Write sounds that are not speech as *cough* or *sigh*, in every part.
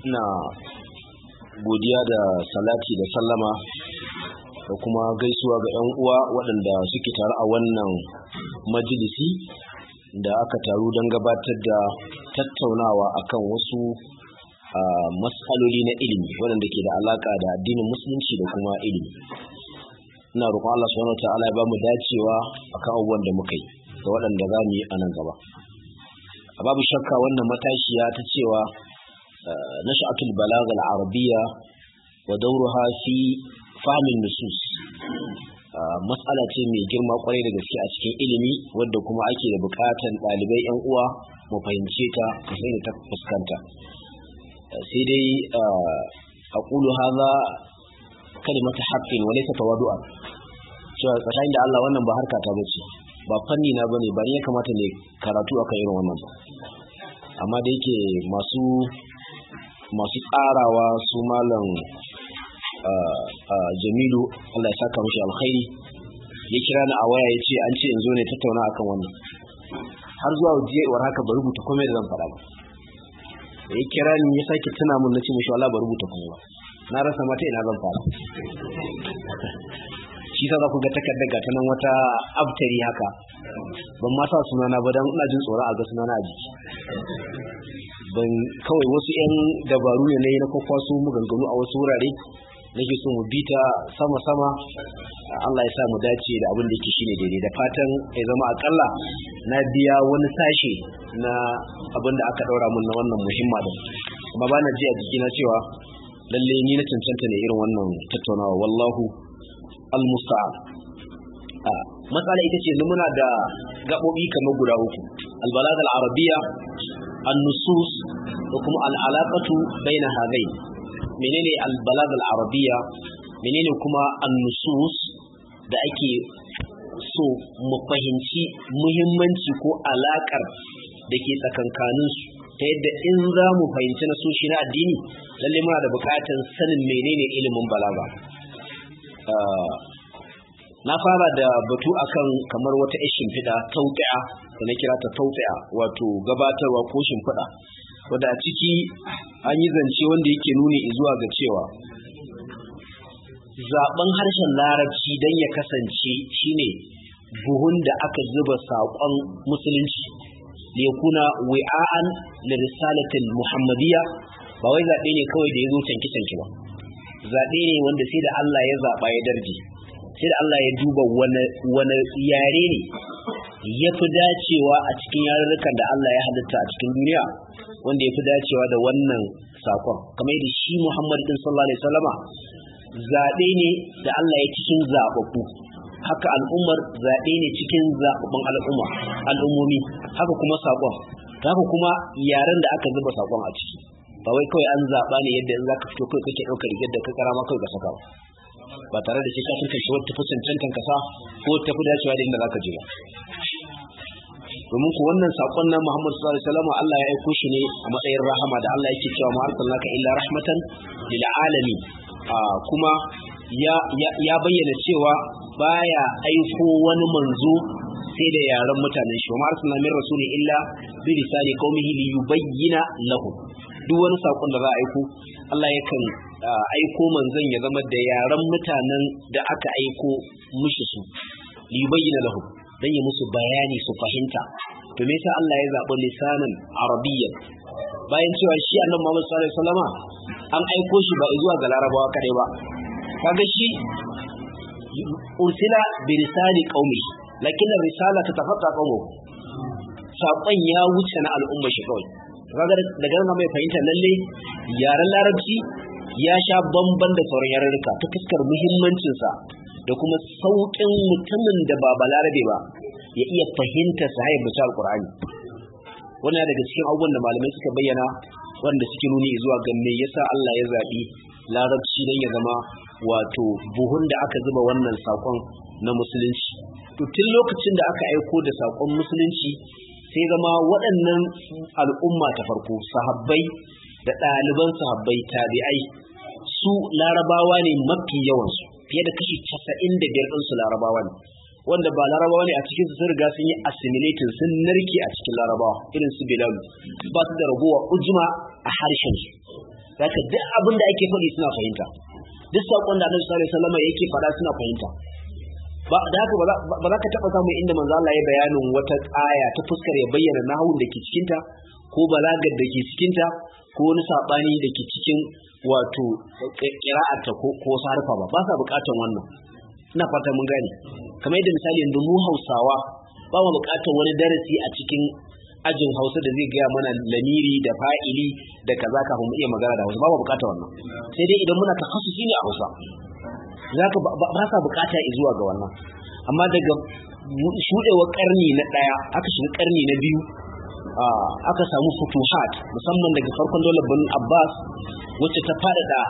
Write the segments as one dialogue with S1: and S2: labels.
S1: Ina godiya da salati da sallama da kuma gaisuwa ga 'yan uwa waɗanda suke tare a wannan majalisi da aka taru don gabatar da tattaunawa akan wasu matsaloli na ilimi waɗanda ke da alaƙa da addinin musulunci da kuma ilimi ina roƙon Allah subhanahu ta'ala ya bamu dacewa akan abubuwan da muka yi da waɗanda za mu yi a nan gaba babu shakka wannan matashiya ta cewa نشأة البلاغة العربية ودورها في فهم النصوص matsala ce mai girma kwarai da gaske a cikin ilimi wadda kuma ake da bukatan ɗalibai 'yan uwa mu fahimce ta sai da ta fuskanta sai dai a ƙulu haza kalimata haƙƙin wale ta tawadu'a cewa tsakanin da Allah wannan ba harka ta ba fanni na bane ba ne ya kamata ne karatu akan irin wannan ba amma da yake masu masu tsarawa su malam jamilu allah ya saka mashi alkhairi ya kira ni a waya ya ce an ce in zo ne tattauna akan wannan har zuwa jiyar haka ba rubuta komai da zan fara ba ya kira ni ya sake tuna mun na ce mashi wala ba rubuta komai ba na rasa mata ina zan fara *laughs* shi sa za ku ga takardar ga ta nan wata abtari haka ban ma sa sunana ba don ina jin tsoron a ga sunana a jiki ban kawai wasu 'yan dabaru ne na yi na kwakwaso maganganu a wasu wurare na so mu bita sama-sama Allah ya sa mu dace da abin da yake shine daidai da fatan ya zama akalla na biya wani sashe na abin da aka daura mun na wannan muhimma da kuma ba na ji a jikina cewa lalle ni na cancanta ne irin wannan tattaunawa wallahu almusta'an matsala ita ce muna da gaɓoɓi kamar guda uku albalad al-arabiyya annusus da kuma al'alaƙatu bai na hazai menene albalad al'arabiya menene kuma annusus da ake so mu fahimci muhimmanci ko alaƙar da ke tsakankaninsu ta yadda in za mu fahimci na na addini lalle muna da buƙatar sanin menene ilimin balaga na fara da batu akan kamar wata ishin shimfiɗa tautsiya da na kira ta tautsiya wato gabatarwa ko shimfiɗa wadda a ciki an yi zance wanda yake nuni zuwa ga cewa zaben harshen larabci don ya kasance shine buhun da aka zuba saƙon musulunci ne kuna wi'a'an da risalatin muhammadiyya ba wai zaɓe ne kawai da ya zo canki-canki ba zaɓe ne wanda sai da Allah ya zaɓa ya darji sai da Allah ya duba wani yare ne ya fi dacewa a cikin yarurrukan da Allah ya halitta a cikin duniya wanda ya fi dacewa da wannan sakon kamar yadda shi Muhammad din sallallahu alaihi wasallama zaɓe ne da Allah ya cikin zaɓaɓɓu haka al'ummar zaɓe ne cikin zaɓaɓɓun al'umma al'ummomi haka kuma sakon haka kuma yaren da aka zuba sakon a ciki ba wai kawai an zaɓa ne yadda in za ka fito kai kake ɗaukar yadda ka karama kai ka saka ba ba tare da sai ka shi wata fusun cancan kasa ko ta fi dacewa da inda za ka je ba domin ku wannan sakon nan muhammadu sallallahu alaihi wasallam Allah ya aiko shi ne a matsayin rahama da Allah yake cewa ma arsalnaka illa rahmatan lil alamin kuma ya ya bayyana cewa baya aiko wani manzo sai da yaran mutanen shi ma arsalna min rasuli illa bi lisani qaumihi li yubayyana lahum duk wani saƙon da za a aiko Allah yakan aiko manzon ya zama da yaran mutanen da aka aiko mushi su libayyana lahu, dan yi musu bayani su fahimta to me yasa Allah ya zaɓi lisanan arabiyyan bayan cewa shi annabi Muhammad sallallahu alaihi an aiko shi ba zuwa ga larabawa kadai ba kaga shi ursila bi risali qaumi lakin risala ta tafatta qaumu saƙon ya wuce na al'umma shi kawai daga nan mai fahimta lalle yaren larabci ya sha bamban da sauran yarurruka ta fuskar muhimmancinsa da kuma sauƙin mutumin da ba balarabe ba ya iya fahimta sa da bisa alƙur'ani wannan daga cikin abubuwan da malamai suka bayyana wanda suke nuni zuwa ga ya yasa Allah ya zaɓi larabci don ya zama wato buhun da aka zuba wannan sakon na musulunci to tun lokacin da aka aiko da sakon musulunci sai zama waɗannan al'umma ta farko sahabbai da ɗaliban sahabbai tabi'ai su larabawa ne mafi yawansu fiye da kashi casa'in da biyar ɗinsu larabawa ne wanda ba larabawa ne a cikin su riga sun yi assimilating sun narke a cikin larabawa irin su bilal ba su da ragowa ujuma a harshen su zaka duk abin da ake faɗi suna fahimta duk saƙon da annabi sallallahu alaihi wasallam yake faɗa suna fahimta ba da haka ba za ka taɓa samun inda manzo Allah ya bayanin wata tsaya ta fuskar ya bayyana nahawun da ke cikinta ko balagar da ke cikinta ko wani saɓani da ke cikin wato ƙira'arta ko sarrafa ba ba sa buƙatar wannan ina fata mun gane kamar yadda misali yanzu mu hausawa ba mu buƙatar wani darasi a cikin ajin hausa da zai gaya mana lamiri da fa'ili da kaza kafin mu iya magana da hausa ba mu buƙatar wannan sai dai idan muna shi ne a hausa za ka ba ka bukata zuwa ga wannan amma daga shuɗewar ƙarni na ɗaya aka shiga karni na biyu aka samu futuhat musamman daga farkon daular bin abbas wacce ta da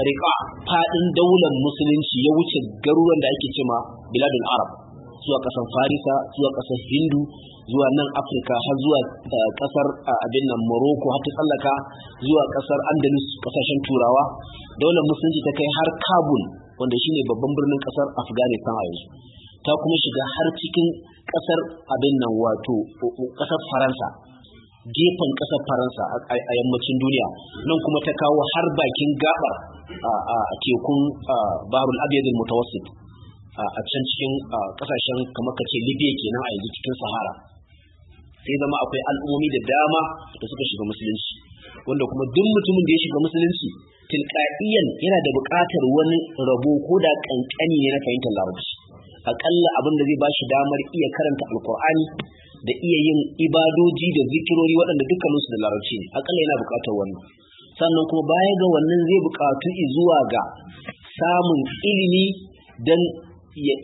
S1: riƙa faɗin daular musulunci ya wuce garuruwan da ake cema biladun arab zuwa ƙasar farisa zuwa ƙasar hindu zuwa nan afirka har zuwa eh, kasar eh, abin nan morocco har ta tsallaka zuwa kasar andalus kasashen turawa daular musulunci ta kai har kabul wanda shine babban birnin kasar afghanistan a yanzu ta kuma shiga har cikin kasar abin nan wato kasar faransa gefen kasar faransa a yammacin duniya nan kuma ta kawo har bakin gabar a tekun barul abiyadin mutawassit a can cikin kasashen kamar kace libya kenan a yanzu cikin sahara sai zama akwai al'ummomi da dama da suka shiga musulunci wanda kuma duk mutumin da ya shiga musulunci tilka'iyan yana da buƙatar wani rabo ko da ƙanƙani ne na fahimtar larabci aƙalla abin da zai ba shi damar iya karanta alkur'ani da iya yin ibadoji da zikirori waɗanda su da larabci ne aƙalla yana buƙatar wannan sannan kuma baya ga wannan zai buƙatu zuwa ga samun ilimi dan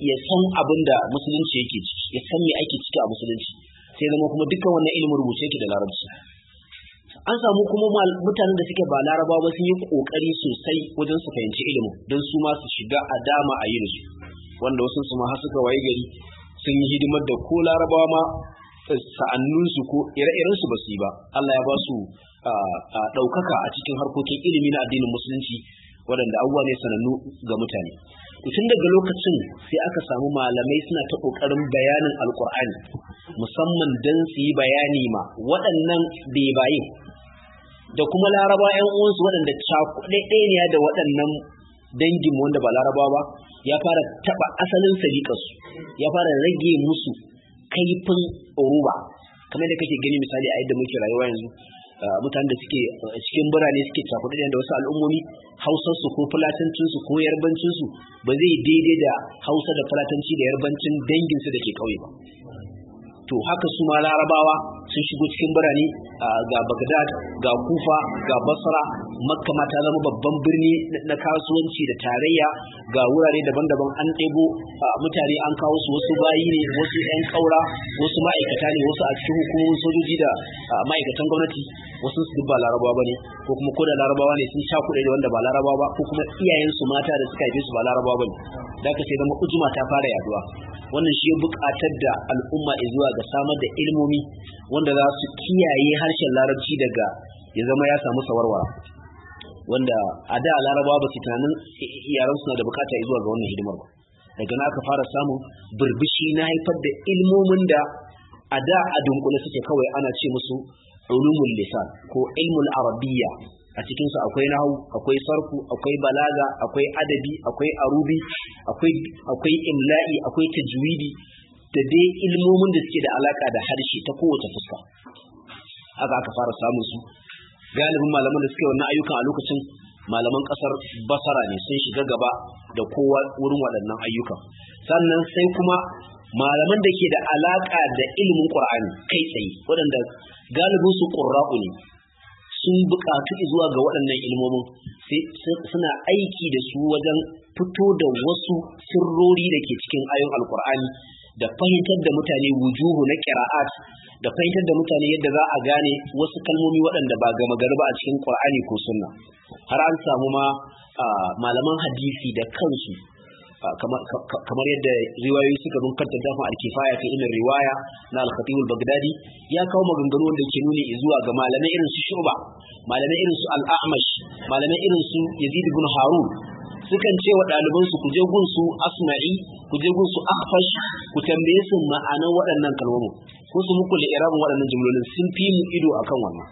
S1: ya san abin da musulunci yake ya san me ake ciki a musulunci sai zama kuma dukkan wannan ilimin rubuce yake da larabci an samu kuma mutanen da suke ba laraba ba sun yi kokari sosai wajen su fahimci ilimin don su ma su shiga a dama a yin su wanda wasu su ma har suka waye gari sun yi hidimar da ko larabawa ma sa'annun su ko ire-iren su ba su yi ba Allah ya ba su ɗaukaka a cikin harkokin ilimi na addinin musulunci waɗanda abubuwa ne sanannu ga mutane tun daga lokacin sai aka samu malamai suna ta ƙoƙarin bayanin alƙur'ani musamman don su yi bayani ma waɗannan bebayin da kuma laraba 'yan uwansu waɗanda cakuɗaɗɗeniya da waɗannan dangin wanda ba laraba ba ya fara taɓa asalin sadiƙarsu ya fara rage musu kaifin oruba kamar da kake gani misali a yadda muke rayuwa yanzu mutanen da suke cikin birane suke cakudu da wasu al'ummomi hausarsu ko fulatancinsu ko yarbancinsu ba zai daidai da hausa da fulatanci da yarbancin danginsu da ke ƙauye ba to haka su ma larabawa sun shigo cikin birane ga Baghdad ga Kufa ga Basra Makka ma ta zama babban birni na kasuwanci da tarayya ga wurare daban-daban an ɗebo mutane an kawo su wasu bayi ne wasu 'yan ƙaura wasu ma'aikata ne wasu a cikin hukumomin sojoji da ma'aikatan gwamnati wasu su duk ba larabawa ba ne ko kuma ko da larabawa ne sun sha kuɗi da wanda ba larabawa ba ko kuma iyayensu mata da suka haife su ba larabawa ba ne da aka sai zama ujuma ta fara yaduwa wannan shi ya buƙatar da al'umma zuwa ga samar da ilmomi wanda wanda za su kiyaye harshen larabci daga ya zama ya samu sawarwa wanda a da larabawa ba su tunanin yaran suna da bukata zuwa ga wannan hidimar ba daga na aka fara samun burbushi na haifar da ilmomin da a da a dunkule suke kawai ana ce musu ulumul lisan ko ilmul arabiyya a cikin su akwai nahu, akwai sarku, akwai balaga akwai adabi akwai arubi akwai akwai imla'i akwai tajwidi da dai ilmomin da suke da alaka da harshe ta kowace fuska haka aka fara samun su galibin malaman da suke wannan ayyukan a lokacin malaman kasar basara ne sun shiga gaba da kowa wurin waɗannan ayyukan sannan sai kuma malaman da ke da alaka da ilimin qur'ani kai tsaye waɗanda galibin su qurra'u ne sun buƙatu zuwa ga waɗannan ilmomin suna aiki da su wajen fito da wasu sirrori da ke cikin ayon alkur'ani da fahimtar da mutane wujuhu na kira'at da fahimtar da mutane yadda za a gane wasu kalmomi waɗanda ba gama gari ba a cikin ƙwar'ani ko Sunna har an samu ma malaman hadisi da kansu kamar yadda riwayoyi suka bin kanta dafa alkifaya kifaya fi riwaya na al bagdadi al ya kawo maganganu wanda ke nuni zuwa ga malamai irin su shuba malamai irin su al-a'mash malamai irin su yazid ibn harun sukan ce wa ɗalibansu ku je su asma'i ku je su akhfash ku tambaye su ma'anan waɗannan kalmomin ko su muku li'irabin waɗannan jumlolin sun fi mu ido akan wannan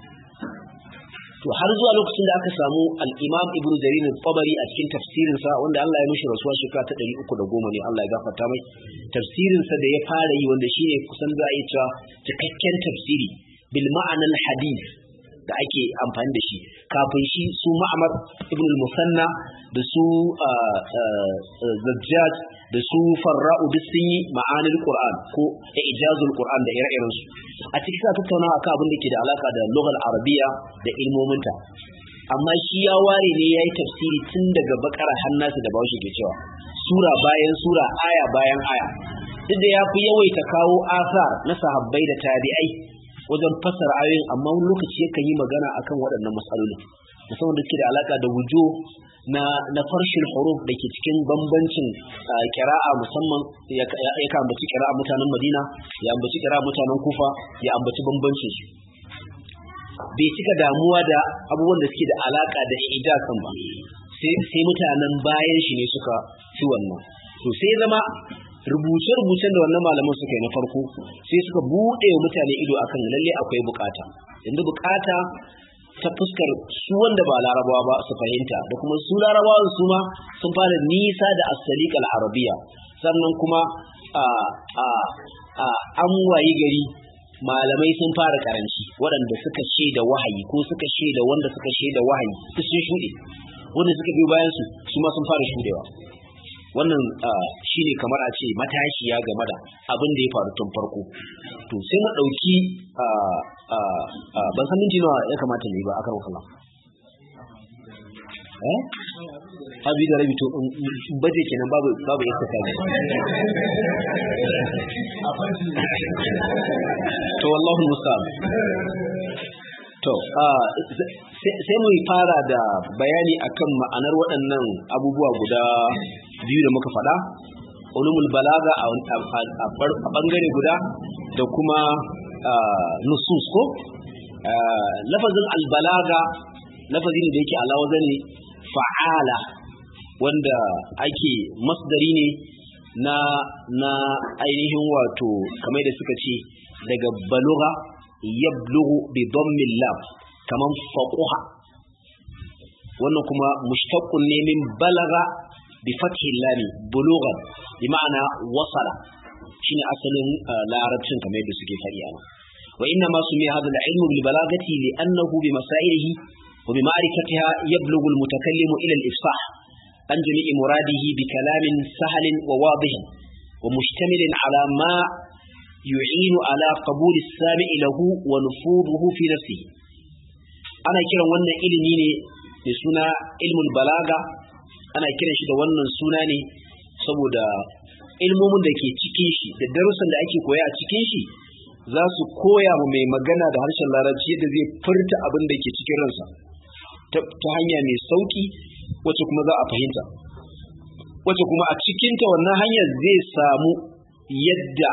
S1: to har zuwa lokacin da aka samu al-Imam Ibn Jarir al-Tabari a cikin tafsirin sa wanda Allah ya mishi rasuwa shekara ta 310 ne Allah ya gafarta mai tafsirin sa da ya fara yi wanda shine kusan za a yi cewa cikakken tafsiri bil ma'anal hadith da ake amfani da shi kafin shi su ma'amar ibn musanna da su zajjaj da su farra'u duk sun yi ma'anar qur'an ko ijazul qur'an da ire-iren su a cikin sa tattauna akan abin da ke da alaka da lughal arabiya da ilmominta amma shi ya ware ne yayi tafsiri tun daga bakara har da bawo ke cewa sura bayan sura aya bayan aya duk da ya fi yawaita kawo asar na sahabbai da tabi'ai wajen fasar ayoyin amma wani lokaci yakan yi magana akan waɗannan matsalolin musamman da suke da alaƙa da wujo na na farshin huruf da ke cikin bambancin kira'a ah, musamman ya ka ambaci kira'a mutanen Madina ya ambaci kira'a mutanen Kufa ya ambaci bambancin su bai cika damuwa da abubuwan da suke da alaƙa da ijasan ba sai mutanen bayan shi ne suka ci wannan to sai zama rubuce-rubucen da wannan malaman suka yi na farko sai suka buɗe mutane ido akan lalle akwai bukata yanzu bukata ta fuskar su wanda ba larabawa ba su fahimta da kuma su larabawan su ma sun fara nisa da asali arabiya sannan kuma a an wayi gari malamai sun fara karanci waɗanda suka da wahayi ko suka da wanda suka da wahayi sun shuɗe wanda suka biyo bayan su su ma sun fara shuɗewa wannan shi ne kamar a ce matashiya game da abin da ya faru tun farko to sai na ɗauki ban san minti nawa ya kamata ne ba a kala. eh abi da rabi to baje kenan babu babu yadda ta to wallahi musa'an To, sai mu fara da bayani akan ma'anar waɗannan abubuwa guda biyu da muka faɗa ulumul balaga a ɓangare guda da kuma nusus ko lafazin albalaga lafazi ne da yake alawaza ne fa'ala wanda ake masdari ne na na ainihin wato kamar da suka ce daga baluga yablughu bi dhammil lam kaman faquha wannan kuma mushtaqqun ne min balaga بفتح اللام بلوغا بمعنى وصل شنو أصل آه، لا عربشن كما يدو سكي فريانا يعني. وإنما سمي هذا العلم بالبلاغة لأنه بمسائله وبمعرفتها يبلغ المتكلم إلى الإفصاح عن جميع مراده بكلام سهل وواضح ومشتمل على ما يعين على قبول السامع له ونفوضه في نفسه أنا كيرا وانا إلي نيني بسنا علم البلاغة ana kiran shi da wannan suna ne saboda ilmomin da ke cikin shi da darussan da ake koya a cikin shi za su koya mu mai magana da harshen larabci yadda zai furta abin da ke cikin ransa ta hanya mai sauki wacce kuma za a fahimta wacce kuma a cikinta wannan hanyar zai samu yadda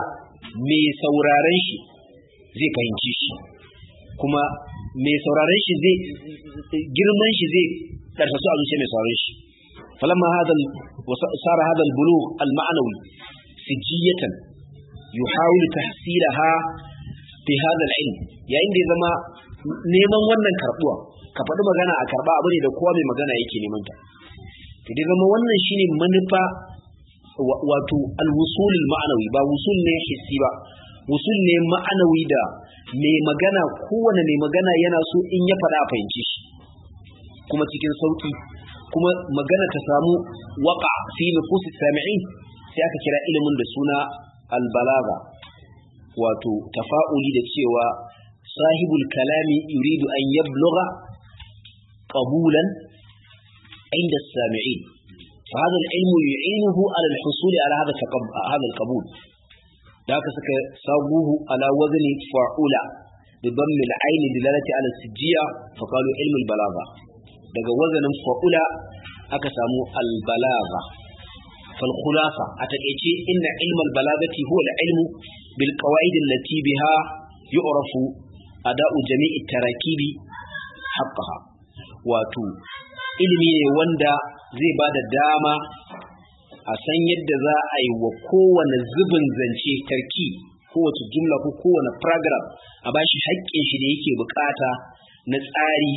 S1: mai sauraren shi zai fahimci shi kuma mai sauraren shi zai girman shi zai ƙarfasu a zuciya mai sauraren shi فلما هذا صار هذا البلوغ المعنوي سجية يحاول تحصيلها بهذا العلم يعني إذا ما neman wannan karbuwa ka faɗi magana a karba abu ne da kowa mai magana yake neman ta to dai zama wannan shine manufa wato alwusul ma'anawi ba wusul ne hissi ba wusul ne ma'anawi da mai magana kowane mai magana yana so in ya faɗa a fahimci shi kuma cikin sauki kuma magana ta samu waka fi nufusi sami'in sai aka kira ilimin da suna albalaga wato tafa'uli da cewa sahibul kalami yuridu an yabluga qabulan inda sami'in fa hada yu'inuhu ala فهذا العلم يعينه على الحصول على هذا هذا القبول ذاك سابوه على وزن فاعولا بضم العين دلالة على السجية فقالوا علم البلاغة daga wazanin fa'ula aka samu albalagha fal a takeice inna ilmal balagati huwa al-ilmu bil qawaid allati biha yu'rafu ada'u jami'i tarakibi haqqaha wato ilimi ne wanda zai ba da dama a san yadda za a yi wa kowane zubin zance tarki kowace jumla ko kowane paragraph a bashi haƙƙin shi da yake bukata na tsari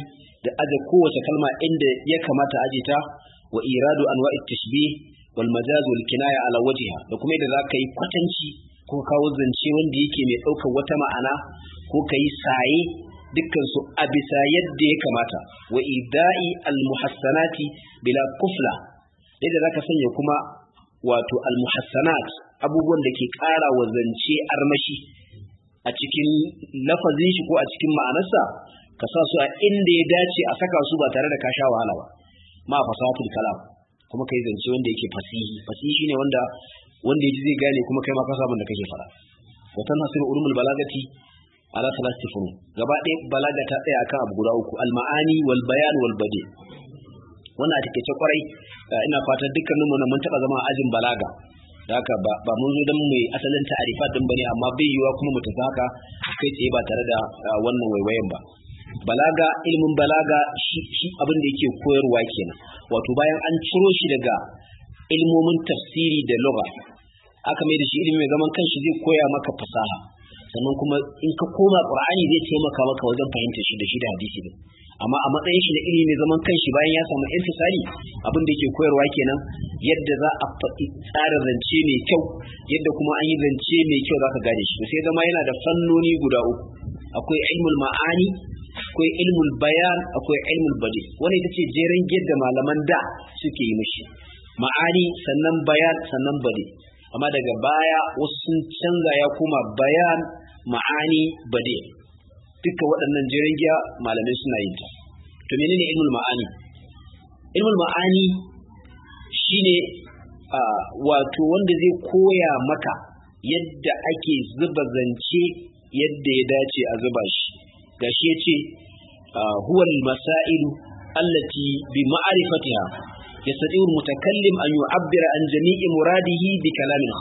S1: da aje kowace kalma inda ya kamata aje ta wa iradu anwa'i tashbih wal majaz wal kinaya ala wajha da kuma yadda zaka yi kwatanci ko kawo zance wanda yake mai daukar wata ma'ana ko kai saye dukkan su a bisa yadda ya kamata wa ida'i al muhassanati bila kufla yadda zaka sanya kuma wato al muhassanat abubuwan da ke ƙara wa zance armashi a cikin lafazin shi ko a cikin ma'anarsa ka sa su a inda ya dace a saka su ba tare da ka sha wahala ba ma fasahatul kalam kuma kai zance wanda yake fasihi fasihi shine wanda wanda yaji zai gane kuma kai ma ka samu da kake fara wa tanhasiru ulumul balagati ala thalathati furu gaba ɗaya balaga ta tsaya akan abu guda uku al ma'ani wal bayan wal badi wannan take ce kwarai eh, ina fatan dukkanin mu mun taba zama ajin balaga da haka ba mun zo don mai asalin ta'arifa din bane amma bai yiwa kuma mu tafi haka kai tsaye ba tare da eh, wannan waiwayen ba balaga ilimin balaga shi abin da yake koyarwa kenan wato bayan an ciro shi daga ilmomin tafsiri da lugha aka mai da shi ilimi mai zaman kanshi zai koya maka fasaha sannan kuma in ka koma qur'ani zai taimaka maka wajen fahimta shi da shi da hadisi ne amma a matsayin shi na ilimi zaman kanshi bayan ya samu intisari abin da yake koyarwa kenan yadda za a faɗi tsarin zance mai kyau yadda kuma an yi zance mai kyau za ka gane shi sai zama yana da fannoni guda uku akwai ilmul ma'ani akwai ilmul bayan akwai ilmul badi wani ita ce jeren da malaman da suke yi mishi ma'ani sannan bayan sannan badi amma daga baya wasu sun canza ya kuma bayan ma'ani badi duka waɗannan jeren giya malamai suna yin ta to menene ilmul ma'ani ilmul ma'ani shine wato wanda zai koya maka yadda ake zuba zance yadda ya dace a zuba shi gashi ya ce huwa al-masailu allati bi ya yastati'u al-mutakallim an yu'abbira an jami'i muradihi bi kalamin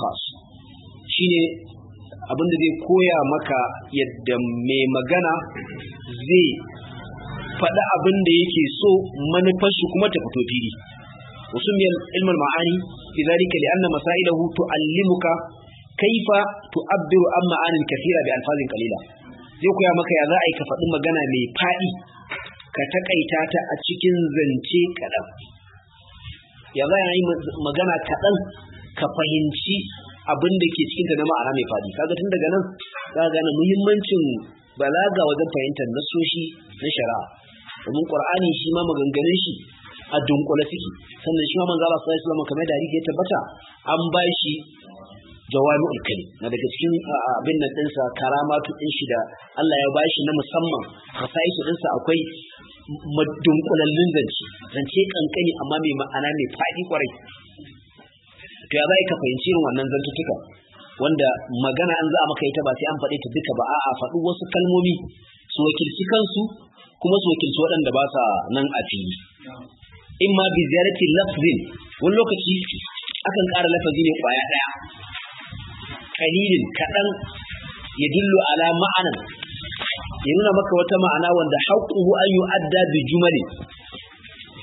S1: abinda zai koya maka yadda mai magana zai faɗi abin da yake so manufar kuma ta fito fili ma'ani, علم المعاني في ذلك لأن مسائله kaifa tu'abbiru an عن معان كثيرة بألفاظ قليلة zai koya maka ya za a yi ka faɗi magana mai faɗi ka taƙaita ta a cikin zance kaɗan ya za a yi magana kaɗan ka fahimci abin da ke cikin ta na ma'ana mai faɗi kaga tun daga nan za a gane muhimmancin balaga wajen fahimtar nasoshi na shari'a domin ƙwar'ani shi ma maganganun shi a dunkule suke sannan shi ma manzo Allah sallallahu alaihi wasallam kamar da ya tabbata an ba shi jawami ulkali na daga cikin abin nan dinsa karamatu din shi da Allah ya bashi na musamman khasaisu ɗinsa, akwai madunkulallin zance zance kankani amma mai ma'ana mai fadi kwarai to ya bai ka fahimci wannan zantuttuka wanda magana an za a maka ita ba sai an faɗe ta duka ba a'a faɗi wasu kalmomi su wakilci kansu kuma su wakilci waɗanda ba sa nan a fili in ma bi ziyarati lafzin wani lokaci akan ƙara lafazi ne ƙwaya ɗaya kalilin kaɗan ya dillu ala ma'anan ya nuna maka wata ma'ana wanda haƙuhu an yi adda bi jumali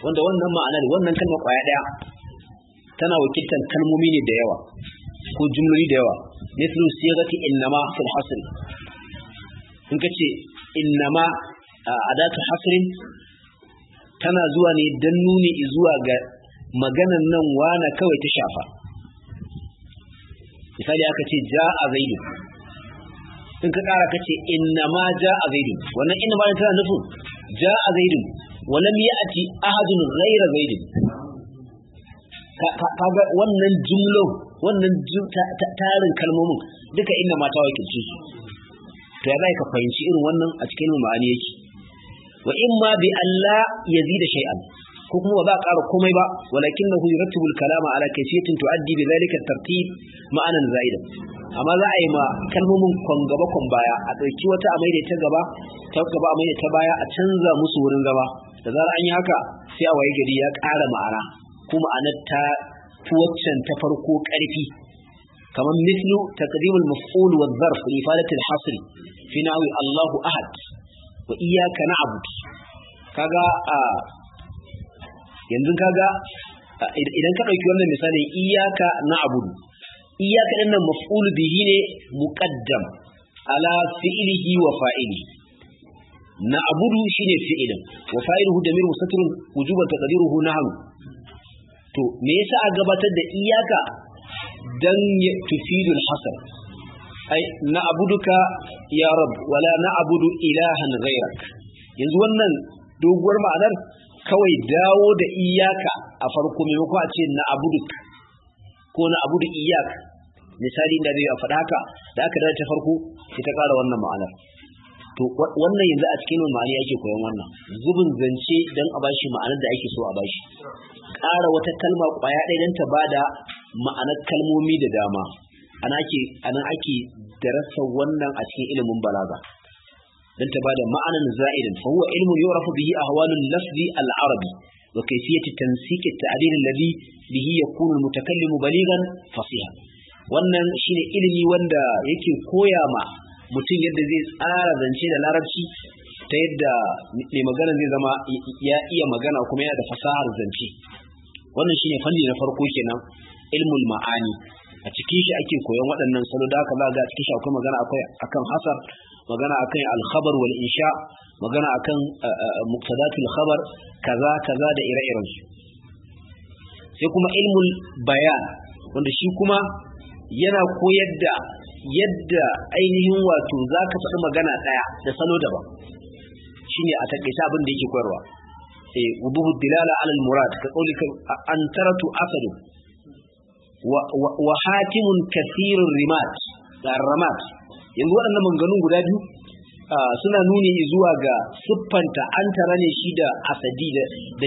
S1: wanda wannan ma'ana ne, wannan kalma ƙwaya ɗaya tana wakiltar kalmomi ne da yawa ko jumloli da yawa mithlu siyagati innama fil hasr in ka ce innama adatu hasrin tana zuwa ne dan nuni zuwa ga maganan nan wana kawai ta shafa misali aka ce a zaidu in ka kara kace inna ma ja a zaidu wannan inna ma tana nufin a zaidu a ci ahadun raira zaidu kaga wannan jumlo wannan tarin kalmomin duka inna ma ta wakilce su to ya zai ka fahimci irin wannan a cikin ma'ani yake wa ma bi Allah da shay'an ko kuma ba za a ƙara komai ba walakinnahu yurattibu al-kalama ala kayfiyatin tu'addi bi dhalika tartib ma'anan za'idan amma za a yi ma kalmomin kon gaba kon baya a ɗauki wata a maida ta gaba ta gaba a maida ta baya a canza musu wurin gaba da zarar an yi haka sai a waye gari ya ƙara ma'ana ko ma'anar ta waccan ta farko ƙarfi kamar mislu taqdimul maf'ul wa dharf li ifadati hasr fi na'wi Allahu ahad wa iyyaka na'bud kaga ah, yanzu kaga idan ka ɗauki wannan misalin iyaka na abudu iyaka ɗin nan maf'ul bihi ne muqaddam ala fi'lihi wa fa'ili na abudu shine fi'ilin wa fa'iluhu damir mustatirun wujuban taqdiruhu nahnu to me yasa a gabatar da iyaka dan tufidul hasar ai na abuduka ya rab wala na abudu ilahan ghairak yanzu wannan doguwar ma'anar kawai dawo da iyaka a farko maimako a ce na abuduk ko na abudu iyaka misali da bai a faɗa haka da aka dace farko sai ta ƙara wannan ma'anar to wannan yanzu a cikin ma'ani ake koyon wannan zubin zance don a bashi ma'anar da ake so a bashi ƙara wata kalma ƙwaya ɗaya don ta ba da ma'anar kalmomi da dama ana ake ana ake darasa wannan a cikin ilimin balaga dan ta bada ma'anan za'irin fa huwa ilmun yu'rafu bihi ahwalul lafzi al-arabi wa kayfiyatu tansik at-ta'dil alladhi bihi yakunu al-mutakallimu baligan fasiha wannan shine ilimi wanda yake koya ma mutum yadda zai tsara zance da larabci ta yadda mai magana zai zama ya iya magana kuma yana da fasahar zance wannan shine fanni na farko kenan ilmul ma'ani a cikin shi ake koyon waɗannan salo da haka za ga cikin shi akwai magana akwai akan hasar magana akan al-khabar wal insha magana akan muqtadatul khabar kaza kaza da ire-iren su sai kuma ilmul bayan wanda shi kuma yana koyar da yadda ainihin wato zaka faɗi magana ɗaya da salo daban shine a takaice abin da yake koyarwa eh wuduhu dilala ala al-murad ka kauli an taratu asadu wa hakimun kathirur rimat da ramat yanzu waɗannan maganganun guda biyu suna nuni zuwa ga siffanta an tara ne shi da asadi da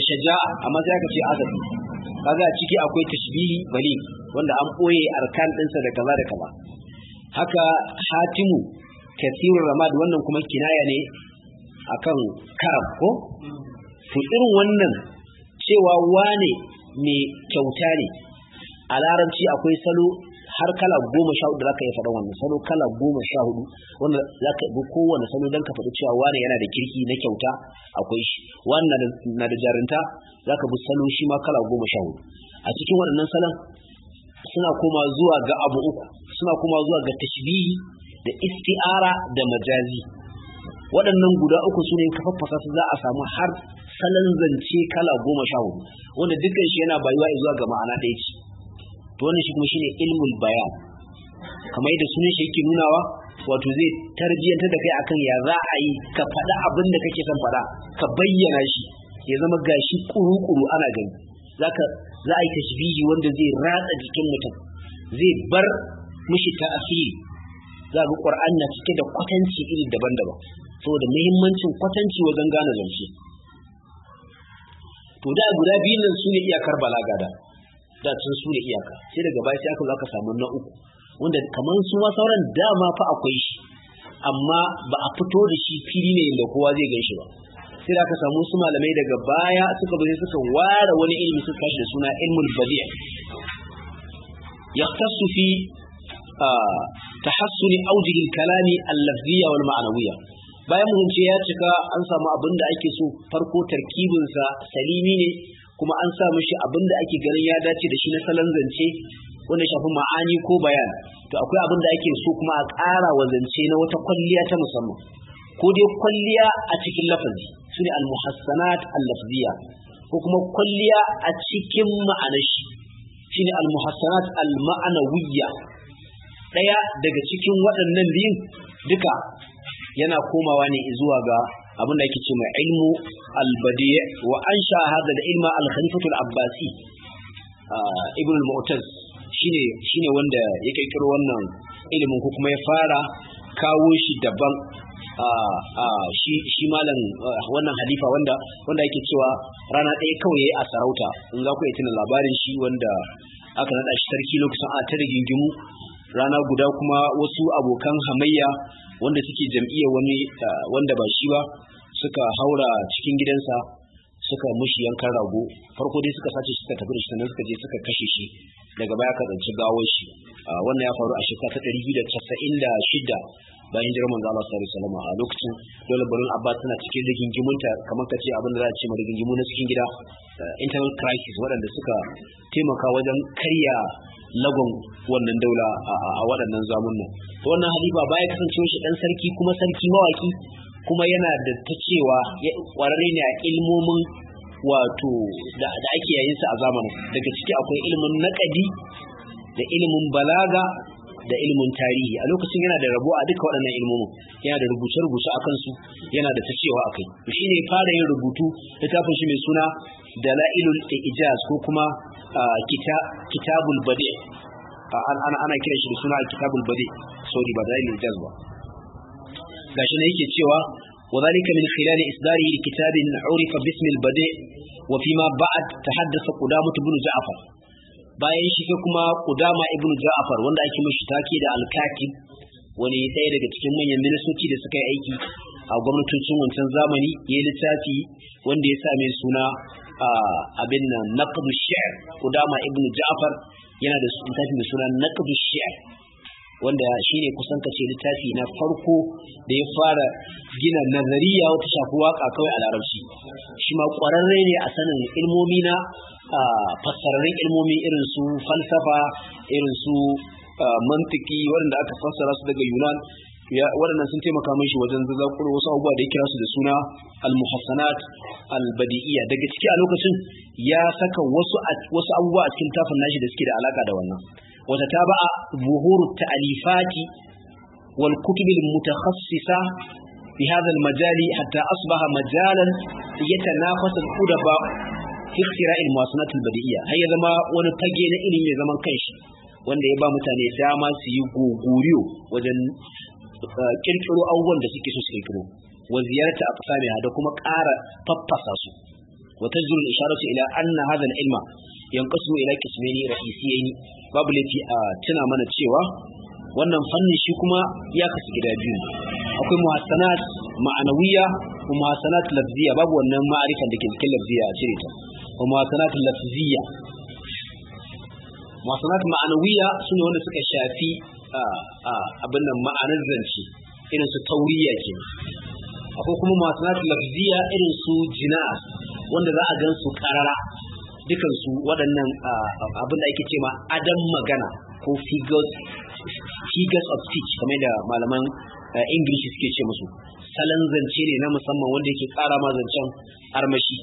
S1: shaja'a amma sai aka ce asadi kaga ciki akwai tashbihi bali wanda an ɓoye arkan ɗinsa da kaza da kaza haka hatimu kasiru ramad wannan kuma kinaya ne akan karam ko to wannan cewa wane mai kyauta ne a larabci akwai salo har kala goma sha hudu za ka iya faɗan wannan salo kala goma sha hudu wanda za ka bi kowane salo don ka faɗi cewa wane yana da kirki na kyauta akwai shi wani na da jarinta za ka bi salo shi ma kala goma sha hudu a cikin waɗannan salon suna koma zuwa ga abu uku suna koma zuwa ga tashbihi da isti'ara da majazi waɗannan guda uku su ne kafaffasa su za a samu har salon zance kala goma sha hudu wanda dukkan shi yana bayuwa zuwa ga ma'ana ɗaya wannan shi kuma shine ilmul bayan kamar yadda sunan shi yake nunawa wato zai tarbiyyantar da kai akan ya za a yi ka faɗa abin da kake son faɗa ka bayyana shi ya zama gashi kuru-kuru ana gani zaka za a yi tashbihi wanda zai ratsa jikin mutum zai bar mishi ta'asiri za ga Qur'an na cike da kwatanci iri daban-daban saboda muhimmancin kwatanci wajen gane zance to da guda biyu nan suna iyakar balaga da da sun su ne iyaka sai daga baya sai aka aka samu na uku wanda kamar su ma sauran dama fa akwai shi amma ba a fito da shi fili ne da kowa zai gan shi ba sai da aka samu su malamai daga baya suka bari suka ware wani ilimi suka kashi da suna ilmul badi' yahtassu fi tahassuni awjihi al-kalami al-lafziyya wal ma'nawiyya bayan mun ce ya cika an samu abin da ake so farko tarkibinsa salimi ne kuma an sa mishi abin da ake ganin ya dace da shi na salon zance wanda shafi ma'ani ko bayan to akwai abin da ake so kuma a ƙara wa zance na wata kwalliya ta musamman ko dai kwalliya a cikin lafazi su ne almuhassanat allafziya ko kuma kwalliya a cikin ma'anar shi shi ne almuhassanat alma'anawiyya ɗaya daga cikin waɗannan biyun duka yana komawa ne zuwa ga abin da ake ce mai ilmu albadi wa an sha hada da ilma al-khalifatu al-abbasi ah, ibn al-mu'taz shine shine wanda ya kirkiro wannan ilimin ko kuma ya fara kawo shi daban ah, ah, shi malam wannan halifa wanda wanda yake cewa rana ɗaya kawai a sarauta in za ku yi tuna labarin shi wanda aka nada shi sarki lokacin a ta rigingimu rana guda kuma wasu abokan hamayya wanda suke jam'iyyar wani wanda ba shi ba suka haura cikin gidansa suka mushi yankan rago farko dai suka sace suka tafi da shi sannan suka je suka kashe shi daga baya ka tsanci gawar shi ah, wannan ya faru a shekara ta ɗari biyu da da shidda, bayan hijirar manzo Allah sallallahu alaihi wasallam a lokacin dole barin Abbas tana cikin rigingimunta kamar kace abin da za a ce ma rigingimu na cikin gida ah, internal crisis waɗanda suka taimaka wajen karya lagon wannan daula a waɗannan zamun to wannan halifa baya kasance shi ɗan sarki kuma sarki mawaki kuma yana da ta cewa ƙwararre ne a ilmomin wato da ake yayin sa a zamanin daga ciki akwai ilmin naƙadi da ilimin balaga da ilmin tarihi a lokacin yana da rabo a duka waɗannan ilmomin yana da rubuce-rubuce a kansu yana da ta cewa a kai shi ne fara yin rubutu littafin shi mai suna dalailul ijaz ko kuma ah, kitabul bade ah, ana kiran shi da suna kitabul bade sorry ba dalailul ijaz ba gashi ne yake cewa وذلك من خلال إصداره لكتاب عرف باسم البديع وفيما بعد تحدث قدامة بن جعفر bayan shi kuma kudama ibn ja'far wanda ake mashi take da al-katib wani ɗaya daga cikin manyan ministoci da suka yi aiki a gwamnatocin wancan zamani ya littafi wanda ya same suna abin nan naqd shi'r kudama ibnu ja'far yana da littafi mai suna naqd shi'r wanda shine kusan kace littafi na farko da ya fara gina nazariya wata shafi waka kawai a larabci shi ma kwararre ne a sanin ilmomi na fassararren ilmomi irin su falsafa irin su mantiki waɗanda aka fassara su daga yunan ya waɗannan sun taimaka shi wajen zazzakuro wasu abubuwa da ya kira su da suna al-muhassanat al-badiyya daga ciki a lokacin ya saka wasu wasu abubuwa a cikin tafin nashi da suke da alaka da wannan wata taba'a zuhuru ta'alifati wal kutub al-mutakhassisa fi hadha al-majal hatta asbaha majalan yatanafas al-udaba fi ikhtira' al-muhassanat al har ya zama wani tage na ilimi zama zaman kanshi wanda ya ba mutane dama su yi gogoriyo wajen kirkiro abubuwan da suke so su kirkiro wa ziyarta aqsamiha da kuma ƙara faffasa su wa tajru al-isharatu ila anna hadha al-ilma yanqasu ila qismaini ra'isiyaini babu lati a tuna mana cewa wannan fannin shi kuma ya kasu gida biyu akwai muhassanat ma'anawiya kuma muhassanat lafziya, babu wannan ma'arifan da ke cikin lafziya a cire ta kuma muhassanat lafziya, muhassanat ma'anawiya suna wanda suka shafi abin nan ma'anar zance irin su tauriya ke akwai kuma masu nasu lafziya irin su jina wanda za a gan su karara dukansu waɗannan abin da ake ce ma adam magana ko figures of speech kamar da malaman ingilishi suke ce musu salon zance ne na musamman wanda yake ƙara ma zancen armashi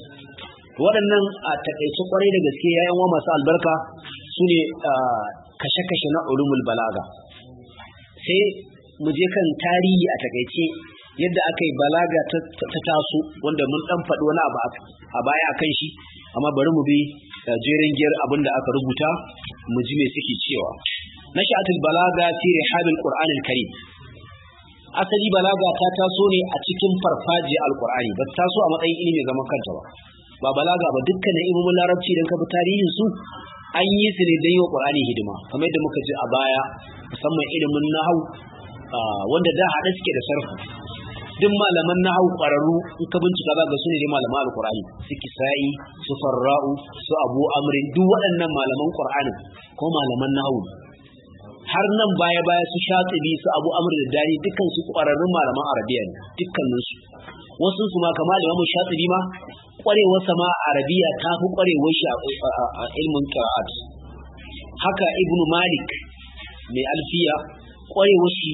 S1: waɗannan a taƙaice kwarai da gaske yayan wa masu albarka su ne kashe-kashe na ulumul balaga sai mu je kan tarihi a takaice yadda aka yi balaga ta taso wanda mun dan faɗi wani abu a baya a kan shi amma bari mu bi uh, jerin giyar abin da aka rubuta mu ji me suke cewa nash'atul balaga fi rihabil qur'anil karim asali balaga ta taso ne a cikin farfaji alqur'ani ba taso a matsayin ilimi zaman kanta ba ba balaga ba dukkanin ilimin larabci dan ka bi tarihin su an yi su ne don yi wa ƙwarani hidima kamar yadda muka ji a baya musamman ilimin nahau ah, wanda da haɗe suke da sarfu duk malaman nahau ƙwararru in ka bincika ba ga su ne dai malaman alƙur'ani su kisa'i su farra'u su abu amrin duk waɗannan malaman ƙur'anin ko malaman nahau har nan baya baya su shatsibi su abu amr da dari dukkan su ƙwararrun malaman arabiya ne dukkanin su wasu su ma kamar da mamu shatsibi ma kwarewar sama a arabiya ta fi kwarewar shi a ilmin qira'at haka ibnu malik mai alfiya kwarewar shi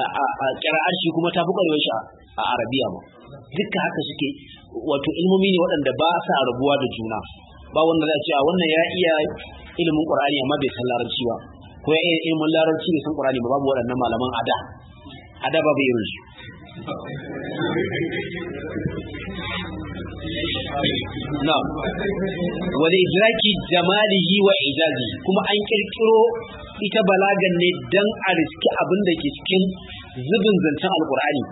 S1: a qira'ar shi kuma ta fi kwarewar shi a arabiya ma duka haka suke wato ilmomi ne waɗanda ba sa rabuwa da juna ba wanda za a ce wannan ya iya ilimin qur'ani amma bai san larabci ba ko ya iya ilimin larabci bai san qur'ani ba babu waɗannan malaman ada ada babu irin su
S2: na'am
S1: wal idraki jamalihi wa ijazi kuma an kirkiro ita balagan ne dan a riski abin da ke cikin zubin zancen alkur'ani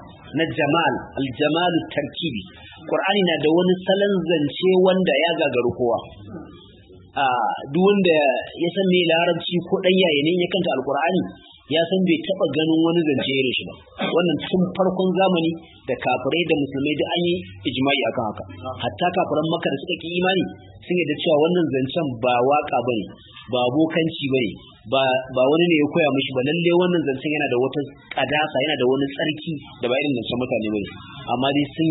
S1: na jamal aljamal tarkibi Ƙur'ani na da wani salon zance wanda ya gagaru kowa a ah, duwanda ya san me larabci ko ɗan yayi ya kanta alkur'ani. ya san bai taba ganin wani zance irin shi ba wannan tun farkon zamani da kafirai da musulmai da an yi ijma'i akan haka hatta kafiran makka da suka ki imani sun yadda cewa wannan zancen ba waka bane ba abokanci bane ba ba wani ne ya koya mishi ba lalle wannan zancen yana da wata kadasa yana da wani tsarki da ba irin zancen mutane bane amma dai sun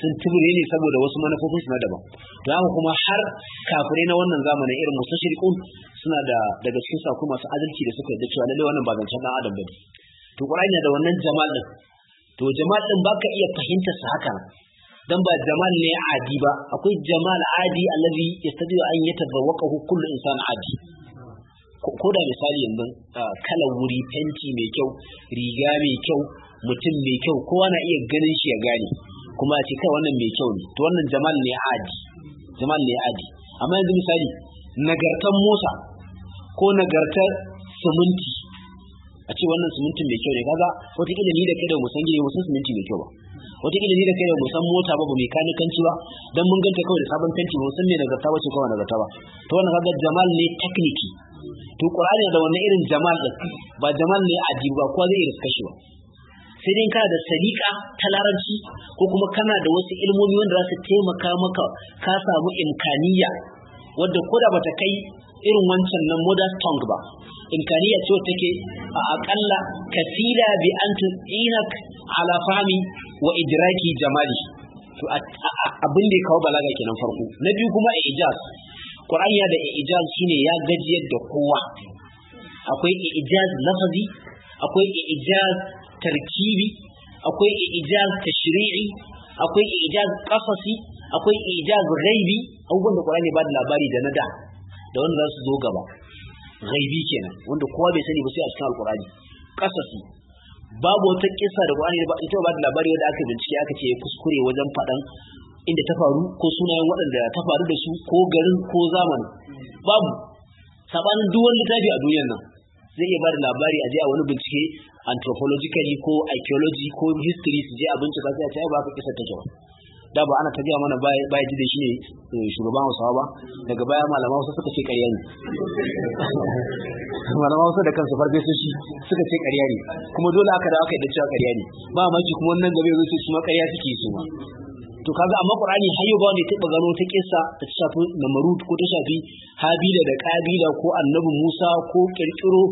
S1: sun tubure ne saboda wasu manufofin su na daban to haka kuma har kafire na wannan zamanin irin musashirikun suna da daga cikin sako masu adalci da suka yadda cewa lalle wannan ba zancen dan adam bane to qur'ani da wannan jama'a din to jamal din baka iya fahimta su haka dan ba jama'a ne adi ba akwai jamal adi allazi yastadiu an yatabawwaqahu kullu insan adi ko da misali yanzu kalan wuri fenti mai kyau riga mai kyau mutum mai kyau kowa na iya ganin shi ya gane kuma ya ce kai wannan mai kyau ne to wannan jamal ne adi jamal ne adi amma yanzu misali nagartan motsa ko nagartar siminti a ce wannan simintin mai kyau ne kaga wataƙila ni da kai da musan gini musan siminti mai kyau ba wataƙila ni da kai da musan mota ba ba mai kani kanci ba dan mun ganta kawai da sabon kanci ba musan ne nagarta ba ce kawai nagarta ba to wannan kaga jamal ne tekniki to qur'ani da wannan irin jamal din ba jamal ne adi ba kowa zai iya kashe ba sai dai kana da sadiqa ta larabci ko kuma kana da wasu ilmomi wanda za su taimaka maka ka samu imkaniya wadda da bata kai irin wancan nan modern tongue ba imkaniya ce wacce take a akalla kasila bi an tu'inak ala fami wa idraki jamali to abin da ya kawo balaga kenan farko na biyu kuma ijaz Qur'an ya da ijaz shine ya gajiyar da kowa akwai ijaz lafazi akwai ijaz tarkibi akwai ijaz tashri'i akwai ijaz qasasi akwai ijaz ghaibi abubuwan da Qur'ani ba da labari da nada da wanda za zo gaba ghaibi kenan wanda kowa bai sani ba sai a cikin Qur'ani qasasi babu wata kissa da Qur'ani ba ita ba da labari wanda aka bincike aka ce kuskure wajen fadan inda ta faru ko sunayen waɗanda ta faru da su ko garin ko zamanin babu sabanin duk wani littafi a duniyar nan zai iya ba da labari a je a wani bincike anthropologically ko archaeology ko history su je abinci ba sai a ce ba ka kisa ta jawa da ba ana ta gaya mana baya ji da shi ne eh, shugaban hausawa ba daga baya malama wasu suka ce ƙarya ne *laughs* malama wasu da kansu farfe su shi suka ce ƙarya ne kuma dole aka da aka yi da cewa ƙarya ne ba maki kuma wannan gaba yanzu su ma ƙarya suke su ma to kaga amma qur'ani har yau ba wanda taba gano ta kissa da ta shafi namarut ko ta shafi habila da kabila ko annabi musa ko kirkiro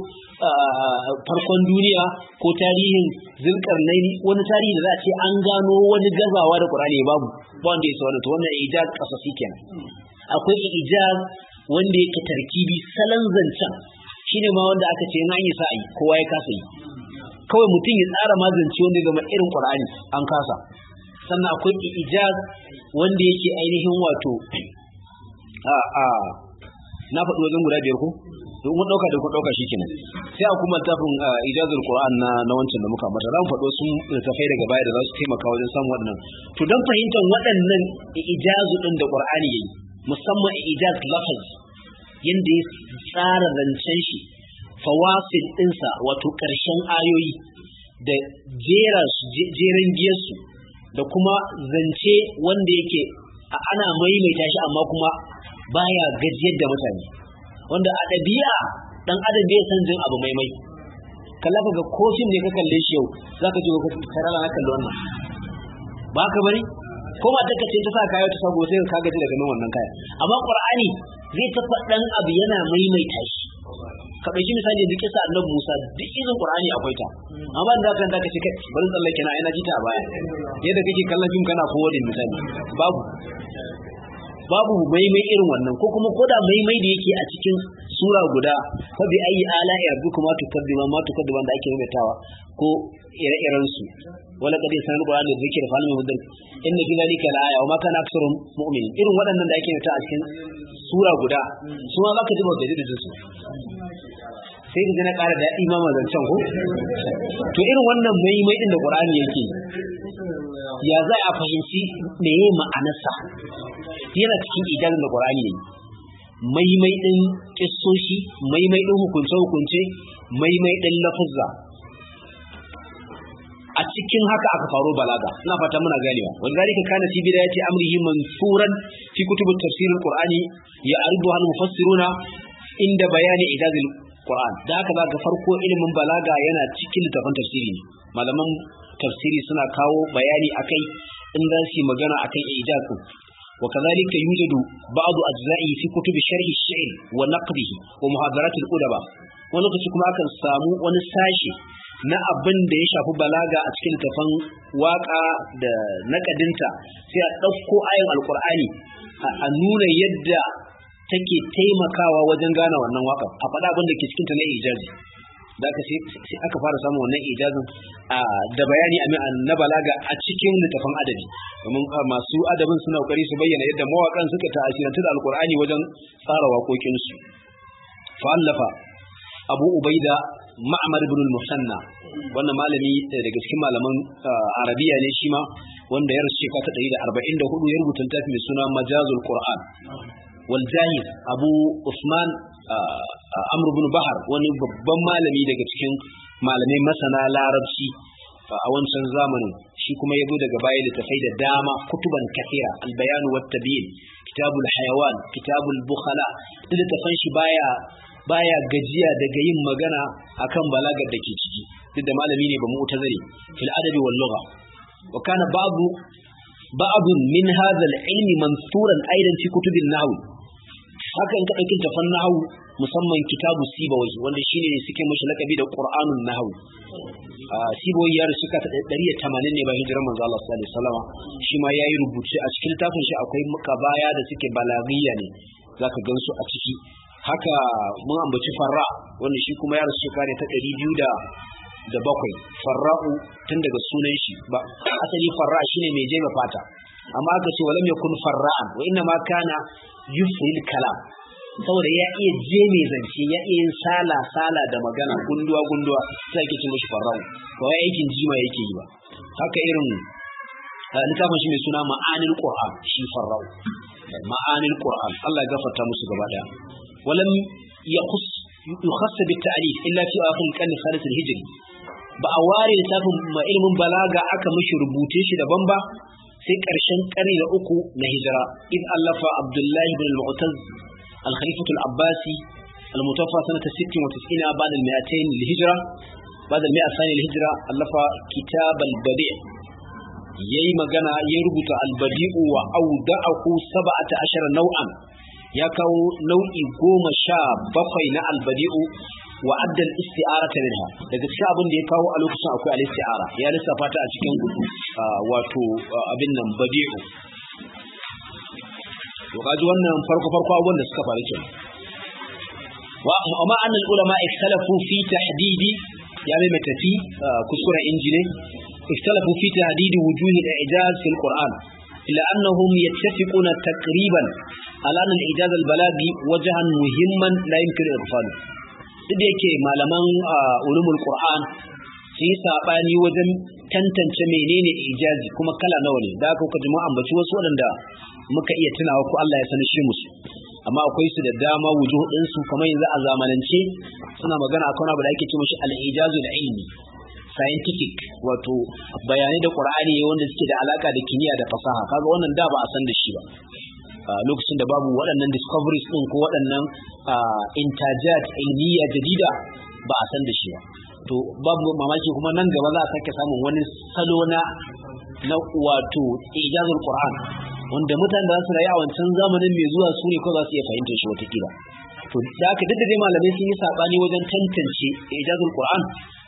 S1: farkon duniya ko tarihin zulkarnaini wani tarihi da za a ce an gano wani gazawa da qur'ani babu ba wanda ya sauna to wannan ijaz kasasi kenan akwai ijaz wanda yake tarkibi salon zancen shine ma wanda aka ce na yi sa'ayi kowa ya kasa yi kawai mutum ya tsara mazanci wanda ya gama irin qur'ani an kasa sannan akwai ijaz wanda yake ainihin wato a a na faɗi wajen guda biyar ko to mun dauka da ku dauka shikenan sai a kuma tafin ijazul qur'an na na wancan da muka mata zan faɗo sun tafai daga baya da za su taimaka wajen samun wannan to don fahimtar waɗannan ijazu din da qur'ani yayi musamman ijaz lafaz yanda ya tsara rancen shi fawasil ɗinsa wato ƙarshen ayoyi da jeran giyarsu da kuma zance wanda yake ana maimaita shi amma kuma baya gajiyar da mutane wanda a ɗabi'a ɗan adam bai san jin abu maimai kalla ka ga ko ne ka kalle shi yau za ka ji ka tarala na kalle wannan ba ka bari ko ma ta kace ta sa kaya ta sabo sai ka gaji daga nan wannan kaya amma qur'ani zai ta ɗan abu yana maimaita shi ka ɗauki misali duk kisa annabi Musa duk izin Qur'ani akwai ta amma da kan da kace kai bari tsallake na ina jita baya yadda kake kallon fim kana forward misali babu babu maimai irin wannan ko kuma koda maimai da yake a cikin sura guda ko bi ayi ala ya duk ma to ma da ake rubutawa ko ire-iren su wala kadai san qur'ani da zikir fa lamu mudir inna fi zalika la aya wa ma kana aktharum mu'min irin waɗannan da ake ta a cikin sura guda su ma baka ji ba da su sai ka na ƙara daɗi ma mazancan ko to irin wannan mai din da qur'ani yake ya za a fahimci meye ma'anarsa yana cikin idan da qur'ani ne maimai din kissoshi maimai din hukunce hukunce maimai din lafuzza a cikin haka aka faru balaga ina fata muna ganewa wazalika kana fi bidayati amrihi mansuran fi kutub tafsir alqur'ani ya arbu al mufassiruna inda bayani idaz alqur'an da haka ga farko ilimin balaga yana cikin littafin tafsiri malaman tafsiri suna kawo bayani akai in za su yi magana akan ijaz وكذلك يوجد بعض أجزائه في كتب شرح الشعر ونقده ومحاضرات الأدباء kuma كما samu سامو ونساشي na abin da ya shafi balaga a cikin tafan waka da nakadinta sai a ɗauko ayin alkur'ani a nuna yadda take taimakawa wajen gane wannan waƙar a faɗa abin da ke cikinta na ijazi da aka sai aka fara samun wannan ijazin da bayani a na balaga a cikin littafin adabi domin masu adabin suna kokari su bayyana yadda mawaƙan suka ta'asirantu da alkur'ani wajen tsara waƙoƙinsu Fallafa, abu ubaida ma'amar ibn musanna wannan malami eh, daga cikin malaman eh, arabiya ne shi ma wanda ya rasu shekara ta da ya rubuta littafi mai suna majazul qur'an wal jahiz abu usman eh, amr ibn bahar wani babban malami daga cikin malamai masana larabci a wancan zamanin shi kuma ya zo daga baya littafai da dama kutuban kafira albayanu wat tabiin kitabul hayawan kitabul bukhala littafan shi baya baya gajiya daga yin magana akan balagar da ke ciki duk da malami ne ba mu zare fil adabi wal lugha wa kana babu ba'd min hadha al ilmi mansuran aidan fi kutub al nahw haka in ka dauki tafan nahw musamman kitabu sibawi wanda shine suke mashi lakabi da qur'anun nahw sibawi ya rasu ka 180 ne ba hijiran manzo Allah sallallahu alaihi wasallam shi ma yayi rubuce a cikin tafin shi akwai makabaya da suke balaghiya ne zaka gansu a ciki haka mun ambaci farra wanda shi kuma ya rasu shekara ta ɗari biyu da da bakwai farra'u tun daga sunan shi ba asali farra shine mai jefa fata amma aka ce walam yakun farra'an wa inna ma kana yufsil kalam saboda ya iya jeme zance ya iya yin sala sala da magana gunduwa gunduwa sai ake ce mishi farra'u ba wai aikin jima yake yi ba haka irin littafin shi mai suna ma'anil qur'an shi farra'u ma'anil qur'an Allah ya gafarta musu gaba daya ولم يخص يخص بالتعريف الا في اخر القرن الثالث الهجري ba a ware littafin ilimin balaga aka mishi rubuce shi daban ba sai ƙarshen ƙarni na uku na hijira in allafa abdullahi bin al-mu'taz al-khalifatu al-abbasi al-mutawaffa sanata 96 ba da mi'atain al-hijra ba da mi'a sani al-hijra allafa kitab al-badi' yayi magana ya rubuta al-badi'u wa awda'ahu 17 naw'an ya kawo nau'i goma sha bakwai na albadi'u wa addal isti'ara ta minha daga cikin abin da ya kawo a lokacin akwai al isti'ara ya lissafa ta a cikin wato abin nan badi'u to kaji wannan farko farko abubuwan da suka faru kenan wa amma annal ulama ikhtalafu fi tahdidi ya mai tafi kuskuren injine اختلفوا في تهديد وجوه الإعجاز في القرآن إلا أنهم يتفقون تقريبا Alanan أن الإعجاز البلاغي وجها مهما لا يمكن إغفاله duk da yake malaman ah, ulumul Qur'an su yi saɓani wajen tantance menene ijazi kuma kala nawa ne da aka kuma ambaci wasu waɗanda muka iya tunawa ko Allah ya san shi musu amma akwai su da dama wujuhudin su kamar yanzu a zamanance suna magana a abu da ake ce mashi al-ijazu da ilmi scientific wato bayanai da Qur'ani wanda suke da alaka da kimiyya da fasaha kaga wannan da ba a san da shi ba lokacin da babu waɗannan discoveries ɗin ko waɗannan intajat ilmiya jadida ba a san da shi ba to babu mamaki kuma nan gaba za a sake samun wani salo na na wato ijazul qur'an wanda mutane da za su rayu a wancan zamanin mai zuwa su ne ko za su iya fahimtar shi watakila to da haka duk dai malamai sun yi saɓani wajen tantance ijazul qur'an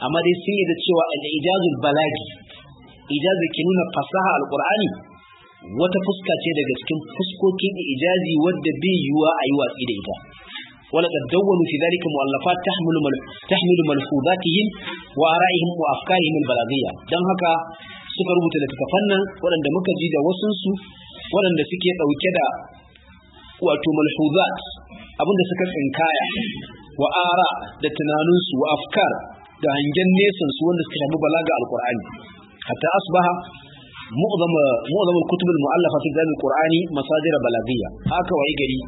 S1: amma dai sun yi da cewa al ijazul balagi ijazul ke nuna fasaha alqur'ani wata fuska ce daga cikin fuskokin ijazi wadda bai yiwuwa a yi watsi da ita ولقد دونوا في ذلك مؤلفات تحمل مل... تحمل ملفوظاتهم وآرائهم وأفكارهم البلاغية دان haka suka rubuta littattafan nan waɗanda muka ji da su, waɗanda suke dauke da wato malhuzat abinda suka tsinkaya wa ara da tunaninsu wa afkar da hangen su wanda suka tafi balaga alkur'ani hatta asbaha mu'zama kutubul mu'allafa fi zalim qur'ani masajir balaghiya haka wai gari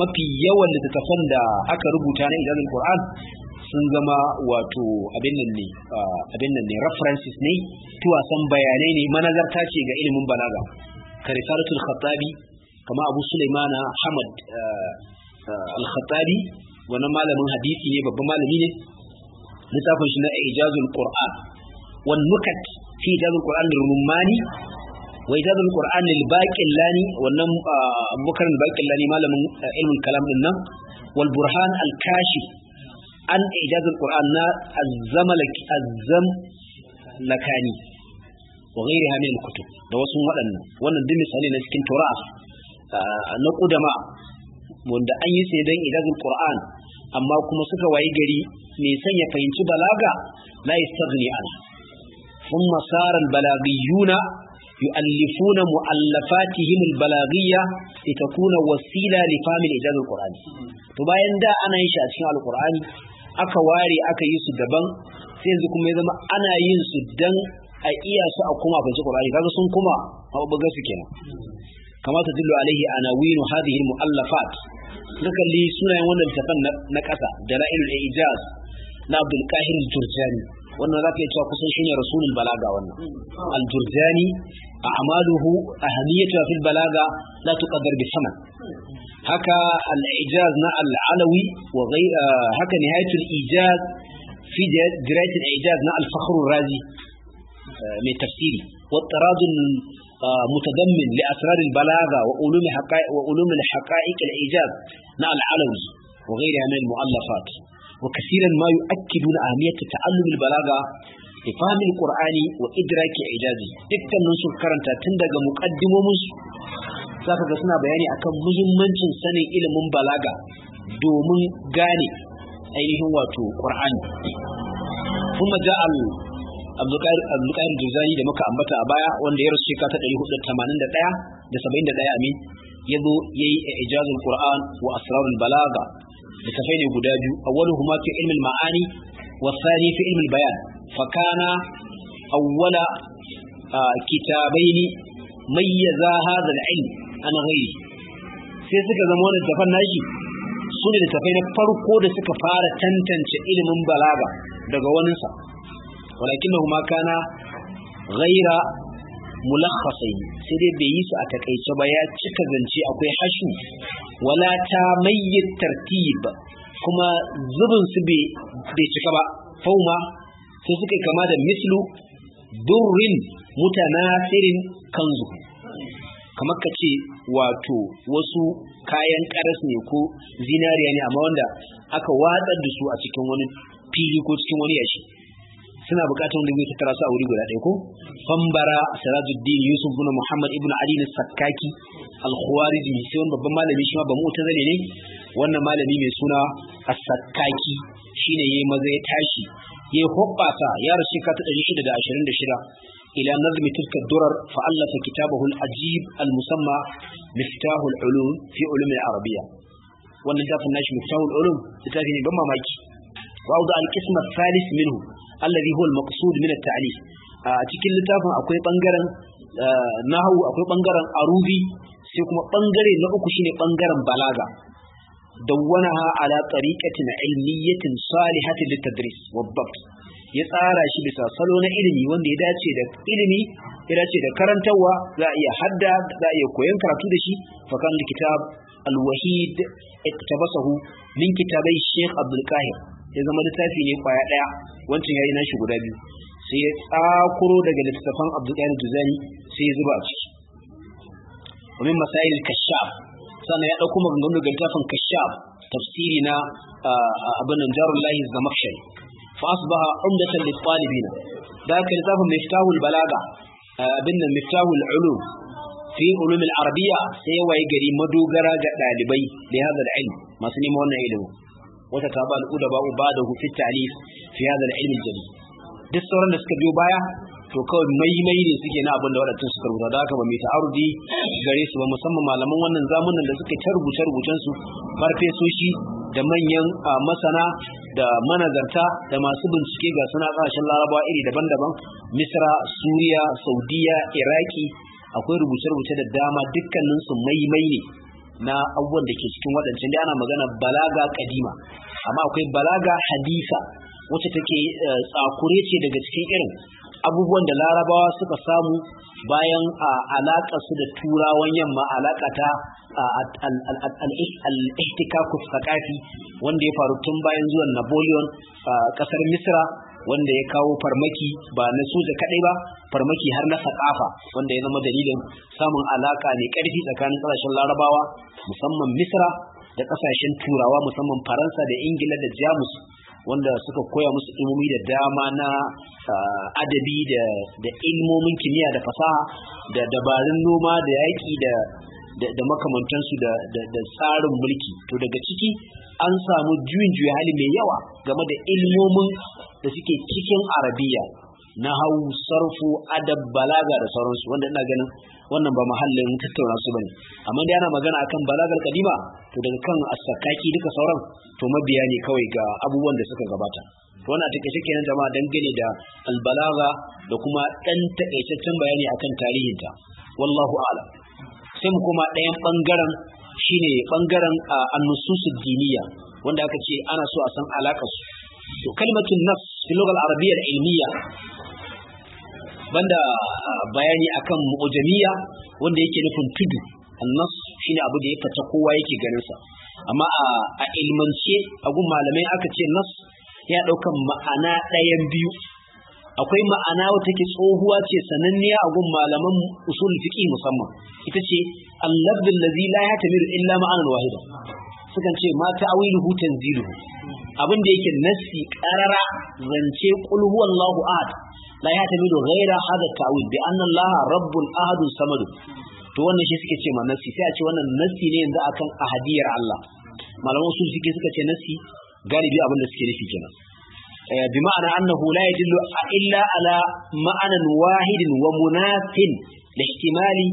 S1: mafi yawan littattafan da haka rubuta a ilmin qur'an sun zama wato abin nan ne abin ne references ne tuwasan bayanai ne manazarta ce ga ilimin balaga ka risalatul khattabi kama abu sulaimana hamad al-khattabi wannan malamin hadisi ne babban malami ne littafin shi na ijazul qur'an wan nukat fi idazul qur'an rumani wa idazul qur'an lil baqillani wannan abubakar al baqillani malamin ilmin kalam din nan wal burhan al kashi an idazul qur'an na az-zamalak az-zam lakani wa ghairiha min kutub da wasu waɗannan wannan duk misali na cikin tura'a na kudama wanda an yi sai don idazul qur'an amma kuma suka wayi gari me son ya fahimci balaga la yastaghni an ثم صار البلاغيون يؤلفون مؤلفاتهم البلاغية لتكون وسيلة لفهم الإعجاز القرآني تباين دا أنا إنشاء أتشين على القرآن أكا واري أكا يسو دبان سيزكم إذا ما أنا ينسو دن أي إياسو أقوم أفنش القرآن كذا سنكما أو بغسو كنا كما تدل عليه عناوين هذه المؤلفات لكن لي سنة وانا التفن نكسا دلائل الإعجاز لعبد القاهر الجرجاني wannan za ka yi cewa kusan shine rasulul balaga wannan al-jurjani a'maluhu ahamiyatu fil balaga la tuqaddar bi saman haka al-ijaz na al-alawi wa haka nihayatul ijaz fi في قراءة الإعجاز مع الفخر الرازي من تفسيري والطراز المتضمن لأسرار البلاغة وعلوم حقائق وعلوم الحقائق الإعجاز مع العلوي وغيرها من المؤلفات وكثيرا ما يؤكدون أهمية تعلم البلاغة لفهم القرآن وإدراك إعجازه دكتور ننصر كرنتا تندق مقدم ومس zaka ga suna bayani akan muhimmancin sanin ilimin balaga domin gane ainihin wato Qur'ani kuma ja'al Abdulkadir Juzani da muka ambata a baya wanda ya rasu shekara ta 481 da 71 amin yazo yayi ijazul Qur'an wa asrarul balaga littafai ne guda biyu awwaluhuma fi ilmi al-ma'ani wa thani fi ilmi bayan fa kana awwala kitabain mayyaza hadha al-ilm an ghayri sai suka zama wannan tafan nashi su ne littafai na farko da suka fara tantance ilimin balaga daga waninsa walakinahuma kana ghaira mulakhasai sai dai bai yi su a takaice ba ya cika zance akwai hashu wala ta mayyit tartib kuma zubin su bai cika ba fauma sai suka kama da mislu durrin mutanasirin kanzu kamar ka ce wato wasu kayan karas ne ko zinariya ne amma wanda aka watsar da su a cikin wani fili ko cikin wani yashi suna bukatar wanda zai tattara su a wuri guda ɗaya ko fambara sirajuddin yusuf bin muhammad ibn ali na sakkaki al-khawarizmi sai wani babban malami shi ma ba zane ne wannan malami mai suna as-sakkaki shine yayi maza ya tashi yayi hobbasa ya rashi ka ta 626 ila nazmi tilka durar fa allafa kitabahu al-ajib al-musamma miftahu al-ulum fi ulum al-arabiyya wannan dafin nashi miftahul ulum littafi ne ban mamaki wa'udu al-qism al-thalith minhu alladhi huwa al-maqsud min at-ta'lif a cikin littafin akwai bangaren nahwu akwai bangaren arubi sai kuma bangare na uku shine bangaren balaga dawwanaha ala tariqatin ilmiyatin salihatin litadris wabbt ya tsara shi bisa salo na ilimi wanda ya dace da ilimi ya dace da karantarwa za a iya hadda za a iya koyon karatu da shi fakan kitab al-wahid iktabasahu min kitabai Sheikh Abdul Qahir ya zama littafi ne kwaya ɗaya wancan yayi nashi guda biyu sai ya tsakuro daga littafan Abdul Juzani sai ya zuba a ciki ومن مسائل الكشاف sannan ya ɗauko maganganu daga littafin kashaf tafsiri na abin nan jarun layi zamakshari fa asbaha umdatan lit talibina da ka littafin miftahul balaga abin nan miftahul ulum fi ulumil arabiyya sai ya waye gari madogara ga dalibai da hada ilm masu neman wannan ilimin Wata وتتابع الأدباء بعده في التعليف في هذا العلم الجديد duk sauran da suka biyo baya to kawai maimai ne suke na abin da waɗancan suka rubuta da haka ba mai ta'arudi gare su ba musamman malaman wannan zamanin da suka rubuce rubucen su farfesoshi da manyan masana da manazarta da masu bincike ga suna ƙasashen larabawa iri daban-daban misra suriya Saudiyya, iraki akwai rubuce-rubuce da dama dukkaninsu maimai ne na abubuwan da ke cikin waɗancan da ana magana balaga kadima amma akwai balaga hadisa wacce take eh, tsakure ce daga cikin irin abubuwan da larabawa suka samu bayan alaƙa su da turawan yamma alaƙa ta al-ihtikaku wanda ya faru tun bayan zuwan Napoleon ƙasar Misra wanda ya kawo farmaki ba na soja kaɗai ba farmaki har na sakafa wanda ya zama dalilin samun alaka ne ƙarfi tsakanin kasashen larabawa musamman misra da ƙasashen turawa musamman faransa da ingila da jamus wanda suka koya musu ilimi da dama na adabi da ilmomin kimiyya da fasaha da dabarun noma da yaƙi da da makamantansu da tsarin mulki to daga ciki an samu juyin juya hali mai yawa game da ilmomin da suke cikin arabiya na hau sarfu adab balaga da sauransu wanda ina ganin wannan ba mahallin tattauna su bane amma da yana magana akan balagar kadima to daga kan asakaki duka sauran to mabiya ne kawai ga abubuwan da suka gabata to wannan take kenan jama'a dangane da albalaga da kuma dan takaitaccen bayani akan tarihin ta wallahu a'lam sai mu kuma ɗayan bangaren shine bangaren annususu diniya wanda aka ce ana so a san alaƙar to kalmatun nas fi lugal arabiyyar ilmiya banda ah, bayani akan mu'jamiya wanda yake nufin tudu annas shine abu da ya ta kowa yake ganin sa amma ah, a ilmance a gun malamai aka ce nas ya daukan ma'ana ɗayan biyu akwai ma'ana wata ke tsohuwa ce sananniya a gun malaman usul fiqi musamman ita ce allabdul ladzi la yatamiru illa ma'anan wahida sukan ce ma ta'awiluhu tanziluhu abin da yake nassi karara zance qul huwallahu ahad la yahtamidu ghaira hadha ta'wil bi anna allaha rabbul ahad samad to wannan shi suke ce ma nassi sai a ce wannan nassi ne yanzu akan ahadiyar Allah malaman su suke suka ce nassi galibi abin da suke nufi kenan eh, bi ma'ana annahu la yadullu illa ala ma'anan wahidin wa munafin da ihtimali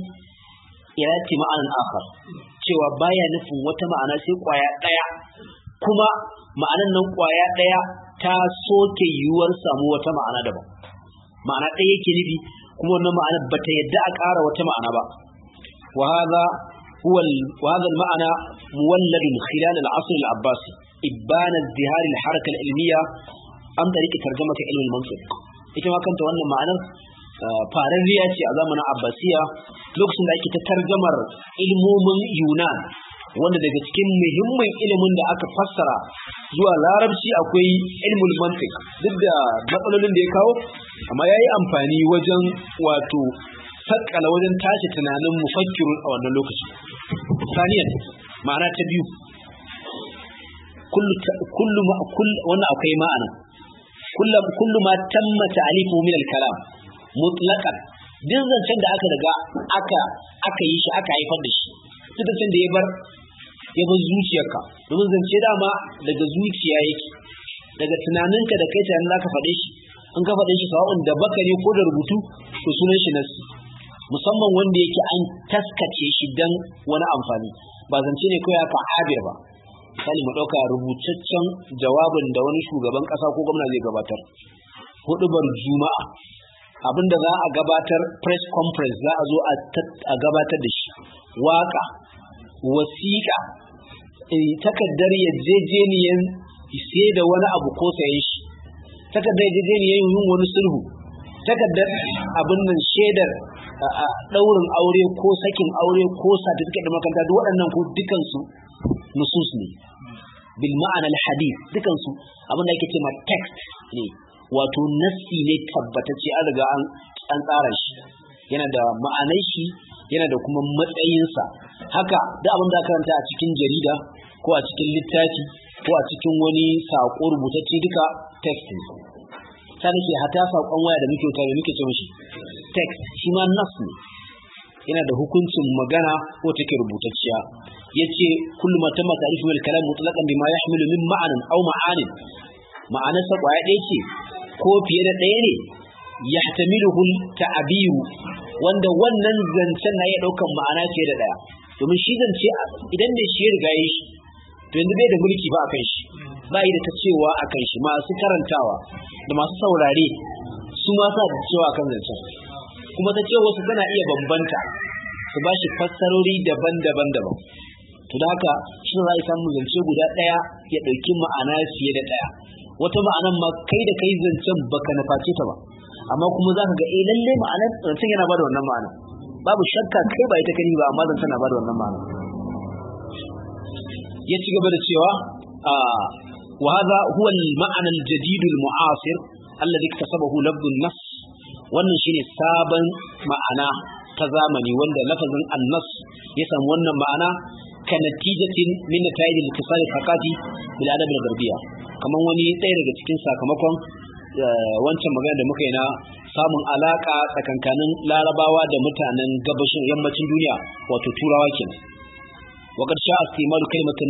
S1: ila ma'anan akhar cewa baya nufin wata ma'ana sai kwaya daya kuma ma'anan nan kwaya ɗaya ta soke yiwuwar samu wata ma'ana daban ma'ana ɗaya yake nufi kuma wannan ma'ana ba ta yadda a ƙara wata ma'ana ba wa hadha maana muwalladun khilal al-asr al-abbasi ibana az-zihar al-haraka al-ilmiya an tariki tarjumata ilmi al-mantiq ita ma kanta wannan ma'anar ah, fararriya ce a zamanin abbasiya lokacin da ake ta tarjamar ilmomin yunan wanda daga cikin muhimmin ilimin da aka fassara zuwa larabci akwai ilimin mantik duk da matsalolin da ya kawo amma ya yi amfani wajen wato sakkala wajen tashi tunanin mufakkirun a wannan lokaci Saniyar ma'ana ta biyu kullu wannan akwai ma'ana kullu ma tammata ta'lifu min al-kalam mutlaqan duk zancen da aka daga aka yi shi aka haifar da shi duk da ya bar ya bin zuciyarka domin zance dama daga zuciya yake daga tunaninka da kai tunanin zaka faɗe shi an ka faɗe shi sawa'un da baka ne ko da rubutu to sunan shi nasu musamman wanda yake an taskace shi dan wani amfani ba zance ne kawai aka abir ba misali mu ɗauka rubutaccen jawabin da wani shugaban ƙasa ko gwamna zai gabatar bar juma'a abinda za a gabatar press conference za a zo a gabatar da shi waka wasiƙa eh, takardar yarjejeniyar sai da wani abu ko sayen shi takardar yarjejeniyar yin wani sulhu takardar abin nan shaidar ɗaurin aure ko sakin aure ko certificate da makanta duk waɗannan ko dukansu nusus ne bil ma'anar hadith dukansu abin da ake ce ma text ne wato nassi ne tabbatacce an riga an tsara shi yana da ma'anar shi yana da kuma matsayinsa haka da abin da karanta a cikin jarida ko a cikin littafi ko a cikin wani saƙo rubutacce duka text ne ta nake hata saƙon waya da muke tare muke ce mishi text shi ma nas ne yana da hukuncin magana ko take rubutacciya yace kullu ma tamma ta'rifu al kalam mutlaqan bima yahmilu min ma'anin aw ma'anin sa kwaya ɗaya ce ko fiye da ɗaya ne yahtamiluhu ta'abiru wanda wannan zancen na iya ɗaukan ma'ana fiye da ɗaya domin shi zance idan da shi ya riga yi shi to yanzu bai da mulki ba a kan shi ba yi da ta cewa a kan shi masu karantawa da masu saurare su ma sa da cewa a kan zancen kuma ta cewa wasu tana iya bambanta su ba shi fassarori daban-daban daban to da haka shi za a samu zance guda ɗaya ya ɗauki ma'ana fiye da ɗaya wata ma'anan ma kai da kai zancen baka nuface ta ba amma kuma za ka ga eh lalle ma'anar zancen yana bada wannan ma'ana babu shakka kai ba ita kani ba amma zancen na bada wannan ma'ana ya ci gaba da cewa ah, wa hadha huwa al-ma'na al-jadid al-mu'asir alladhi iktasabahu labd an-nass wannan shine sabon ma'ana ta zamani wanda lafazin annas ya samu wannan ma'ana ka natijatin min natayil iktisal faqati bil adab al-gharbiyya Kamar wani ɗaya daga cikin sakamakon Eh, wancan magana da muka yi na samun alaka tsakankanin larabawa da mutanen gabashin yammacin duniya wato turawa su وقد شاء استعمال كلمة shi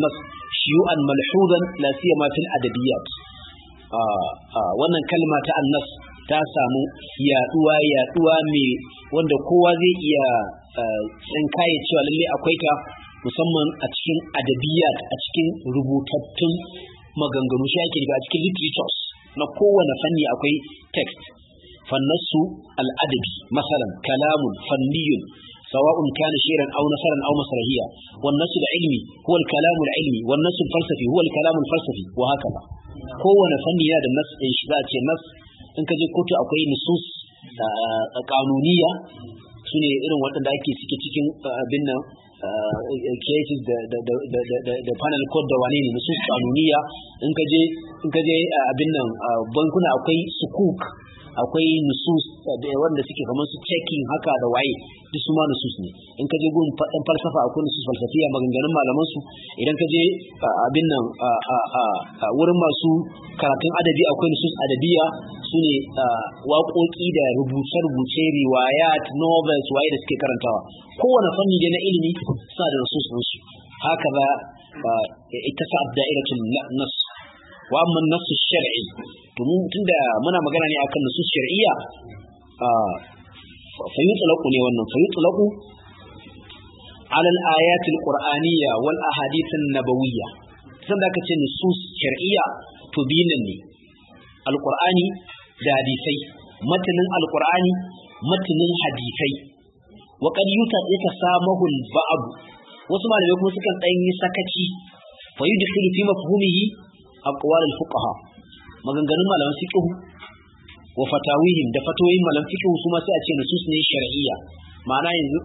S1: شيوعا ملحوظا malhudan lafiya matin الأدبيات wannan kalma ta annas ta samu yaduwa yaduwa mai wanda kowa zai iya eh, tsinkaye cewa lalle akwai ta musamman a cikin adabiyat a cikin rubutattun maganganu shi ake a cikin literatures na kowane fanni akwai text fannasu al'adabi masalan kalamun fanniyun سواء كان شعرا أو نثرا أو مسرحيا والنص العلمي هو الكلام العلمي والنص الفلسفي هو الكلام الفلسفي وهكذا هو فني هذا النص ce النص in ka je kotu akwai nusus eh, eh, kanuniya su ne irin waɗanda ake suke cikin eh, abin nan Uh, creative da panel code da wane ne su kanuniya in ka je uh, abin nan uh, bankuna akwai sukuk akwai nusus eh, wanda suke kamar su checking haka da waye duk su ma nusus ne in ka je gun fadan falsafa akwai nusus falsafiya maganganun malaman su idan ka je abin nan wurin masu karatun adabi akwai nusus adabiya sune waƙoƙi da rubuce-rubuce riwayat novels waye da suke karantawa kowane fanni da na ilimi suna da nusus ɗinsu haka ba ita sa'ad da'iratul nas wa amma nasu shar'i to mu tunda muna magana ne akan nasu shar'iyya fa yutlaqu ne wannan fa yutlaqu ala al-ayat al-qur'aniyya wal ahadith an-nabawiyya sanda aka ce nusus shar'iyya to binan ne al da hadisai matanin al matanin hadisai wa qad yatasamahu al-ba'd wasu malamai kuma sukan dan yi sakaci fa yudkhilu fi mafhumihi aqwal al-fuqaha maganganun malaman fiqh wa fatawihim da fatawoyin malaman fiqh su ma sai a ce nusus ne shar'iyya ma'ana yanzu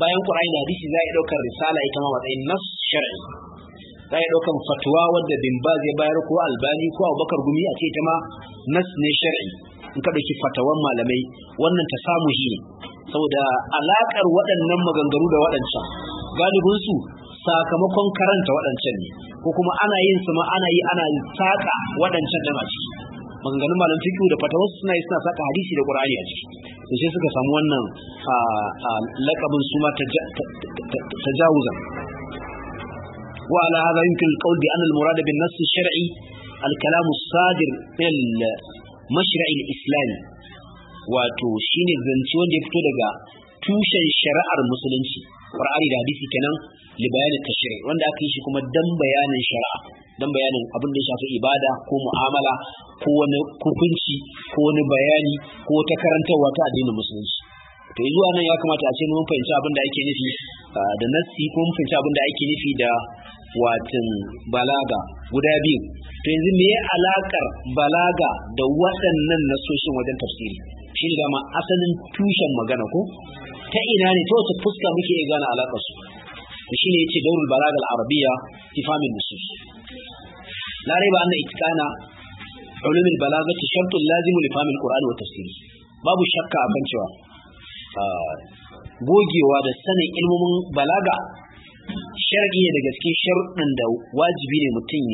S1: bayan qur'ani da hadisi za a daukar risala ita ma matsayin nas shar'i za a daukar fatwa wadda bin baz ya bayar ko albani ko abubakar gumi a ce ita ma nas ne shar'i in ka dauki fatawan malamai wannan ta samu ne saboda alakar waɗannan maganganu da waɗancan galibinsu sakamakon karanta waɗancan ne ko kuma ana yin su ma ana yi ana saka waɗancan da ciki maganganun malam fiqh da fatawas suna yi suna saka hadisi da qur'ani a ciki to sai suka samu wannan lakabin su ma tajawuzan wa ala hadha yumkin alqawl bi anna almurad bin nass alshar'i alkalam as-sadir mashra'i alislami wato shine zance wanda ya fito daga tushen shari'ar musulunci qur'ani da hadisi kenan li tashri wanda aka yi shi kuma dan bayanin shari'a dan bayanin abin da ya shafi ibada ko mu'amala ko wani hukunci ko wani bayani ko ta karantarwa ta addinin musulunci to zuwa nan ya kamata a ce mun fahimci abin da ake nufi ah, da nassi ko mun fahimci abin da ake nufi da watin balaga guda biyu to yanzu me alakar balaga da waɗannan nasoshin wajen tafsiri shi ne dama asalin tushen magana ko ta ina ne ta wace fuska muke gane alakar su to shine yace daurul balagh al arabiyya fi fahm al nusus la raiba anna itqana ulum al balaghati lazim li fahm al qur'an wa babu shakka akan cewa gogewa da sanin ilmomin balaga shar'i ne daga cikin sharuɗin da wajibi ne mutum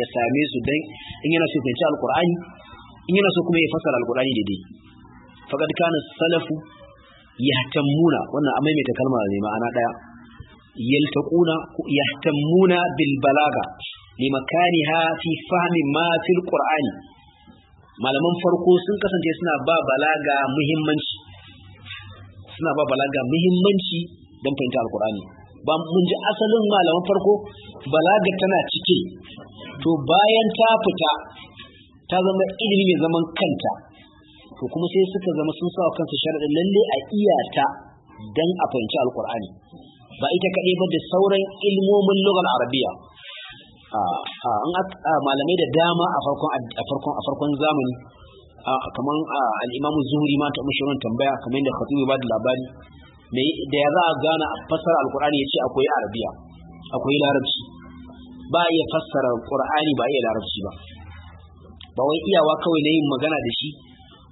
S1: ya same su don in yana so fahimci alkur'ani in yana so kuma ya fasara alkur'ani daidai faqad kana salafu yahtammuna wannan a maimaita kalmar ne ma'ana daya يلتقون يهتمون بالبلاغة لمكانها في فهم ma في ƙur'ani. malaman farko sun kasance suna ba balaga muhimmanci suna ba balaga muhimmanci don fahimtar alkur'ani ba mun ji asalin malaman farko balaga tana cike to bayan ta fita ta zama ilimi mai zaman kanta to kuma sai suka zama sun sa kansu sharaɗin lalle a iyata don a fahimci alkur'ani ba ita kaɗai ba da sauran ilmomin lugar arabiya malamai da dama a farkon zamani kamar al'imamu zuhuri ma ta mushi tambaya kamar yadda khatibu ba da labari da ya za a gana a fassara alkur'ani ya ce akwai arabiya akwai larabci ba iya fassara alkur'ani ba iya larabci ba ba wai iyawa kawai na yin magana da shi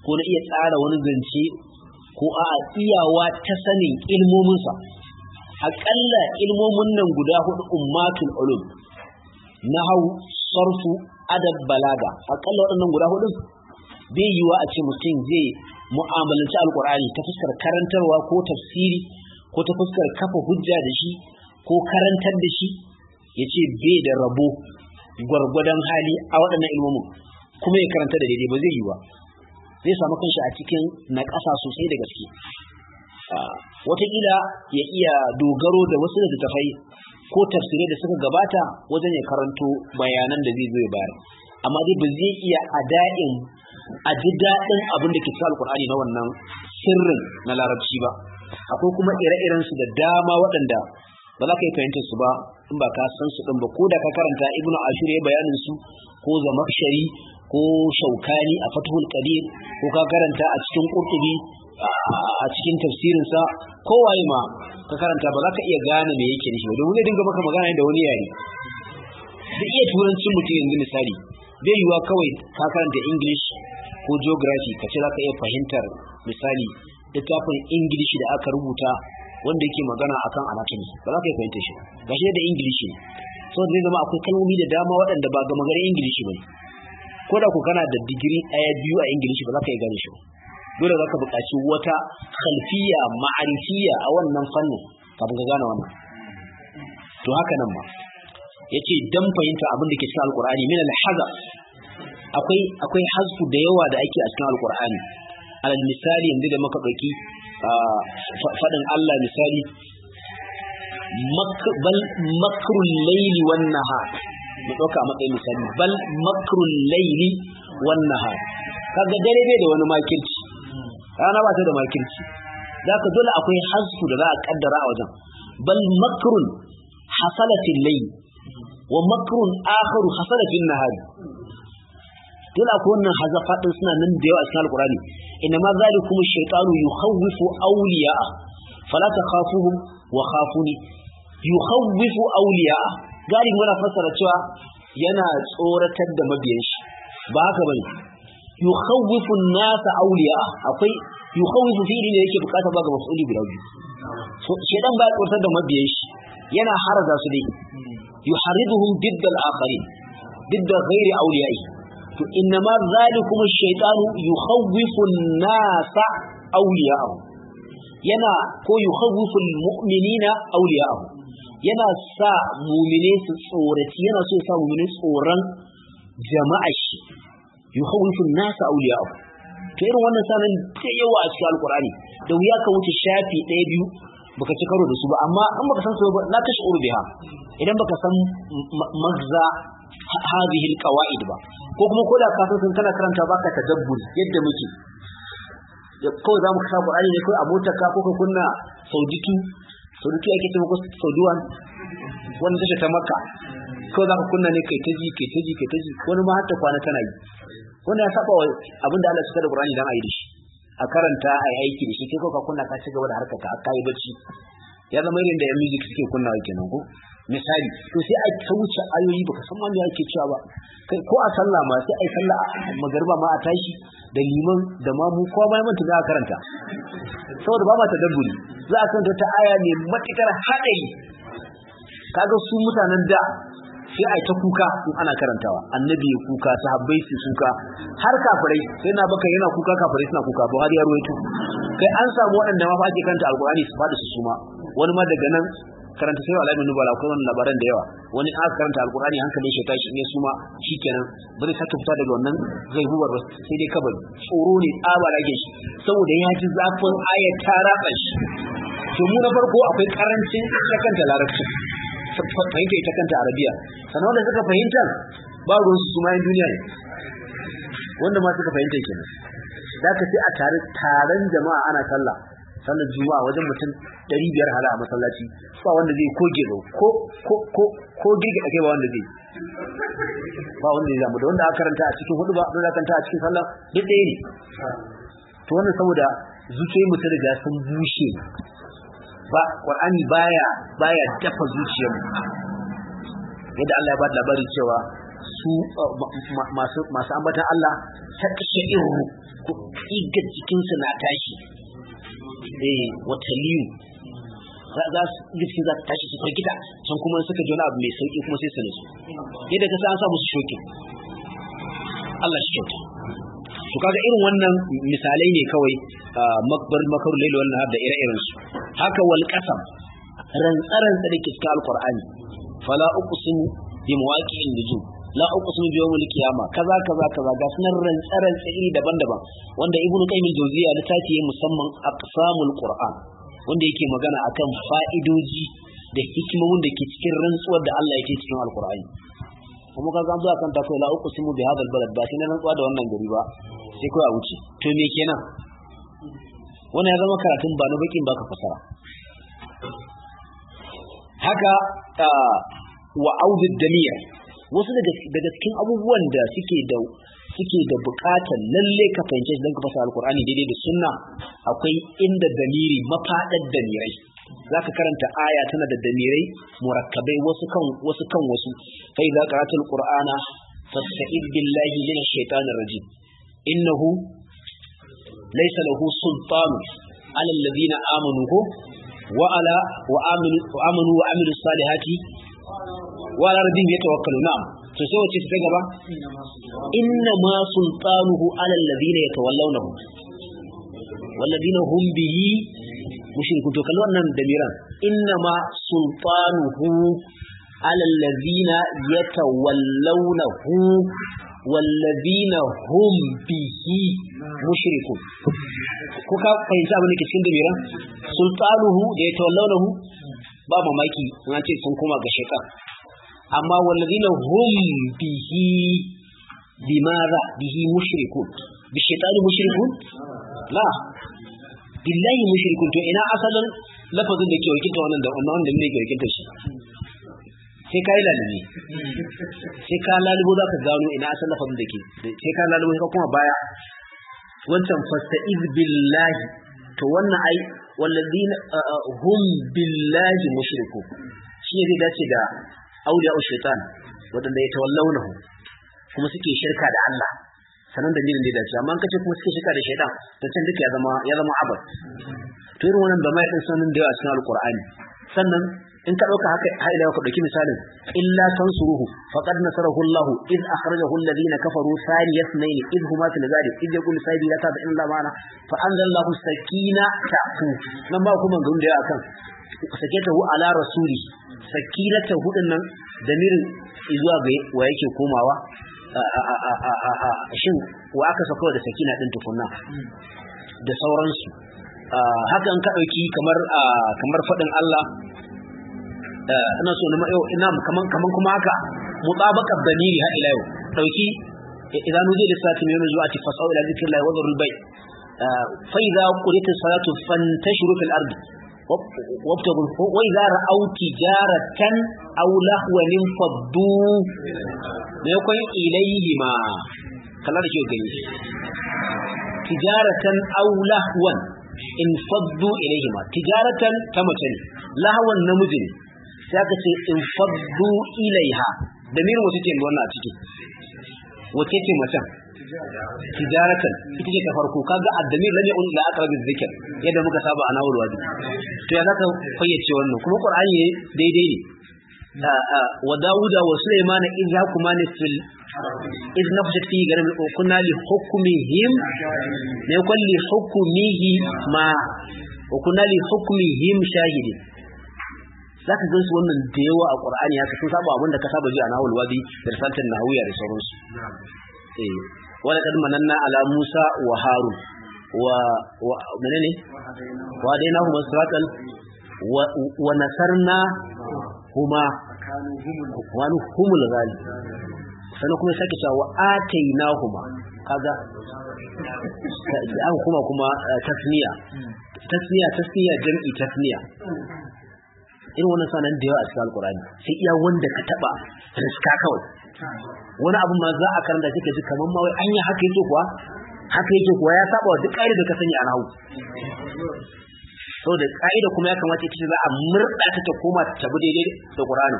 S1: ko na iya tsara wani zance ko a iyawa ta sanin ilmominsa aƙalla ilmomin nan guda hudu ummatul ulum hau sarfu adab balaga aƙalla waɗannan guda hudu bai wa a ce mutum zai mu'amalanci alƙur'ani ta fuskar karantarwa ko tafsiri ko ta fuskar kafa hujja da shi ko karantar da shi ya ce bai da rabo gwargwadon hali a waɗannan ilmomin kuma ya karanta da daidai ba zai yi wa zai samu kanshi a cikin na ƙasa sosai da gaske watakila ya iya dogaro da wasu da littattafai ko tafsirai da suka gabata wajen ya karanto bayanan da zai zo ya bayar amma zai ba zai iya da'in a ji daɗin abin da ke sa alkur'ani na wannan sirrin na larabci ba akwai kuma ire-iren su da dama waɗanda ba za ka yi fahimtar su ba in ba ka san su ɗin ba ko da ka karanta ibnu ashur ya bayanin su ko zamakshari ko shaukani a fatuhul qadir ko ka karanta a cikin qurtubi a cikin tafsirinsa kowaye ma ka karanta ba za ka iya gane me yake nishi domin wani dinga maka magana da wani yare da iya turancin mutum yanzu misali bai wa kawai ka karanta english ko geography ka ce za ka iya fahimtar misali littafin english da aka rubuta wanda yake magana akan anatomy ba za ka iya fahimtar shi ba shi da english ne so zai zama akwai kalmomi da dama waɗanda ba ga magana english ba ne ko da ku kana da digiri ɗaya biyu a english ba za ka iya gane shi ba dole za ka buƙaci wata khalfiya ma'arifiya a wannan fannin kafin ka gane wannan to haka nan ma ce dan fahimta abin da ke cikin alkurani min al akwai akwai hazu da yawa da ake a cikin alkur'ani alal misali yanzu da muka dauki fadin Allah misali bal makrul layli wan nahar mu dauka a matsayin misali bal makrul layli wan nahar kaga dare bai da wani makirci rana ba ta da makirci za ka dole akwai hasu da za a kaddara a wajen bal makrun hasalatin layi wa makrun akharu hasalatin nahari dole akwai wannan hazafa din suna nan da yawa a cikin alkurani inna ma zalikum shaytanu yukhawwifu awliya'a fala takhafuhum wa khafuni yukhawwifu awliya'a gari mana fassara cewa yana tsoratar da mabiyan shi ba haka bane يخوف الناس أولياء أقول يخوف في إلا يكي بقاتا باقا مسؤولي بلاوجي شيطان باقا ورسادا ما بيش ينا حرزا سلي يحرضهم ضد الآخرين ضد غير أوليائي إنما ذلكم الشيطان يخوف الناس أولياء ينا كو يخوف المؤمنين أولياء ينا سا مؤمنين سورة ينا سا مؤمنين سورة جماعش yukhawwifu an-nasa awliya'ahu to irin wannan sanan ke yawa a cikin alqur'ani da wuya ka wuce shafi ɗaya biyu baka ci karo da su ba amma in baka san su ba la tash'uru biha idan baka san magza hadhihi alqawaid ba ko kuma koda ka san sun kana karanta baka tadabbur yadda muke kawai za mu kasa Qur'ani ne kai a mota ka ko ka kunna sauditu sauditu ake ce ko sauduwan wanda tashi ta makka kawai za ka kunna ne kai ta ji kai ta ji kai ta ji wani ma har ta kwana tana yi wanda ya saba wa abin da Allah ya da Qur'ani dan ayi da shi a karanta ayi aiki da shi Ke ka kunna ka shiga da harkar ka kai bacci ya zama irin da music suke kunna wa nan ko misali to sai a kauce ayoyi baka san wanda yake cewa ba kai ko a sallah ma sai ai sallah magariba ma a tashi da liman da ma mu ko mai manta za a karanta saboda ba ma dabburi za a san ta aya ne matukar hadari kaga su mutanen da sai a ta kuka in ana karantawa annabi ya kuka sahabbai su kuka har kafirai sai na baka yana kuka kafirai suna kuka buhari ya ruwaito kai an samu waɗanda ma fa ake karanta alqur'ani su fadi su suma wani ma daga nan karanta sai alamin nubala akwai wannan labaran da yawa wani an karanta alqur'ani hankalin shi tashi ne suma shikenan ba zai sake fita daga wannan zai huwar ba sai dai kabari tsoro ne tsaba rage shi saboda ya ji zafin ayat ta ratsa shi to mu na farko akwai karancin sakanta larabci fahimta ita kanta arabiya sannan wanda suka fahimta ba ruwan su yin duniya ne wanda ma suka fahimta kenan za ka sai a tare taron jama'a ana sallah sallar juma'a wajen mutum 500 hala a masallaci ba wanda zai koge ba ko ko ko ko ake ba wanda zai ba wanda zai zamu da wanda aka karanta a cikin hudu ba wanda aka karanta a cikin sallah duk ɗaya ne to wannan saboda zuciyoyin mutum da sun bushe ba qur'ani baya baya dafa zuciyar yadda Allah ya ba labari cewa su uh, masu masu ambatan Allah irin ku kiga cikin su na tashi eh liyu za su gaske za ta tashi su gida, can kuma suka jona abu mai sauki kuma sai su yadda ka sa an sa musu shoki Allah shi kyauta to kaga irin wannan misalai ne kawai makbar makar lailu wannan da ire-iren su haka wal qasam rantsaran da ke cikin alqur'ani fala uqsim bi mawaqi'in nujum la uqsim bi yawmil qiyamah kaza kaza kaza ga sunan rantsaran tsiri daban-daban wanda ibnu qayyim jawziya da tace musamman aqsamul qur'an wanda yake magana akan fa'idoji da hikimomin da ke cikin rantsuwar da Allah yake cikin alqur'ani kuma ka zan zuwa kan ta kai la uku simu bi hadal balad ba shi ne rantsuwa da wannan gari ba sai kai a wuce to me kenan wannan ya zama karatun ba na bakin baka fasara haka wa audid damir wasu daga cikin abubuwan da suke da suke da bukatar lalle ka fahimce shi don ka fasa alkur'ani daidai da sunna akwai inda damiri mafaɗar damirai Za ka karanta aya tana da damirai murakkabai wasu kan wasu kan wasu fa idza qara'ta qurana fasta'id billahi minash shaitanir rajim innahu laysa lahu sultanu ala alladhina amanu ko wa ala wa amanu wa amanu wa amilus salihati wa ala rabbihim yatawakkalun na'am to sai wace ta gaba inna ma sultanuhu ala alladhina yatawallawnahu والذين هم به mushriku to kalli wannan damiran inna ma sultanuhu ala allazina yatawallawnahu wallazina hum bihi mushrikun ko ka fahimci abin da ke cikin damiran sultanuhu da yatawallawnahu ba mamaki na ce sun koma ga shekar amma wallazina hum bihi bimaza bihi mushrikun bi shaitani mushrikun la billahi mushrikun to ina asalin lafazin da ke wakilta wannan da umma wanda ne ke wakilta shi sai ka yi lalubi sai ka lalubo za ka gano ina asalin lafazin da ke sai ka lalubo ka kuma baya wancan fasta, fasta'iz billahi to wannan ai walladina hum billahi mushriku shi ne zai dace da auliya shaitan wadanda ya tawallawnahu kuma suke shirka da Allah sanan dalilin da ya dace amma kace kuma suke shika da shaidan to can duka ya zama ya zama abad to irin wannan da mai din sanin da yawa cikin alqur'ani sannan in ka dauka haka har ila ka dauki misalin illa tansuruhu faqad nasarahu Allah iz akhrajahu alladhina kafaru thani yasnayn iz huma fil ghari iz yaqulu sayyidi la ta'ala illa ma'ana fa anzalallahu sakina ta'fu nan ba kuma gungun da yawa akan sakatahu ala rasuli sakinatahu dinnan damirin zuwa ga wa yake komawa shin wa aka sauka da sakina din tukunna da sauransu Hakan ka ɗauki kamar kamar fadin Allah ina so na ina kaman kaman kuma haka mutabaqat damiri ha ila yau Ɗauki. idan nuje lissafi mai zuwa ci fasau ila zikrillah wa dhurul bay fa idza quritis salatu fantashiru fil ardi wabtagul wa idza ra'aw tijaratan aw lahwan faddu ne kun ilayhima kala da ke gani tijaratan aw lahwan in faddu ilayhima tijaratan ta mace ne lahwan namiji ne sai aka ce in faddu ilaiha da mirin wasu ce wannan a ciki wace ce macen
S2: tijaratan
S1: ita ce ta farko kaga addami lam yaqul la aqrabu zikr yadda muka saba ana wal wadi to ya zaka fayyace wannan kuma qur'ani daidai ne wa dauda wa sulaimana idh yakuma fil kunna li hukmihim ne kulli hukmihi ma?', wa kunna li hukmihim shahidin za ka gansu wannan da yawa a qur'ani ya sun saba abinda ka saba ji a nahul wadi da risaltar nahawiya da sauransu eh. wala kad mananna ala Musa wa Harun wa wa menene
S2: wa
S1: dai nahu masratal wa nasarna huma wani humul gali sannan kuma sake cewa wa ataina huma kaga da aka kuma kuma eh, tasmiya. Tasmiya, tasniya jam'i tasmiya. irin wannan sanan da yawa a cikin alkurani sai iya wanda ka taba riska kawai wani abin ma za a karanta shi ji kamar ma wai anya haka yake kuwa haka yake kuwa ya saba wa duk ƙa'ida da ka sani a nahu saboda ƙa'ida kuma ya kamata ita za a murɗa ta ta koma ta tabi daidai da Qur'ani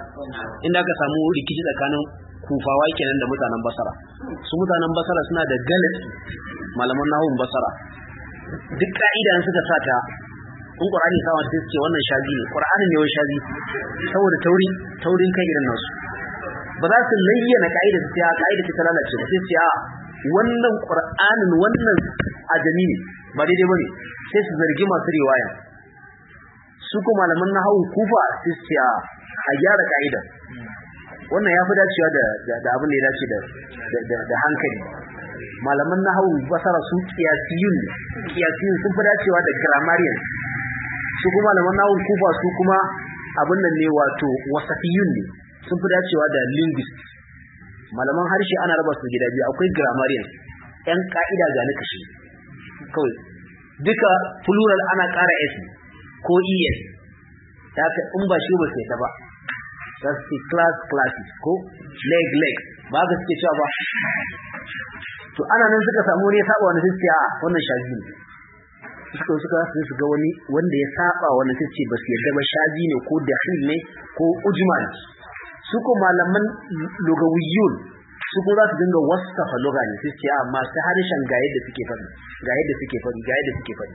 S1: inda aka samu rikici tsakanin kufawa kenan da mutanen basara su mutanen basara suna da galati malaman nahun basara duk ka'ida suka sa ta in qur'ani sa wanda ce wannan shazi ne qur'ani ne wai shazi saboda tauri taurin kai irin nasu ba za su layyana ka'ida su ya ka'ida su lalace ce sai su wannan qur'anin wannan ajami ne ba daidai ba ne sai su zargi masu riwaya su ko malaman hau kufa su ya a gyara ka'ida wannan ya fi dacewa da abin da ya dace da hankali malaman hau basara su kiyasiyun qiyasiyun sun fi dacewa da grammarian su kuma malaman hau kufa su kuma abin nan ne wato wasafiyun ne sun fi dacewa da linguist malaman harshe ana raba su gida biyu akwai grammarian yan ka'ida ga ni kashi kawai duka plural ana ƙara s ko es ta ka in ba shi ba sai ta ba za su ce class classes ko leg leg ba ka suke cewa ba to ana nan suka samu wani ya saba wani sai a wannan shazi ne suka suka sai su ga wani wanda ya saba wani sai ce ba su yadda ba shazi ne ko dahil ne ko ujmal ne su ko malaman lugawiyun su ko za su dinga wasafa lugha ne sai a masu harshen ga yadda suke faɗi ga yadda suke faɗi ga yadda suke faɗi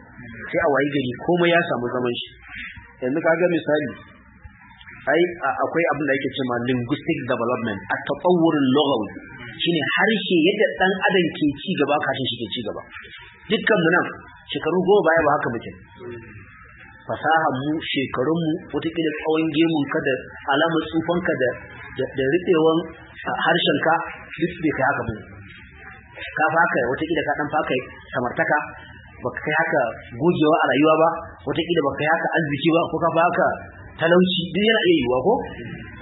S1: sai a wayi gari komai ya samu zaman shi yanzu ga misali ai akwai abin da yake cewa linguistic development a tafawurin lugawi shine harshe yadda dan adam ke ci gaba kashin shi ke ci gaba dukkan mu nan shekaru goma baya ba haka muke Fasaha mu shekarun mu wataƙila tsawon gemun ka da alamar tsufan ka da da rufewan harshen ka duk bai kai haka bane ka faka wataƙila ka dan faka samartaka baka kai haka gogewa a rayuwa ba wataƙila baka kai haka arziki ba ko ka faka talauci duk yana iya yiwuwa ko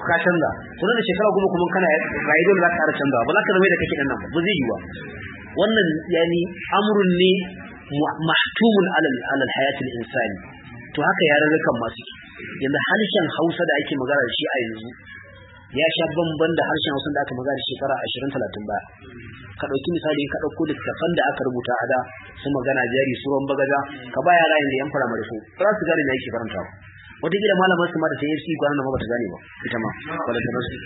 S1: ka canza kuma da shekara goma kuma kana rayu dole za ka ƙara canza ba za ka zama da kake nan ba ba zai yiwuwa wannan yani amrun ne mahtumun alal alal hayatil insani to haka yarurrukan masu yanzu harshen hausa da ake magana da shi a yanzu ya sha bamban da harshen hausa da aka magana shekara ashirin talatin baya ka ɗauki misali ka ɗauko littattafan da aka rubuta a da su magana jari su ruwan bagaja ka ba yara yanzu yan fara marifu ba su gane me yake faranta ba gida malamar su ma da ta yi siyi kwanan ba ta gane ba ita ma wala ta rasu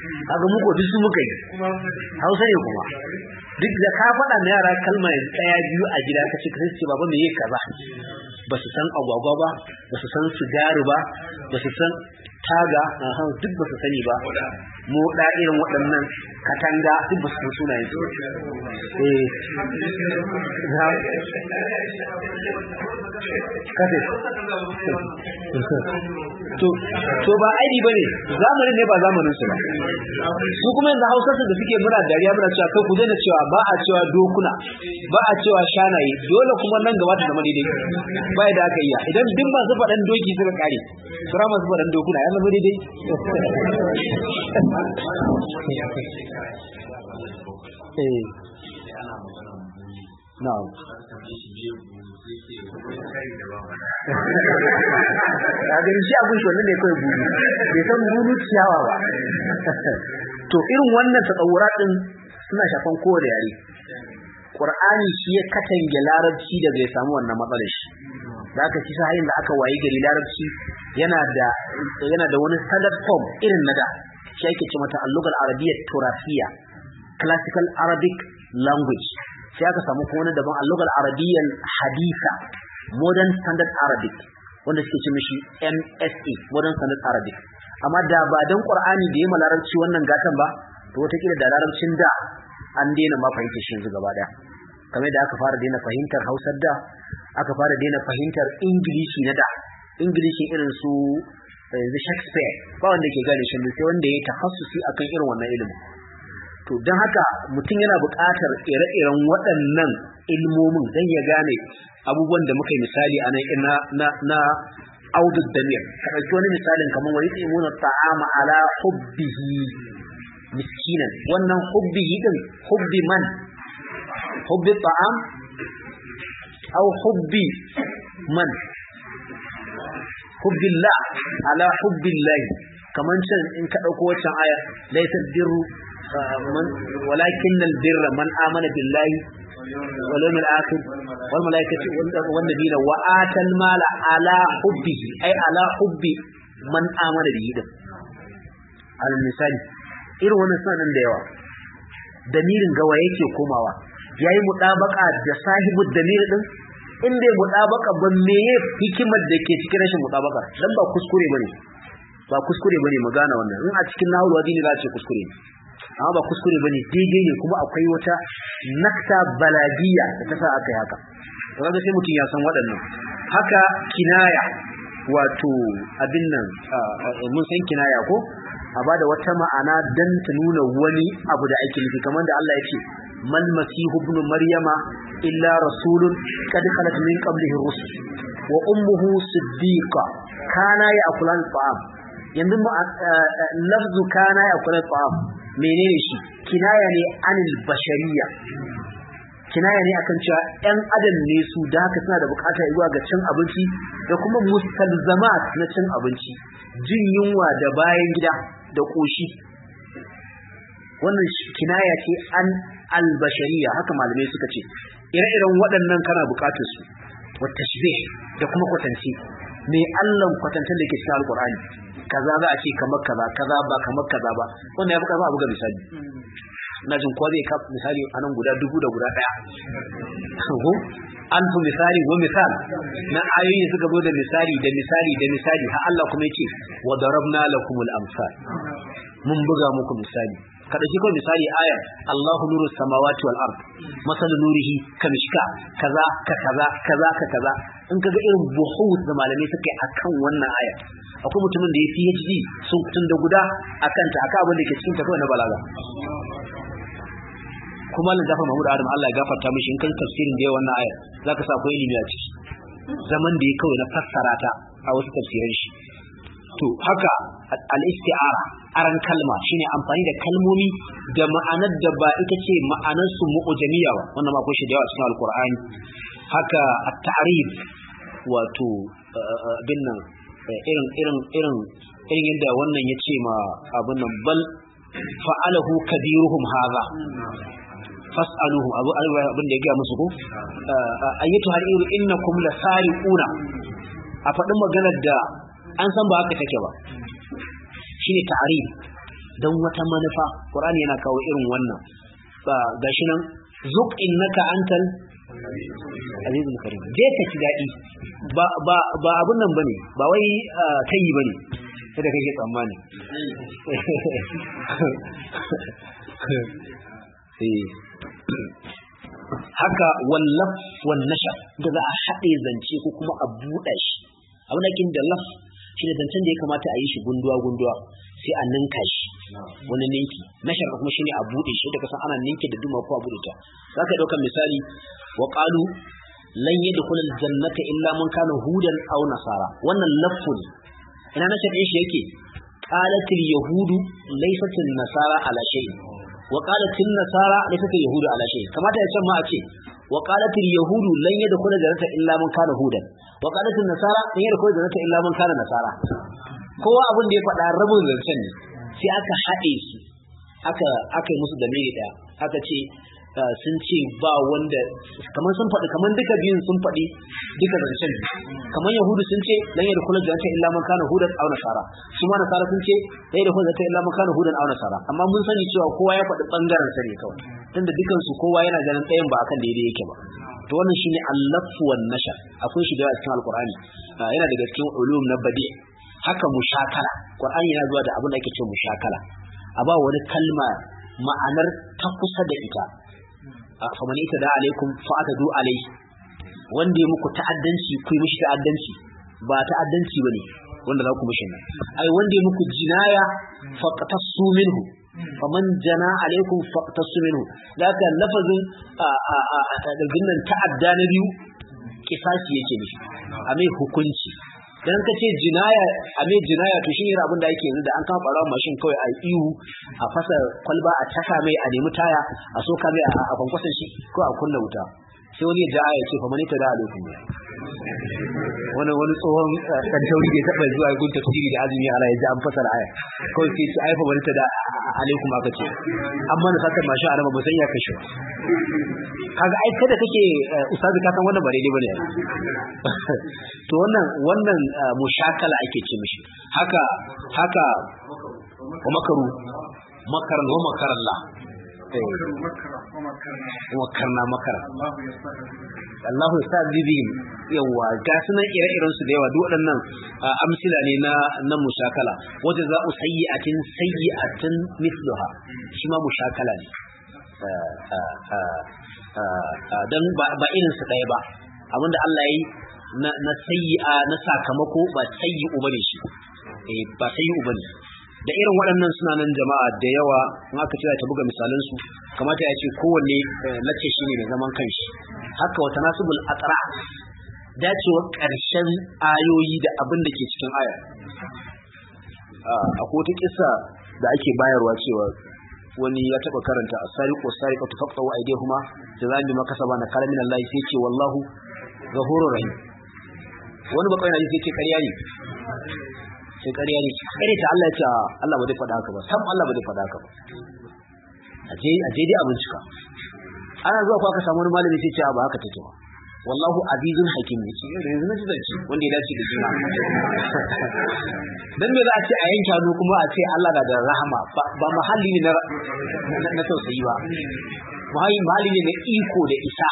S1: A ga muku duk su muka yi hausa ne kuma duk da ka faɗa na yara kalma ɗaya biyu a gida ka ce ka baba me yi kaza ba su san agwagwa ba ba su san sigari ba ba su san taga duk ba su sani ba mu da irin waɗannan katanga duk ba san sunayen su eh na to to ba aini bane zamanin ne ba zamanin su ba su kuma yanzu hausar da suke muna dariya muna cewa kai ku daina cewa ba a cewa dokuna ba a cewa shanaye dole kuma nan gaba ta zama daidai ba da aka yi idan din ba su faɗan doki suka kare rama su faɗan dokuna ya zama daidai
S2: eh na'am a gari shi abin shi ne kawai buru bai san buru ciyawa ba
S1: to irin wannan tsawura din suna shafan kowane yare Qur'ani shi ya katange larabci daga ya samu wannan matsalar shi da aka ci sa da aka wayi gari larabci yana da wani standard form irin na da shi ake ce mata allugar arabiyyar turafiya classical arabic language sai aka samu kuma wani daban allugar arabiyyar haditha modern standard arabic wanda suke ce mishi MSA modern standard arabic amma da ba dan qur'ani da yayi larabci wannan gatan ba to wata kila da larabcin da an daina ma fahimta shi yanzu gaba daya kamar da aka fara daina fahimtar Hausar da aka fara daina fahimtar Ingilishi na da Ingilishin irin su yanzu eh, Shakespeare ba wanda ke gane shi sai wanda ya tahassusi akan irin wannan ilimin to don haka mutum yana buƙatar ire-iren waɗannan ilmomin don ya gane abubuwan da muka yi misali a nan na audu damir ka ɗauki wani misalin kamar wani tsimuna ta'ama ala hubbihi miskinan wannan hubbihi din hubbi man hubbi ta'am au hubbi man hubbillah ala hubbillahi, kaman can in ka dauko waccan aya laysa birru ah, man walakin albirra man amana billahi wal yawmil akhir wal malaikati wan nabiyina wa atal mala ala hubbihi ay ala hubbi man amana bihi din al misali irin wannan sanan da yawa damirin gawa yake komawa yayi mudabaka da sahibu damirin din in bai mutabaka ba meye hikimar da ke cikin rashin mutabaka dan ba kuskure bane ba kuskure bane mu gane wannan in a cikin nahwu wadini za a ce kuskure amma ba kuskure bane daidai ne kuma akwai wata nakta baladiya da ta sa aka yi haka kaga sai mutum ya san waɗannan haka kinaya wato abin nan mun san kinaya ko a bada wata ma'ana dan ta nuna wani abu da ake nufi kamar da Allah ya ce ما المسيح ابن maryama illa rasulun قد خلت من قبله الرسل وأمه صديقة كان يأكل الطعام akulan ta'am yanzu يأكل الطعام eh, eh, menene shi kinaya ne anil bashariya kinaya ne akan cewa ɗan adam ne su da haka suna da bukata zuwa ga cin abinci da kuma mustalzamat na cin abinci jin yunwa da bayan gida da ƙoshi wannan kinaya ce an albashariya haka malamai suka ce ire-iren waɗannan kana buƙatar su wata shibe da kuma kwatance mai allon kwatantar da ke cikin alkur'ani kaza za a ce kamar kaza kaza ba kamar kaza ba wanda ya fi karfa abu ga misali na jin kowa zai kafa misali a nan guda dubu da guda ɗaya an fi misali wa misal na ayoyi suka zo da misali da misali da misali har Allah kuma yake wa darabna lakumul amsal mun buga muku misali ka shi kawai misali ayar Allahu nuru samawati wal ard masal nurihi kamishka kaza ka kaza kaza ka kaza in kaga irin buhut da malamai suke akan wannan ayar akwai mutumin da ya PhD sun tun da guda akan ta akan abin da ke cikin tafiya na balaga kuma Allah gafar Mahmud Adam Allah ya gafarta mishi in kan tafsirin da ya wannan ayar zaka sa akwai ilimi a ciki zaman da ya kawai na fassara ta a wasu tafsiran shi to haka al-isti'ara aran kalma shine amfani da kalmomi da ma'anar da ba ita ce ma'anar su mu'jamiya ba wannan ma shi da yawa cikin alqur'ani haka at-ta'rif wato eh, bin nan eh, irin irin irin irin yadda wannan ya ce ma abin nan bal fa'alahu kabiruhum hadha fas'aluhu abu abin da ya gaya musu ko eh, ayyatu hal innakum lasariquna a faɗin maganar da an san ba haka take ba shine ta'arif don wata manufa qur'ani yana kawo irin wannan ba gashi nan zuq innaka antal azizul karim je ka ci dadi ba ba ba abun nan bane ba wai tayi bane sai da kake tsammani *laughs* eh. haka wallaf wan nasha da za a haɗe zance ko kuma a buɗe shi abin da laf shi da zancen da ya kamata a yi shi gunduwa gunduwa sai a ninka shi wani ninki mashaka kuma shi ne a bude shi daga san ana ninki da duma ko a bude ta Za ka dauka misali wa qalu lan yadkhul zannata illa mun kana hudan au nasara wannan lafku ne ina na shaɗe shi yake qalatil yahudu laifatin nasara ala shay wa qalatil nasara laifatin yahudu ala shay kamata ya san ma a ce وقالت اليهود لن يدخل الجنة إلا من كان هودا وقالت النصارى لن يدخل الجنة إلا من كان نصارى kowa abin da ya faɗa rabin zancen ne sai aka haɗe shi aka aka yi musu da miri ɗaya aka ce Ah, sun ce ba wanda kamar sun faɗi kamar duka biyun sun faɗi duka zancen kamar yahudu sun ce lan yadda kula jannata illa man kana hudan aw nasara su ma nasara sun ce lan yadda kula jannata illa man kana hudan aw nasara amma mun sani cewa kowa ya faɗi bangaren sa ne kawai tunda dukan su kowa yana ganin ɗayan ba akan daidai yake ba to wannan shine allafu wan nashar akwai shi da cikin alqur'ani ah, yana daga cikin ulum na badi haka mushakala qur'ani yana zuwa da abin da ake cewa mushakala a ba wani kalma ma'anar ta kusa da ita faman ita da alaikum fa atadu alaihi wanda ya muku ta'addanci ku yi mishi ta'addanci ba ta'addanci bane wanda za ku mishi nan ai wanda ya muku jinaya fa qatassu minhu faman jana alaikum fa qatassu minhu daga lafazin a a a nan ta'adda na biyu kisasi yake mishi a mai hukunci dan ka ce jinaya a mai jinaya to shi yana abin da yake yanzu da an kafa ɓarawa mashin kawai a ihu a fasa kwalba a taka mai a nemi taya a soka mai a kwankwasan shi ko a kunna wuta sai wani ya a aya ce fa mani ta da a lokacin wani wani tsohon kantauri eh, tauri da taba zuwa gunta tafsiri da azumi ala da an fasar aya kawai sai ai fa mani ta da alaikum aka ce amma na saka mashi araba ba sai ya kashe kaga ai kada kake eh, ustazi ka san wannan ba daidai bane *laughs* to wannan wannan eh, mushakala ake ce mishi haka haka wa makaru makaran wa makarallah
S2: wakarna makara Allahu ya
S1: sa bihim yawa ga sunan ire-iren su da yawa duk waɗannan amsila ne na na mushakala wajen za u sayyi'atin sayyi'atin misluha shi ma mushakala ne dan ba irin su ɗaya ba abinda Allah ya yi na sayyi'a na sakamako ba sayyi'u bane shi eh, ba sayyi'u bane da irin waɗannan suna nan jama'a da yawa in aka ce ta buga misalan su kamata ya ce kowanne lace eh, shi ne da zaman kanshi haka wata nasibul atra dacewar ƙarshen ayoyi da abin da ke cikin aya a kota kisa da ake bayarwa cewa wani ya taɓa karanta a sariƙo sariƙo ta faɗa wa aide kuma da za mu makasa ba na kalamin Allah sai ce wallahu ghafurur rahim wani bakwai na sai ce ƙarya ne sai ƙarya ne ƙarya ta Allah ya ce ah, Allah ba zai faɗa haka ba sam Allah ba zai faɗa haka ba a je dai a bincika ana zuwa ko aka samu wani malami sai ce ah, ba haka take ba wallahu azizun hakim ne shi yanzu na jizan shi wanda ya dace da juna
S2: *laughs*
S1: dan me za a ce a yanke hannu kuma a ce Allah na da rahama ba mahalli ne na tausayi ba mahalli ne na iko da isa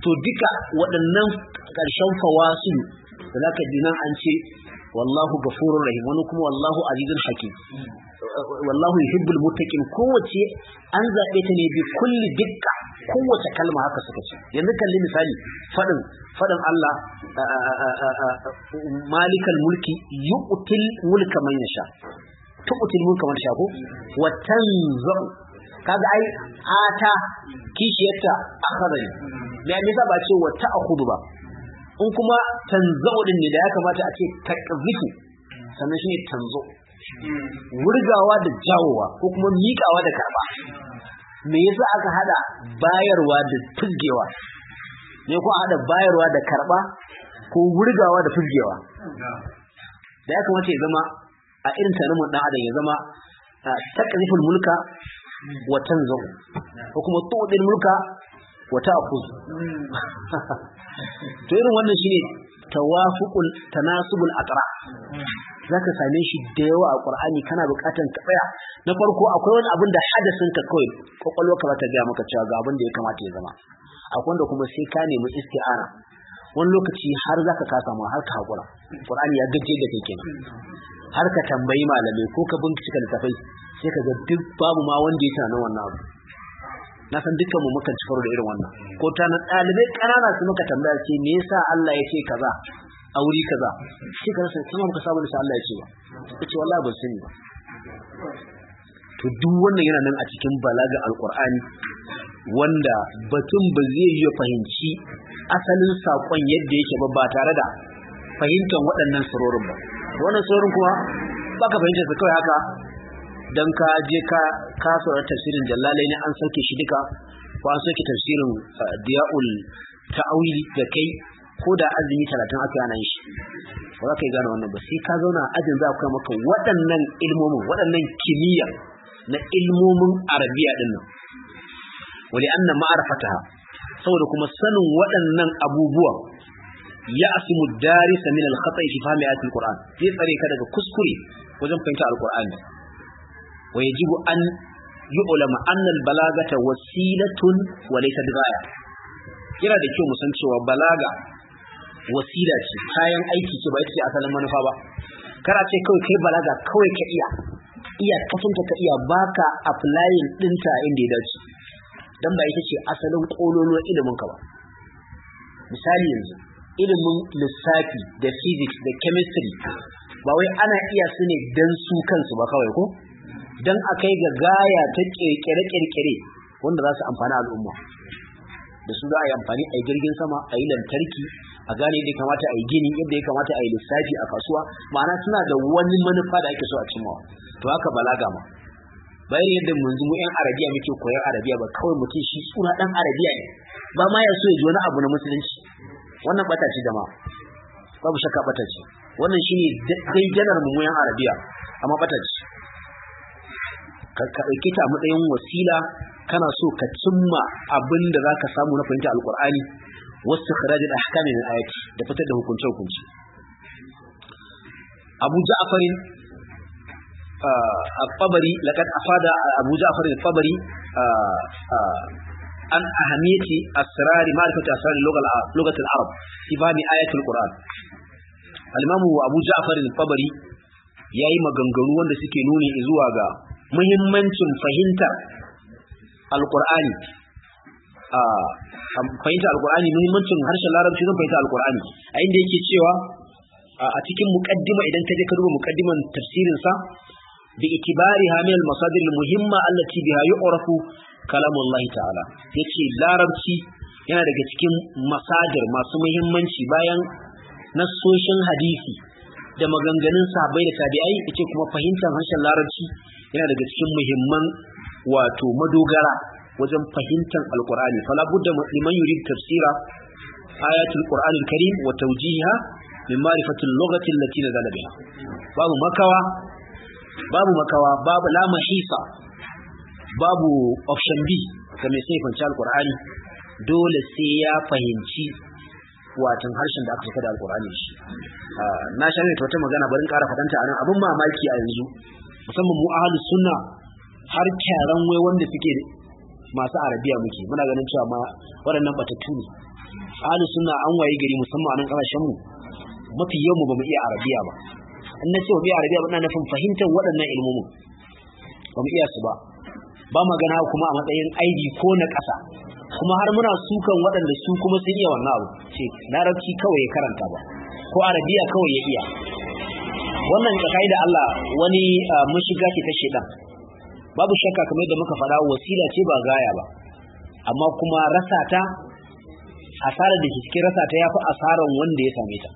S1: to duka waɗannan ƙarshen fawasin da zaka ji nan an ce wallahu ghafurur rahim wani kuma wallahu azizul hakim wallahu yuhibbul muttaqin kowace an zabe ta ne bi kulli dikka kowace kalma haka suka ce yanzu kalli misali fadin fadin Allah malikal mulki yu'til mulka man yasha tu'til mulka man yasha ko wa tanzu kaga ai ata kishiyarta akhadani me yasa ba ce wa ta'khudhu ba in kuma tanza'u din ne da ya kamata a ce takzifu sannan shine tanzo murgawa da jawowa ko kuma miƙawa da karba me yasa aka hada bayarwa da fizgewa me ko hada bayarwa da karba ko wurgawa da fizgewa da ya kamata ya zama a irin tarimin dan adam ya zama takziful mulka wa tanzo ko kuma tudin mulka wata akuz hmm. to irin wannan shine tawafuqul tanasubul aqra zaka same shi da yawa a Qur'ani kana bukatan ka tsaya na farko akwai wani abin da hadasin ka kawai kokwalwa ka ta ga maka cewa ga abin da ya kamata ya zama akwai wanda kuma sai ka nemi isti'ana wani lokaci har zaka ka samu har ka hakura Qur'ani ya gaje da kake har ka tambayi malamai ko ka bincika littafai sai ka ga duk babu ma wanda ya tana wannan abu na san dukkan mu mukan ci da irin wannan ko ta na dalibai ƙanana su muka tambaya ce me yasa Allah ya ce kaza a wuri kaza shi ka rasa kuma muka samu da Allah ya ce ba kace wallahi ban sani ba to duk wannan yana nan a cikin balaga alqur'ani wanda batun ba zai yi fahimci asalin sakon yadda yake ba ba tare da fahimtar waɗannan surorin ba wannan surorin kuma baka fahimta su kawai haka Idan ka je ka ka tafsirin jallalai ne an sauke shi duka ko an sauke tafsirin uh, diya'ul ta'awil da kai ko da azumi talatin aka yana shi ko za ka gano wannan ba sai ka zauna ajin za ka maka waɗannan ilmomin waɗannan kimiyya na ilmomin arabiya dinnan. nan wali an na ma'arfata saboda kuma sanin waɗannan abubuwan ya asimu darisa min al-khata'i fi fahmi ayatul qur'an zai tsare ka daga kuskure wajen fahimta al-qur'ani wa yajibu an yi'ula anna balaga ta wasilatun wa laysat yana da kyau mu san cewa balaga wasila ce kayan aiki ce ba ita ce asalin manufa ba kar a ce kawai kai balaga kawai ka iya iya kasanta ka iya baka applying dinta inda ya dace dan ba ita ce asalin kololo ilimin ka ba misali yanzu ilimin lissafi da physics da chemistry ba wai ana iya su ne dan su kansu ba kawai ko don a kai ga gaya ta kirkire-kirkire wanda za su amfani al'umma da su za a yi amfani a girgin jirgin sama a yi lantarki a gane da ya kamata a yi gini yadda ya kamata a yi lissafi a kasuwa ma'ana suna da wani manufa da ake so a cimmawa to haka balaga ma bayan yadda mun mu 'yan arabiya muke koyar arabiya ba kawai mutum shi suna dan arabiya ne ba ma ya so ya ji wani abu na musulunci wannan bata ce jama'a babu shakka bata ce wannan shine dai janar mu 'yan arabiya amma bata ce ka ɗauke ta matsayin wasila kana so ka cimma abin da za ka samu na fahimta Alƙur'ani wasu kharajin ahkamin ayati da fitar da hukunce hukunci abu ja'farin ah, al-qabari laqad afada abu ja'far al ah, ah, an ahamiyati asrar ma'rifati asrar lugat al-arab ibami ayati al-quran al-imam abu ja'far al-qabari yayi maganganu wanda suke nuni zuwa ga muhimmancin fahimtar alkur'ani fahimtar alkur'ani muhimmancin harshen larabci zan fahimtar alkur'ani a inda yake cewa a cikin mukaddima idan ka je ka duba mukaddiman tafsirin sa bi itibari hamil masadir muhimma allati biha yu'rafu kalamullahi ta'ala yace larabci yana daga cikin masadir masu muhimmanci bayan nassoshin hadisi da maganganun sahabbai da tabi'ai yace kuma fahimtar harshen larabci yana daga cikin muhimman wato madogara wajen fahimtar alqur'ani fala budda liman yurid tafsira ayatul qur'an karim wa tawjihiha min ma'rifati al-lughati allati nazala biha babu makawa babu makawa babu la mahisa babu option B ga mai sai fanci alqur'ani dole sai ya fahimci watan harshen da aka saka da alqur'ani shi ah, na shirye ta wata magana barin ƙara fadanta anan abin mamaki a yanzu musamman mu ahlu sunna har kyaran wai wanda suke masu arabiya muke muna ganin cewa ma waɗannan batattu ne ahlu sunna an waye gari musamman a nan ƙasashen mu mafi yau mu bamu iya arabiya ba in na ce mu iya arabiya ba ina nufin fahimtar waɗannan ilmomin bamu iya su ba ba magana kuma a matsayin I.D ko na ƙasa kuma har muna sukan waɗanda su kuma sun iya wannan abu ce larabci kawai ya karanta ba ko arabiya kawai ya iya wannan ga da Allah wani mashiga ke kashe dan babu shakka kamar da muka faɗa wasila ce ba gaya ba amma kuma rasa ta asarar da ke rasa ta yafi asarar wanda ya same ta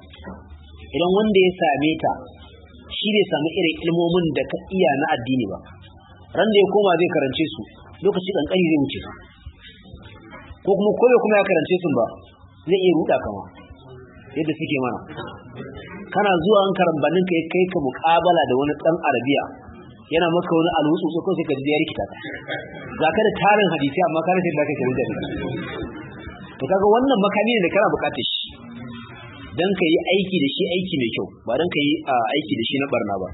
S1: idan wanda ya same ta shi ne samu irin ilmomin da ka iya na addini ba ran da ya koma zai karance su lokaci kankani zai wuce ko kuma ko kuma ya karance su ba zai iya ruda kama yadda suke mana kana zuwa an karambanin ka kai ka muƙabala da wani ɗan arabiya yana maka wani alwutsu ko sai ka ji ya rikita ga ka da tarin hadisi amma ka rashin da ka kira da to kaga wannan makami ne da kana buƙatar shi dan ka yi aiki da shi aiki mai kyau ba dan ka yi aiki da shi na barna ba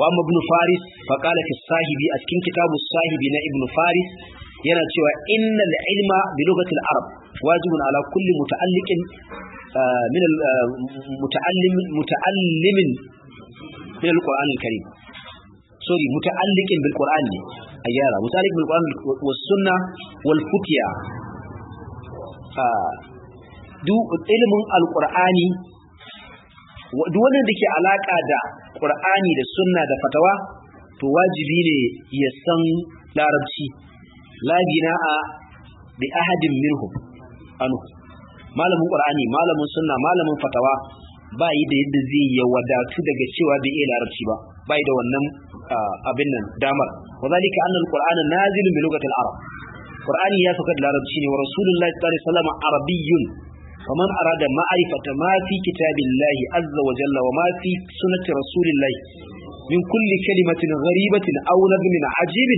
S1: wa ibn faris fa qala fi sahibi a cikin kitabu sahibi na ibn faris yana cewa innal ilma bi lughati al arab wajibun ala kulli muta'alliqin min muta'allim muta'allimin min alqur'an qur'an ne a gyara muta'alliq bil qur'an was sunna wal futiya duk ilimin alqur'ani duk wanda da ke alaƙa da ƙur'ani da sunna da fatawa to wajibi ne ya san larabci la jina'a bi ahadin minhum malamin qur'ani malamin sunna malamin fatawa ba yi da yadda zai ya wadatu daga cewa bai iya larabci ba ba yi da wannan abin nan damar wazalika annal qur'ana nazilun bi lugatil arab qur'ani ya sauka da larabci ne wa rasulullahi sallallahu alaihi wasallam arabiyyun فمن أراد da ma'arifata mafi kitabillahi Azza wa وجل wa في سنة رسول الله من كل كلمة غريبة أو نظم عجيب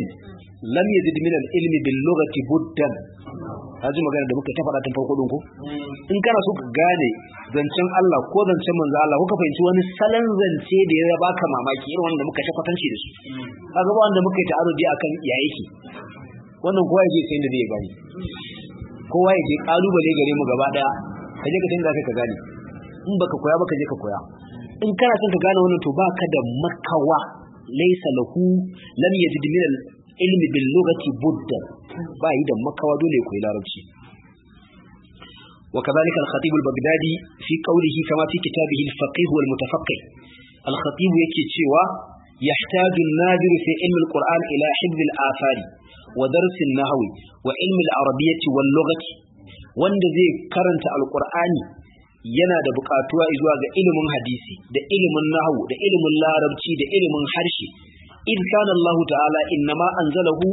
S1: lam yajid min al-ilmi bil lughati buddan kaji magana da muka tafa faɗa tun farko ko in kana so ka gane zancen Allah ko zancen manzo Allah ko ka fahimci wani salon zance da ya baka mamaki irin wanda muka ta kwatanci da su kaga ba wanda muka yi ta'arudi akan ya yake wannan kowa yake sai da zai gani kowa yake kalubale gare mu gaba daya kaje ka dinga kai ka gane in baka koya baka je ka koya in kana son ka gane wannan to baka da makawa laysa lahu lam yajid min ilmi bil lughati budda ba yi da makawa dole koyi larabci وكذلك الخطيب البغدادي في قوله كما في كتابه الفقيه والمتفقه الخطيب يكي تشيوا يحتاج الناظر في علم القرآن إلى حفظ الآثار ودرس النحو وعلم العربية واللغة wanda zai karanta alkur'ani yana da buƙatuwa zuwa ga ilimin hadisi da ilimin nahu da ilimin larabci da ilimin harshe in kana Allah ta'ala innama anzalahu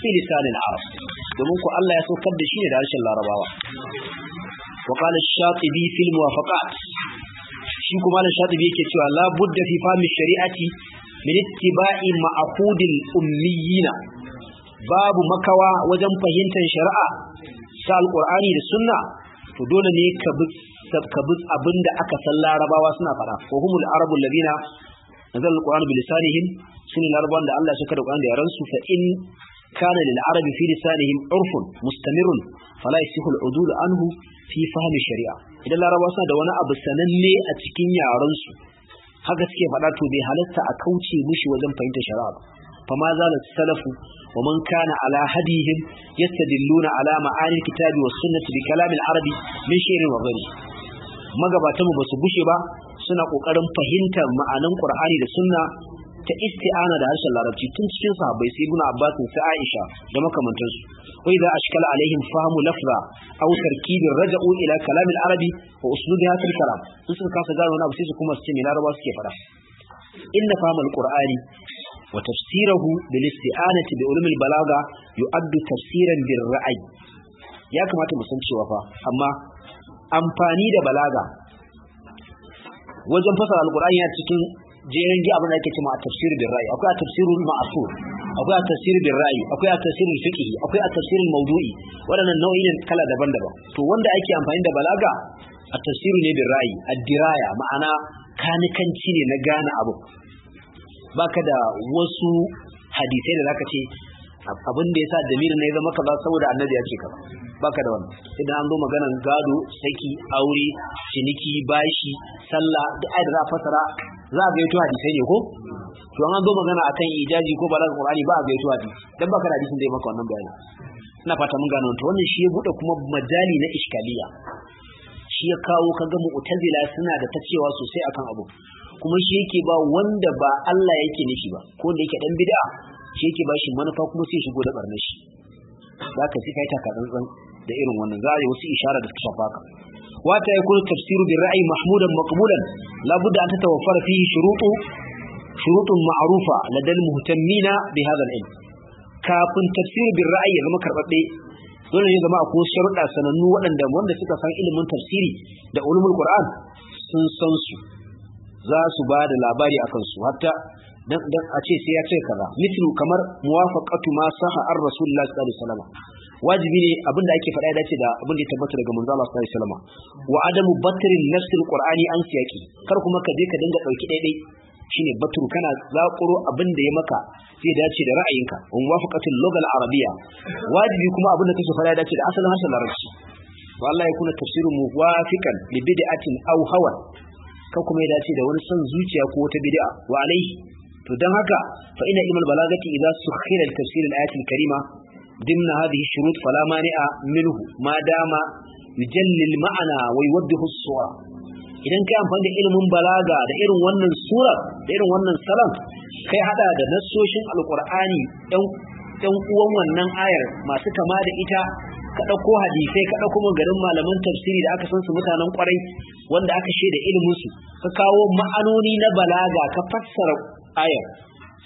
S1: fi lisanil arab domin ku Allah ya saukar da shi ne da harshen larabawa wa qala ash-shatibi fil muwafaqat shi kuma ash-shatibi yake cewa la budda fi fahmi shari'ati min ittiba'i ma'qudil ummiyina babu makawa wajen fahimtar shari'a ta Alƙur'ani da sunna to dole ne ka bi ka abinda aka san larabawa suna fara ko humul arabul ladina nazal alquran bi lisanihim sune larabawan da Allah ya saka da Qur'an da yaran su fa in kana lil arabi fi lisanihim urfun mustamirun fala yasihu udul anhu fi fahmi shari'a idan larabawa suna da wani abu sananne a cikin yaran su haka suke faɗa to bai halatta a kauce mushi wajen fahimtar shari'a ba fa ma zala salafu wa man kana ala hadihim yastadilluna ala ma'ani kitabi was sunnati bi kalam al-arabi min shirin wa ghayri magabatan mu basu bushe ba suna ƙoƙarin fahimtar ma'anan Qur'ani da Sunna ta isti'ana da harshen larabci tun cikin sahabbai sai ibnu abbas sai aisha da makamantansu wa idza ashkala alaihim fahmu lafza aw tarkib raja'u ila kalam al-arabi wa uslubi hadha al-kalam sun kasa gano wani abu sai su kuma su ce me laraba suke faɗa. inna fahmu al-qur'ani wa tafsirahu bil isti'anati bi ulum balaga yu'addu tafsiran bir ra'ay ya kamata mu san cewa fa amma amfani da balaga wajen fasara alkur'ani ya cikin jerin ji abin da ake cewa tafsir bil ra'i akwai tafsirul ma'sur akwai tafsir bil ra'i akwai tafsirul fiqhi akwai tafsirul mawdu'i wadannan nau'in kala daban-daban to wanda ake amfani da balaga a tafsir ne bil ra'i ad-diraya ma'ana kanikanci ne na gane abu baka da wasu hadisai da zaka ce abin da ya sa damir ne ya zama kaza saboda annabi ya ce kaza baka da wannan idan an zo maganan gado saki aure ciniki bashi sallah duk ayat da za a fasara za a gaito hadisai ne ko to an zo magana akan ijaji ko balagh qur'ani ba a gaito hadisi dan baka da hadisin da ya maka wannan bayani ina fata mun gano to wannan shi ya bude kuma majali na iskaliya shi ya kawo kaga mu'tazila suna da tacewa sosai akan abu kuma shi yake ba wanda ba Allah yake nufi ba ko da yake dan bid'a shi yake ba shi manufa kuma sai shigo da barnar shi za ka sai kai taka tsantsan da irin wannan za a yi wasu ishara da suka shafa ka wata ya kuma tafsiru bi ra'ayi mahmudan maqbulan labudda an tatawaffara fihi shurutu shurutun ma'rufa ladal muhtammina bi hadha al-ilm kafin tafsiru bi ra'ayi ya zama karbabbe dole ne zama akwai sharuɗa sanannu waɗanda wanda suka san ilimin tafsiri da ulumul qur'an sun san su za su ba da labari akan su hatta dan dan a ce sai ya ce kaza mithlu kamar muwafaqatu ma saha ar rasulullah sallallahu alaihi wasallam wajibi ne abin da ake faɗa ya dace da abin da ya tabbata daga manzo Allah sallallahu alaihi wasallam wa adamu batrin nafsil qur'ani an siyaki kar kuma ka je ka dinga dauki daidai shine batru kana zakuro abin da ya maka sai dace da ra'ayinka in wafaqatul lugal arabiyya wajibi kuma abin da kake faɗa ya dace da asalin harshen larabci wallahi kuna tafsirin muwafiqan li bid'atin aw hawan kan kuma ya dace da wani son zuciya ko wata bid'a wa alai to dan haka fa inna ilmal balagati idza sukhila al tafsir al ayat al karima ضمن هذه الشروط فلا مانع Madama, ما ma'ana يجلي المعنى ويوضح idan kai amfani da ilimin balaga da irin wannan sura da irin wannan salam kai hada da nassoshin alkur'ani ɗan uwan wannan ayar masu kama da ita ka ɗauko hadisai ka ɗauko garin malaman tafsiri da aka san su mutanen kwarai wanda aka shaida ilimin su ka kawo ma'anoni na balaga ka fassara ayar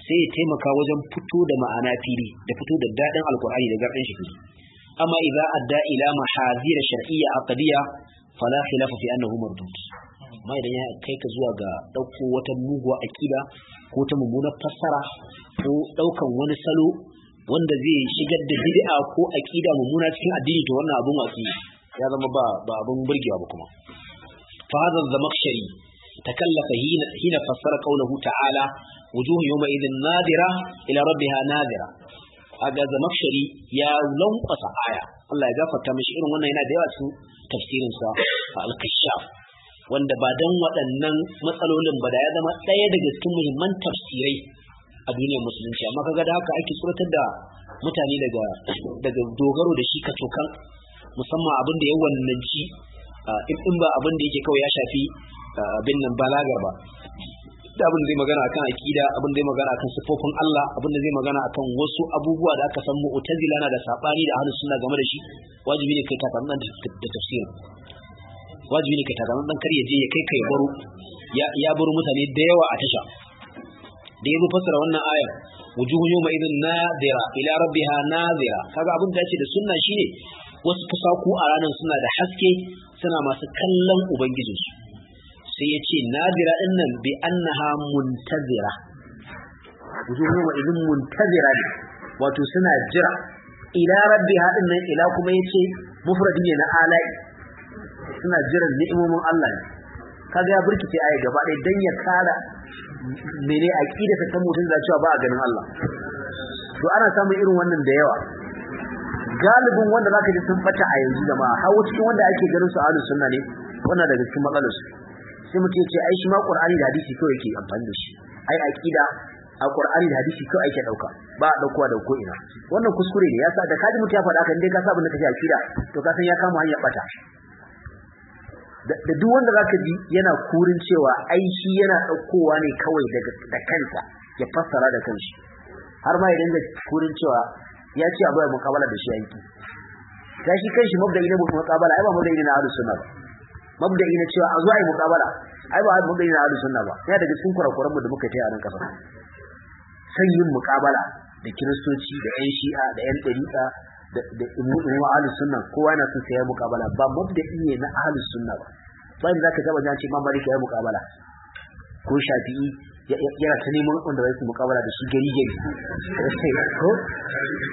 S1: sai ya taimaka wajen fito da ma'ana fili da fito da daɗin alkur'ani da garɗin shi amma idza adda ila mahazir shar'iyya aqdiyya fala khilafa fi annahu mardud amma idan ya kai ka zuwa ga ɗauko wata muguwa akida ko ta mummunar fassara ko ɗaukan wani salo wanda zai shigar da bid'a ko akida mummuna cikin addini to wannan abun wasi ya zama ba ba abun burgewa ba kuma fa hadha zamakshari تكلف حين فسر قوله تعالى وجوه يومئذ نادرة إلى ربها نادرة aga zamakshari ya lankwasa aya Allah ya gafarta mishi irin wannan yana da yawa cikin tafsirin sa al-kashaf wanda ba dan waɗannan matsalolin ba ya zama ɗaya daga cikin muhimman tafsirai a duniyar musulunci amma kaga da haka ake tsoratar da mutane daga dogaro da shi kacokan musamman abin da ya wannanci in ba abin da yake kawai ya shafi abin nan balagar ba da abin da zai magana akan aqida abin da zai magana akan sifofin Allah abin da zai magana akan wasu abubuwa da aka san mu'tazila na da sabani da ahlus sunna game da shi wajibi ne kai ka nan da tafsir wajibi ne kai ka nan kar ya je ya kai kai baro ya baro mutane da yawa a tasha da ya fasara wannan ayar wujuhun yawma idhin nadira ila rabbiha nadira kaga abin da yake da sunna shine wasu fusaku a ranar suna da haske suna masu kallon ubangijinsu sai ya ce nadira din nan bi annaha muntazira wujuhu idin muntazira ne wato suna jira ila rabbi haɗin nan ila kuma ya ce mufradi ne na ala'i suna jiran ni'imomin Allah ne kaga ya burkice ayi gaba ɗaya dan ya kara mene aqida ta mutum da cewa ba a ganin Allah to ana samun irin wannan da yawa galibin wanda zaka ji sun fata a yanzu jama'a har cikin wanda ake ganin su ahlus sunna ne wannan daga cikin matsalolin sai mutum ya ce ai shi ma qur'ani da hadisi kawai yake amfani da shi ai aqida a qur'ani da hadisi kawai ake dauka ba a daukowa da ko ina wannan kuskure ne yasa da kaji mutum ya faɗa kan dai ka saba da kaji aqida to ka san ya kama hanyar bata da duk wanda zaka ji yana kurin cewa ai shi yana daukowa ne kawai daga da kansa ya fassara da kanshi har ma ya dinga kurin cewa ya ce abu ya mukabala da shi yanki gashi kanshi mabda'i na mukabala ai ba mabda'i na ahlus sunna ba mabda'i ina cewa a zuwa yi mukabala ai ba mabda'i na ahlus sunna ba yana daga cikin kurakuran mu da muka yi a nan kasa sai yin mukabala da kiristoci da ƴan shi'a da yan dariqa da ibnu ahlus sunna kowa yana son sai mukabala ba mabda'i ne na ahlus sunna ba bayan zaka ga wajen ce imam kai mukabala ko shafi'i yana ta neman wanda bai su mukabala da shi gari gari ko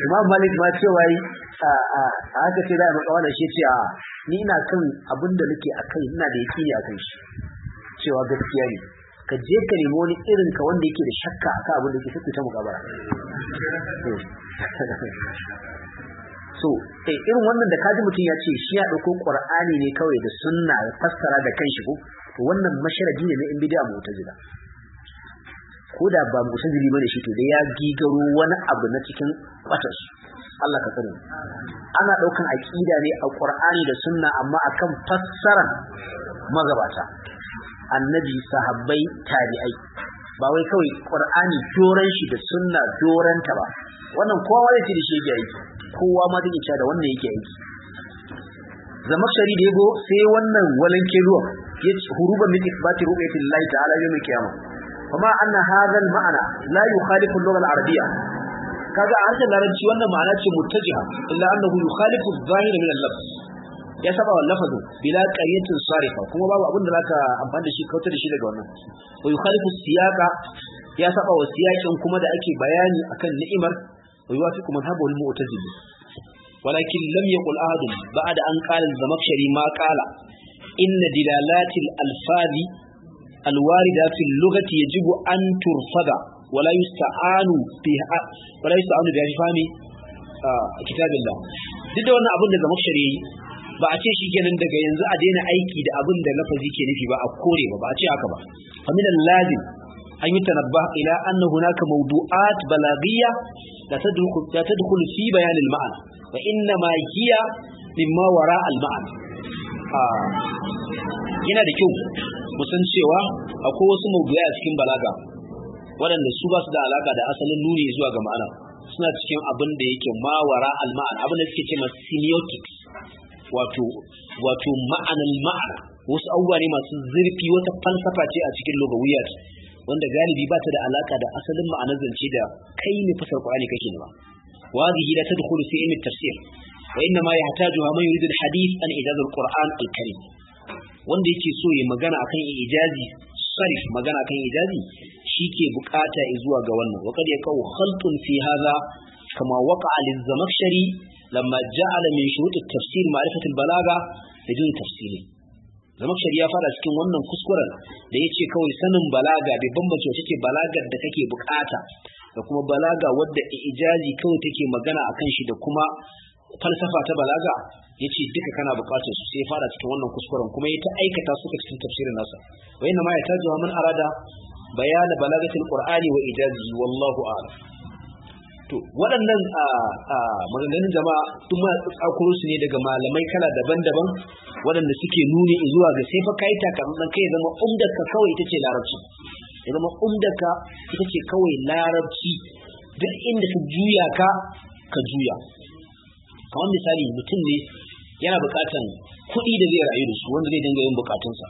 S1: imam malik ma cewa yi a haka sai da mukabala shi ce a ni na kan abin da nake a kai ina da yaƙini a kan shi cewa gaskiya ne ka je ka nemi wani irin ka wanda yake da shakka akan abin da yake sai ta mukabara so eh irin wannan da kaji mutum ya ce shi ya dauko qur'ani ne kawai da sunna ya fassara da kanshi ko to wannan masharadi ne na in mu ta jira. ko da ba mu'tazili bane shi to da ya gigaro wani abu na cikin kwatas Allah ka sani ana daukan aqida ne a Qur'ani da Sunna amma akan fassara magabata annabi sahabbai tabi'ai ba wai kawai Qur'ani doran shi da Sunna doranta ba wannan kowa ya ce da shi yake aiki kowa ma zai ci da wannan yake aiki Zama zamakshari da yago sai wannan walanke ruwa yace huruba min isbati ru'yati Allah ta'ala yawm al-qiyamah kuma anna hadha al-ma'na la yukhalifu al-lugha al-arabiyyah kaga a harshen larabci wannan ma'ana ce muttajiha illa annahu yukhalifu adh-dhahira min al-lafz ya saba wa lafazu bila qayyatin sarifa kuma babu abin da zaka amfani da shi kauta da shi daga wannan wa yukhalifu siyaqa ya saba wa siyaqin kuma da ake bayani akan ni'imar wa yuwafiqu madhhabu al-mu'tazili walakin lam yaqul ahad ba'da an qala al-zamakhshari ma qala inna dilalatil al-alfazi الواردة في اللغة يجب أن ترفض wala yusta'anu bi wala yusta'anu bi fahmi kitabillah duk da wannan abin da zama shari'i ba a ce shi kenan daga yanzu a daina aiki da abin da lafazi ke nufi ba a kore ba ba a ce haka ba famin lazim an yi tanabba ila anna hunaka mawdu'at balagiyya la tadkhulu la tadkhulu fi bayan al-ma'ana wa inna ma hiya mimma wara al-ma'ana yana da kyau mu san cewa akwai wasu mawdu'a a cikin balaga waɗanda su ba su da alaka da asalin nuni zuwa ga ma'ana suna cikin abin da yake mawara al abin da suke cewa semiotics wato wato ma'anan ma'ana wasu abubuwa ne masu zurfi wata falsafa ce a cikin lugawiyat wanda galibi ba ta da alaka da asalin ma'anar zance da kai ne fasar Qur'ani kake nema wazi la tadkhulu fi ilmi tafsir wa inna ma yahtajuha man yuridu al-hadith an ijaz al-Qur'an al-Karim wanda yake so ya magana akan ijazi sarif magana akan ijazi shi ke bukata zuwa ga wannan wa ya yaqau khaltun fi hadha kama waqa lil zamakhshari lamma ja'ala min shurut at-tafsir ma'rifat al-balagha bidun zamakhshari ya fara cikin wannan kuskuren da yace kawai sanin balaga bai bambance wace ce balagar da kake bukata da kuma balaga wadda ijazi kawai take magana akan shi da kuma falsafa ta balaga ya ce duka kana bukatar su sai fara cikin wannan kuskuren kuma ya ta aikata suka cikin tafsirin nasa wa yana ma ya man arada bayana balagatul qur'ani wa ijazi wallahu a'lam to waɗannan maganganun jama'a sun ma tsakuro su ne daga malamai kala daban-daban waɗanda suke nuni zuwa ga sai fa kai dan kai zama ka kawai ita ce larabci ya zama umdaka ita ce kawai larabci duk inda ka juya ka ka juya kamar misali mutum ne yana buƙatan kuɗi da zai rayu da su wanda zai dinga yin buƙatunsa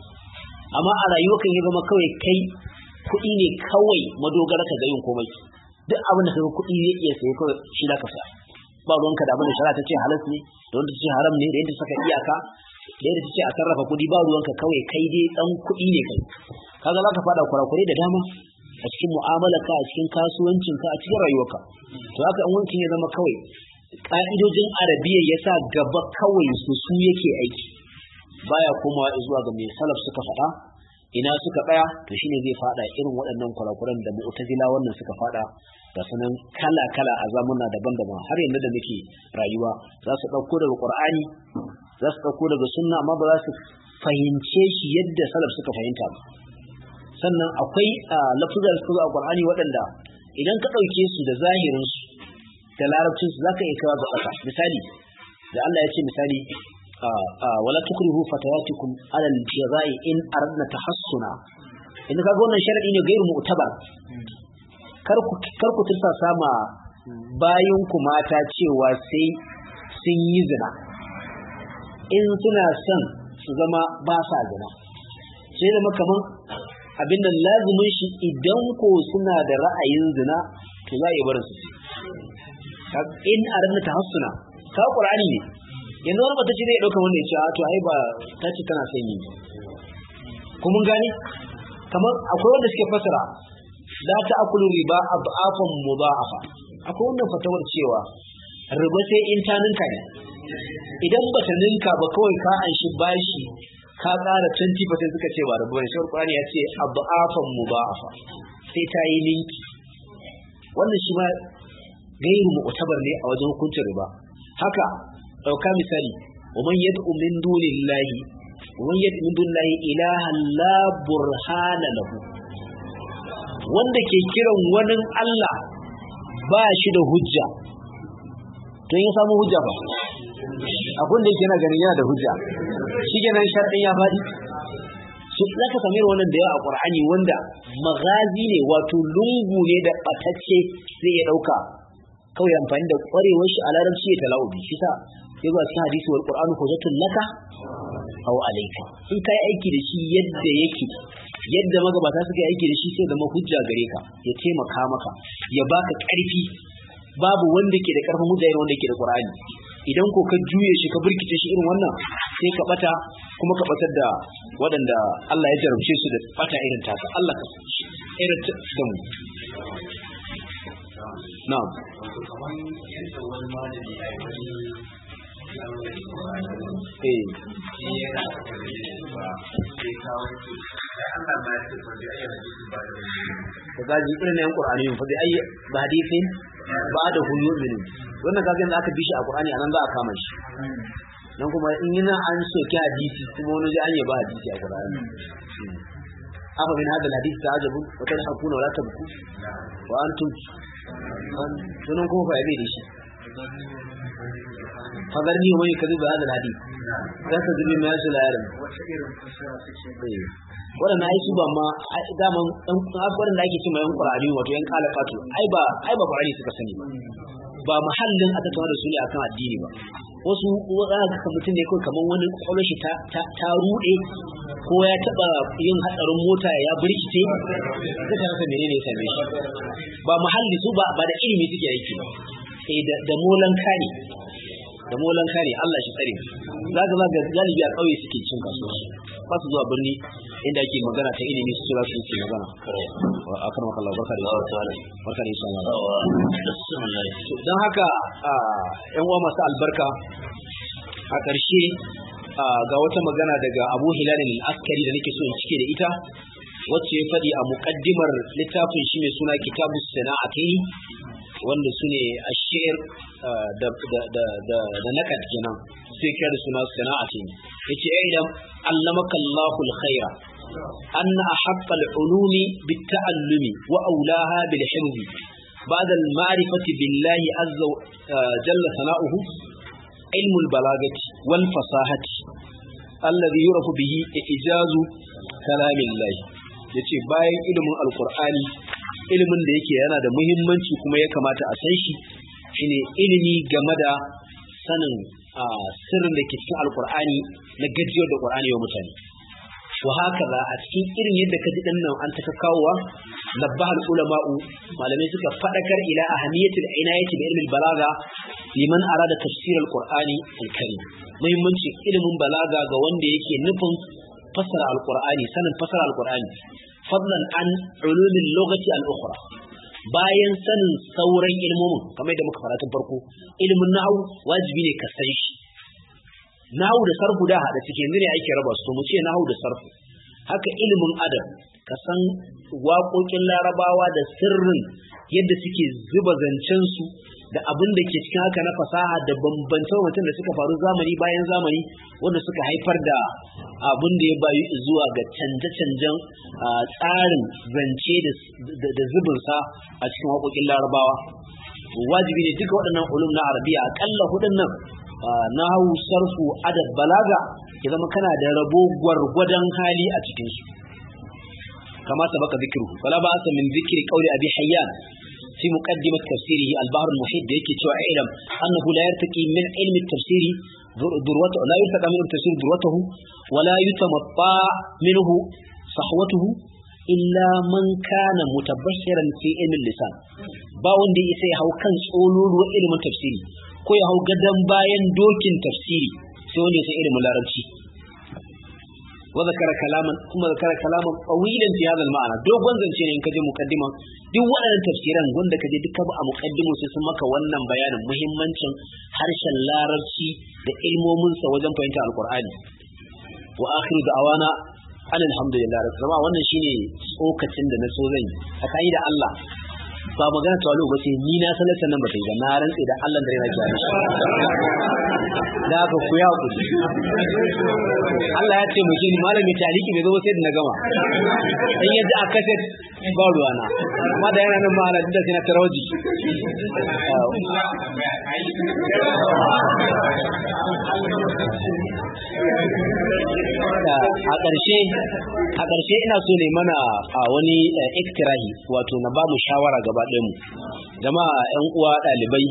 S1: amma a rayuwa kan ya zama kawai kai kuɗi ne kawai madogara ka ga yin komai duk abin da kaga kuɗi ne iya saye kawai shi da ka sa ba ka da abin da shara ta ce halas ne da wanda ta ce haram ne da yadda saka iyaka da yadda ta ce a sarrafa kuɗi ba ka kawai kai dai dan kuɗi ne kai kaga za ka faɗa kurakurai da dama a cikin mu'amalarka a cikin kasuwancinka a cikin rayuwarka to haka an wancan ya zama kawai ka'idojin arabiya ya sa gaba kawai su su yake aiki baya komawa zuwa ga mai salaf suka faɗa ina suka tsaya to shine zai fada irin waɗannan kurakuran da mu'tazila wannan suka fada da sunan kala kala a zamuna daban-daban har yanzu da muke rayuwa za su ɗauko daga qur'ani za su ɗauko daga sunna amma ba za su fahimce shi yadda salaf suka fahimta ba sannan akwai lafuzar su a qur'ani waɗanda idan ka ɗauke su da zahirin su da larabcin su zaka iya kawo ga ƙasa misali da Allah ya ce misali wala tukrihu fatayatikum ala al-jazai in aradna tahassuna in ka ga wannan sharadi ne gairu mu'tabar kar ku kar ku tilsa sama bayin ku mata cewa sai sun yi zina in suna son su zama ba sa zina sai da makaman abin nan lazumin shi idan ko suna da ra'ayin zina to za a yi barin su in aradna tahassuna ka qur'ani ne yanzu wani mata ce ya ɗauka wanda ya ce a ah, to ai ba ta ce tana son yi kuma mun gani kamar akwai wanda suke fasara za ta akulu riba ab'afan mudha'afa akwai wannan fatawar cewa riba sai in ta ninka ne idan ba ta ninka ba kawai ka an shi bashi ka ƙara 20% suka ce ba riba ne shawar Qur'ani ya ce a ab'afan mudha'afa sai ta yi ninki wannan shi ma gairu mu'tabar ne a wajen hukuncin riba haka dauka misali ومن يدعو من دون الله ومن يدعو من دون الله إلها لا برهان له wanda ke kiran wani Allah ba shi da hujja to ya samu hujja ba abin da na ganin yana da hujja shi kenan shaɗin ya faɗi su za ka sami wannan da yawa a ƙwar'ani wanda magazi ne wato lungu ne da ɓatacce zai ya ɗauka kawai amfani da ƙwarewar shi a larabci ya tala'ubi shi sa ya ba cikin hadisi wal qur'anu hujjatul laka aw alayka in kai aiki da shi yadda yake yadda magabata suka yi aiki da shi sai zama hujja gare ka ya taimaka maka ya baka karfi babu wanda ke da karfin hujja wanda ke da qur'ani idan ko ka juye shi ka burkice shi irin wannan sai ka bata kuma ka batar da waɗanda Allah ya jarumce su da bata irin taka Allah ka irin da mu na'am
S2: Eh.
S1: kazaji irin na yan qur'ani fa bi ayi hadisin ba da hu yu'minu wannan kaga yanzu aka bi shi a qur'ani anan za a kama shi dan kuma in yana an soke hadisi kuma wani ji yi ba hadisi a qur'ani hmm. afa min hadal hadisi wata wa hakuna wa la tabku wa antum sunan kuma fa yabe da shi fadarni wa mai kazi ba da ladi za ka zubi mai yasu layarin
S2: eh. waɗanda ai su
S1: ba ma daman ɗan da ake cin mayan ƙwararri wato yan kalafatu ai ba ai ba ƙwararri suka sani ba Ba muhallin aka tawa da su ne akan addini ba wasu za ka mutum ne kawai kamar wani ƙwarar shi ta ruɗe ko ya taɓa yin hatsarin mota ya birkice suka rasa menene ya same shi ba muhalli su ba da ilimi suke aiki ba sai da molan kare da molan kare Allah shi tsare za ga ga galibi a ƙauye suke cin kasu ba su zuwa birni inda ake magana ta ilimi su za su ce magana a kan makalla barka da barka da islam don haka yan uwa masu albarka a ƙarshe ga wata magana daga abu hilalin askari da nake so in cike da ita wacce ya faɗi a muƙaddimar littafin shi mai suna kitabu sana'atai wanda su ne a shi'ar eh, da na ƙarfi nan sai kyar suna sana'atai ya ce ya idan allamaka allahul khaira an na a haƙƙal ulumi bi ta'allumi wa aulaha bi da shirbi ba da ma'arifati billahi azza eh, jalla sana'uhu ilmul balagati wal fasahati alladhi yurafu bihi ijazu kalamin lahi ya ce bayan ilimin alkur'ani ilimin da yake yana da muhimmanci kuma ya kamata a san shi shine ilimi game da sanin sirrin da ke cikin alkur'ani na gajiyar da qur'ani wa mutane wa haka za a cikin irin yadda ka ji nan an ta kawowa nabbahal ulama'u malamai suka fadakar ila ahamiyatul inayati da ilmin balaga liman arada tafsir alqur'ani alkarim muhimmanci ilimin balaga ga wanda yake nufin fassara alkur'ani sanin fassara alkurani fadlan an ulumil lokaci al'ukura, bayan sanin sauran ilmomin kamar da muka fara farko ilimin nahwu wajibi ne ka san shi nahwu da sarfu da hada cikin ne ake raba su mu ce nahwu da sarfu haka ilimin adam ka san waƙoƙin larabawa da sirrin yadda suke zuba su. da abin da ke cikin haka na fasaha da bambancin mutum da suka faru zamani bayan zamani wanda suka haifar da abin da ya bayu zuwa ga canje-canjen tsarin zance da zubinsa a cikin waƙoƙin larabawa wajibi ne duka waɗannan ulum na arabiya aƙalla hudun nan na hau sarfu adad balaga ya zama kana da rabo gwargwadon hali a cikinsu kama sabaka zikiru kwalaba ba asa min zikiri kauri abi hayyan في مقدمة تفسيره البحر المحيط بيكي تشوى علم أنه لا يرتقي من علم التفسير ذروته لا يرتقى منه التفسير ذروته ولا يتمطى منه صحوته إلا من كان متبشرا في علم اللسان باون دي إسي هو كان سؤولور وعلم التفسير كوي هو قدم باين دوكين تفسيري سيوني سي علم العربي wa zakara kalaman kuma zakara kalaman qawilan fi maana dogon zance ne in kaje muqaddima duk waɗannan tafsiran wanda ka je ka a muqaddimu sai sun maka wannan bayanin muhimmancin harshen larabci da ilmomin sa wajen fahimta al-Qur'ani wa akhiru da'wana alhamdulillah rabbil alamin wannan shine tsokacin da na so zai yi a kai da Allah ba magana tawali'u ba ce ni na san laccan nan ba ta yi ba na rantse da Allah da ya na kiyaye da aka ku ya ku Allah ya ce mutum ni malami taliki bai zo sai da na gama
S2: in yaji a kashe
S1: ba na amma da yana nan ma'ana da sai na tarawaji a ƙarshe a ƙarshe ina so ne mana wani eh, iktirahi wato na ba mu shawara gaba gaba mu jama'a yan uwa ɗalibai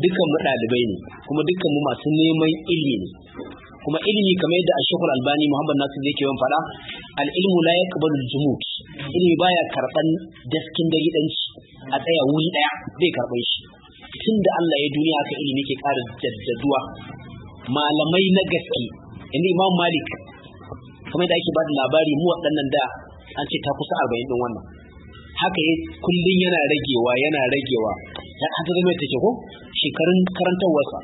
S1: dukkan mu ɗalibai ne kuma dukkan mu masu neman ilimi ne kuma ilimi kamar yadda ashekul albani muhammad nasu zai ke yawan faɗa al'ilmu la ya kaba jumut ilimi baya karɓan daskin dari gidanci a tsaya wuri ɗaya zai karɓan shi tun da allah ya duniya haka ilimi ke ƙara jaddaduwa malamai na gaske inda imam malik kamar da ake ba da labari mu waɗannan da an ce ta kusa arba'in ɗin wannan haka ya kullum yana ragewa yana ragewa ya haka ta zama take ko shekarun karantarwarsa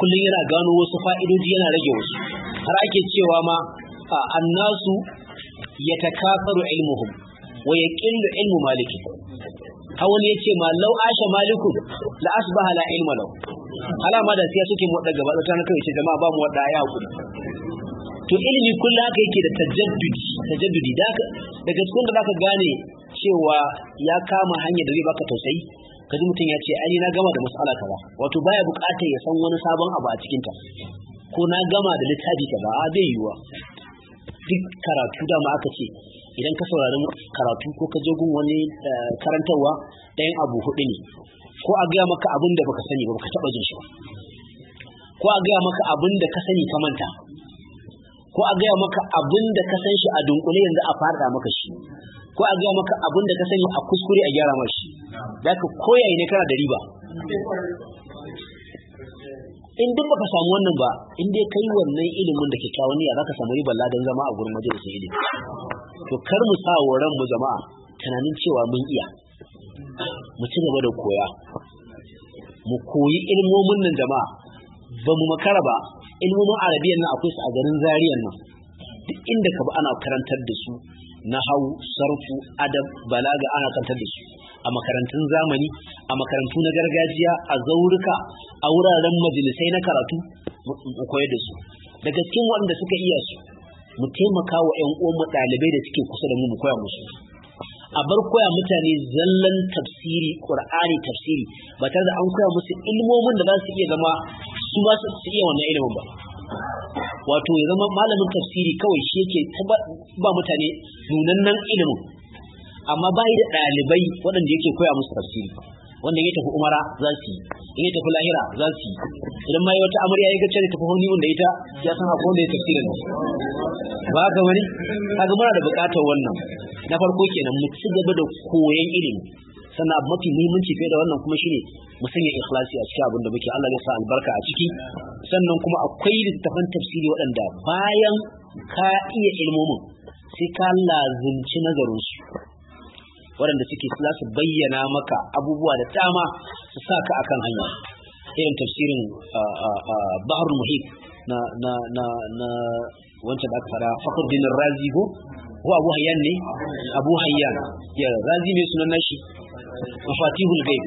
S1: kullum yana gano wasu fa'idoji yana rage wasu har ake cewa ma annasu ya takasaru ilmuhum wa ya ƙillu ilmu maliki hawan ya ce ma lau asha malikun la asbaha la ilma lau alama da siya suke mu gaba da tana kawai ce jama'a ba mu wadda ya hakuri to ilimi kullum haka yake da tajaddudi tajaddudi daga cikin da zaka gane cewa ya kama hanyar da zai baka tausayi kaji mutum ya ce ai na gama da mas'ala ba, wato baya bukatar ya san wani sabon abu a cikin ta ko na gama da littafi ta ba zai yiwa duk karatu da ma aka ce idan ka saurari karatu ko ka je gun wani eh, karantarwa ɗayan abu hudu ne ko a gaya maka abin da baka sani ba baka taba jin shi ba ko a gaya maka abin da ka sani ka manta ko a gaya maka abin da ka san shi a dunkule yanzu a fara maka shi ko a gaya maka abin da ka sani a kuskure a gyara mashi da ka koya ne kana da riba in duk baka samu wannan ba in dai kai wannan ilimin da kyakkyawan za ka samu riba ladan zama a gurin majalisar ilimi to kar mu sa wa mu jama'a tunanin cewa mun iya mu ci gaba da koya mu koyi ilmomin nan jama'a ba mu makara ba ilmomin arabiyan nan akwai su a garin zariyan nan duk inda ka ba ana karantar da su na hau sarfu adab balaga ana karantar da su a makarantun zamani a makarantu na gargajiya a zaurika a wuraren majalisai na karatu mu koyar da su daga cikin waɗanda suka iya su mu taimaka wa ƴan uwan ɗalibai da suke kusa da mu mu koya musu a bar koya mutane zallan tafsiri qur'ani tafsiri ba tare da an koya musu ilmomin da za su iya zama su ba su iya wannan ilimin ba wato ya zama malamin tafsiri kawai shi yake ba mutane nunannen ilimi, amma bai da ɗalibai waɗanda yake koya musu tafsiri wanda ya tafi umara za su yi in ya tafi lahira za su yi idan ma wata amarya ya gace tafi honi wanda ita ya san akwai wanda ya ne ba ga wani kaga muna da bukatar wannan na farko kenan mu ci gaba da koyon ilimi sannan abu mafi muhimmanci fiye da wannan kuma shine mu sanya ikhlasi a cikin abin da muke Allah ya sa albarka a ciki sannan kuma akwai littafan tafsiri waɗanda bayan ka iya ilmomin sai ka lazimci nazarin su waɗanda suke za su bayyana maka abubuwa da dama su sa ka akan hanya irin tafsirin bahar muhib na na wancan da aka fara fakhruddin razi ko ko abu hayyan ne abu hayyan ya razi ne sunan nashi mafatihul gaib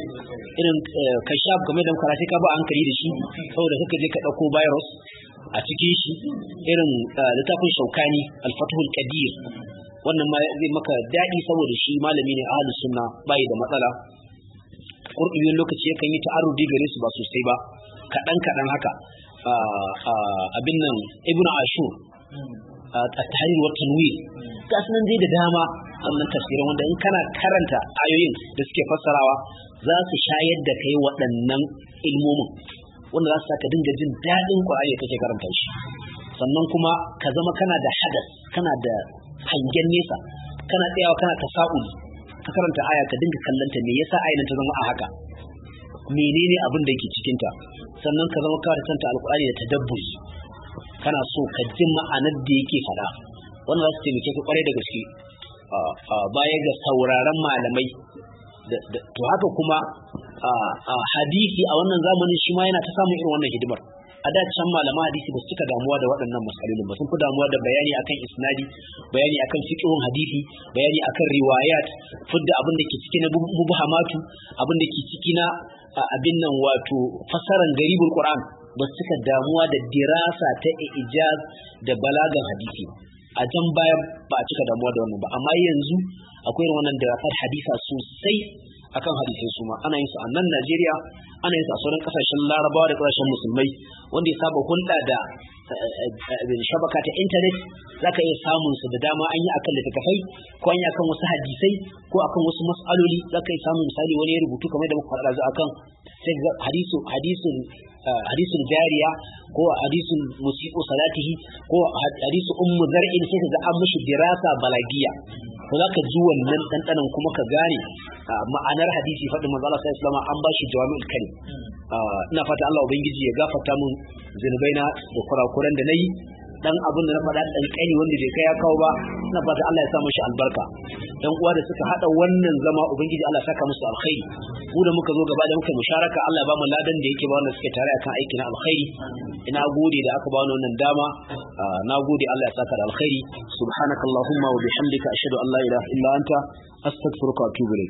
S1: irin eh, kashaf game da muka ka ba an kari da shi saboda suka je ka dauko virus a cikin shi irin eh, littafin shaukani al-fathul kadir wannan ma zai maka daɗi saboda shi malami ne ahlus sunna bai da matsala kurɗin lokaci yakan yi ta'arudi gare su ba sosai ba kaɗan kaɗan haka ah, ah, abin nan ibnu ashur a ah, tahrir wa tanwir ga dai da dama wannan tafsirin wanda in kana karanta ayoyin da suke fassarawa za su shayar da kai waɗannan ilmomin wanda za su saka dinga jin daɗin ƙwararre kake karanta shi sannan kuma ka zama kana da hadas kana da hangen nesa kana tsayawa kana ta tasa'uli ka karanta aya ka dinga kallanta me yasa ayoyin ta zama a haka menene abin da yake cikin ta sannan ka zama ka karanta alƙur'ani da tadabburi kana so ka ji ma'anar da yake faɗa wannan za su taimake ka kwarai da gaske baya ga sauraron malamai to haka kuma hadisi a wannan zamanin shi ma yana ta samun irin wannan hidimar a da can malaman hadisi ba su cika damuwa da waɗannan masalolin ba sun fi damuwa da bayani akan isnadi bayani akan fiqhun hadisi bayani akan riwayat fudda abin da ke ciki na mubhamatu abin da ke ciki na abin nan wato fasaran garibul qur'an ba su cika damuwa da dirasa ta ijaz da balagan hadisi a can baya ba a cika damuwa da wannan ba amma yanzu akwai irin wannan dirasar hadisa sosai akan hadisai su ma ana yin su a nan Najeriya ana yin su a sauran kasashen Larabawa da kasashen musulmai wanda ya saba hulɗa da eh, eh, shabaka ta intanet za ka iya samun su da dama an yi akan littattafai ko an yi akan wasu hadisai ko akan wasu matsaloli za ka iya samun misali wani ya rubutu kamar da muka faɗa zu akan hadisun eh, jariya ko hadisun musiku salatihi ko hadisun ummu zar'in sai ga an mishi dirasa balagiya ko za ka ji wannan ɗanɗanan kuma ka gane ma'anar hadisi faɗin manzo Allah sallallahu alaihi wasallam an ba shi jawami'ul kalim ina fata Allah ubangiji ya gafarta mun na da kurakuran da nayi dan abin da na faɗa dan kani wanda bai kai ya kawo ba ina fata Allah ya sa mashi albarka dan uwa da suka hada wannan zama ubangiji Allah saka musu alkhairi mu da muka zo gaba da muka musharaka Allah ba mu ladan da yake ba wanda suke tare akan aiki na alkhairi ina gode da aka ba wannan dama ah, na gode Allah ya saka da alkhairi subhanakallahumma wa bihamdika ashhadu an la ilaha illa anta astaghfiruka wa atubu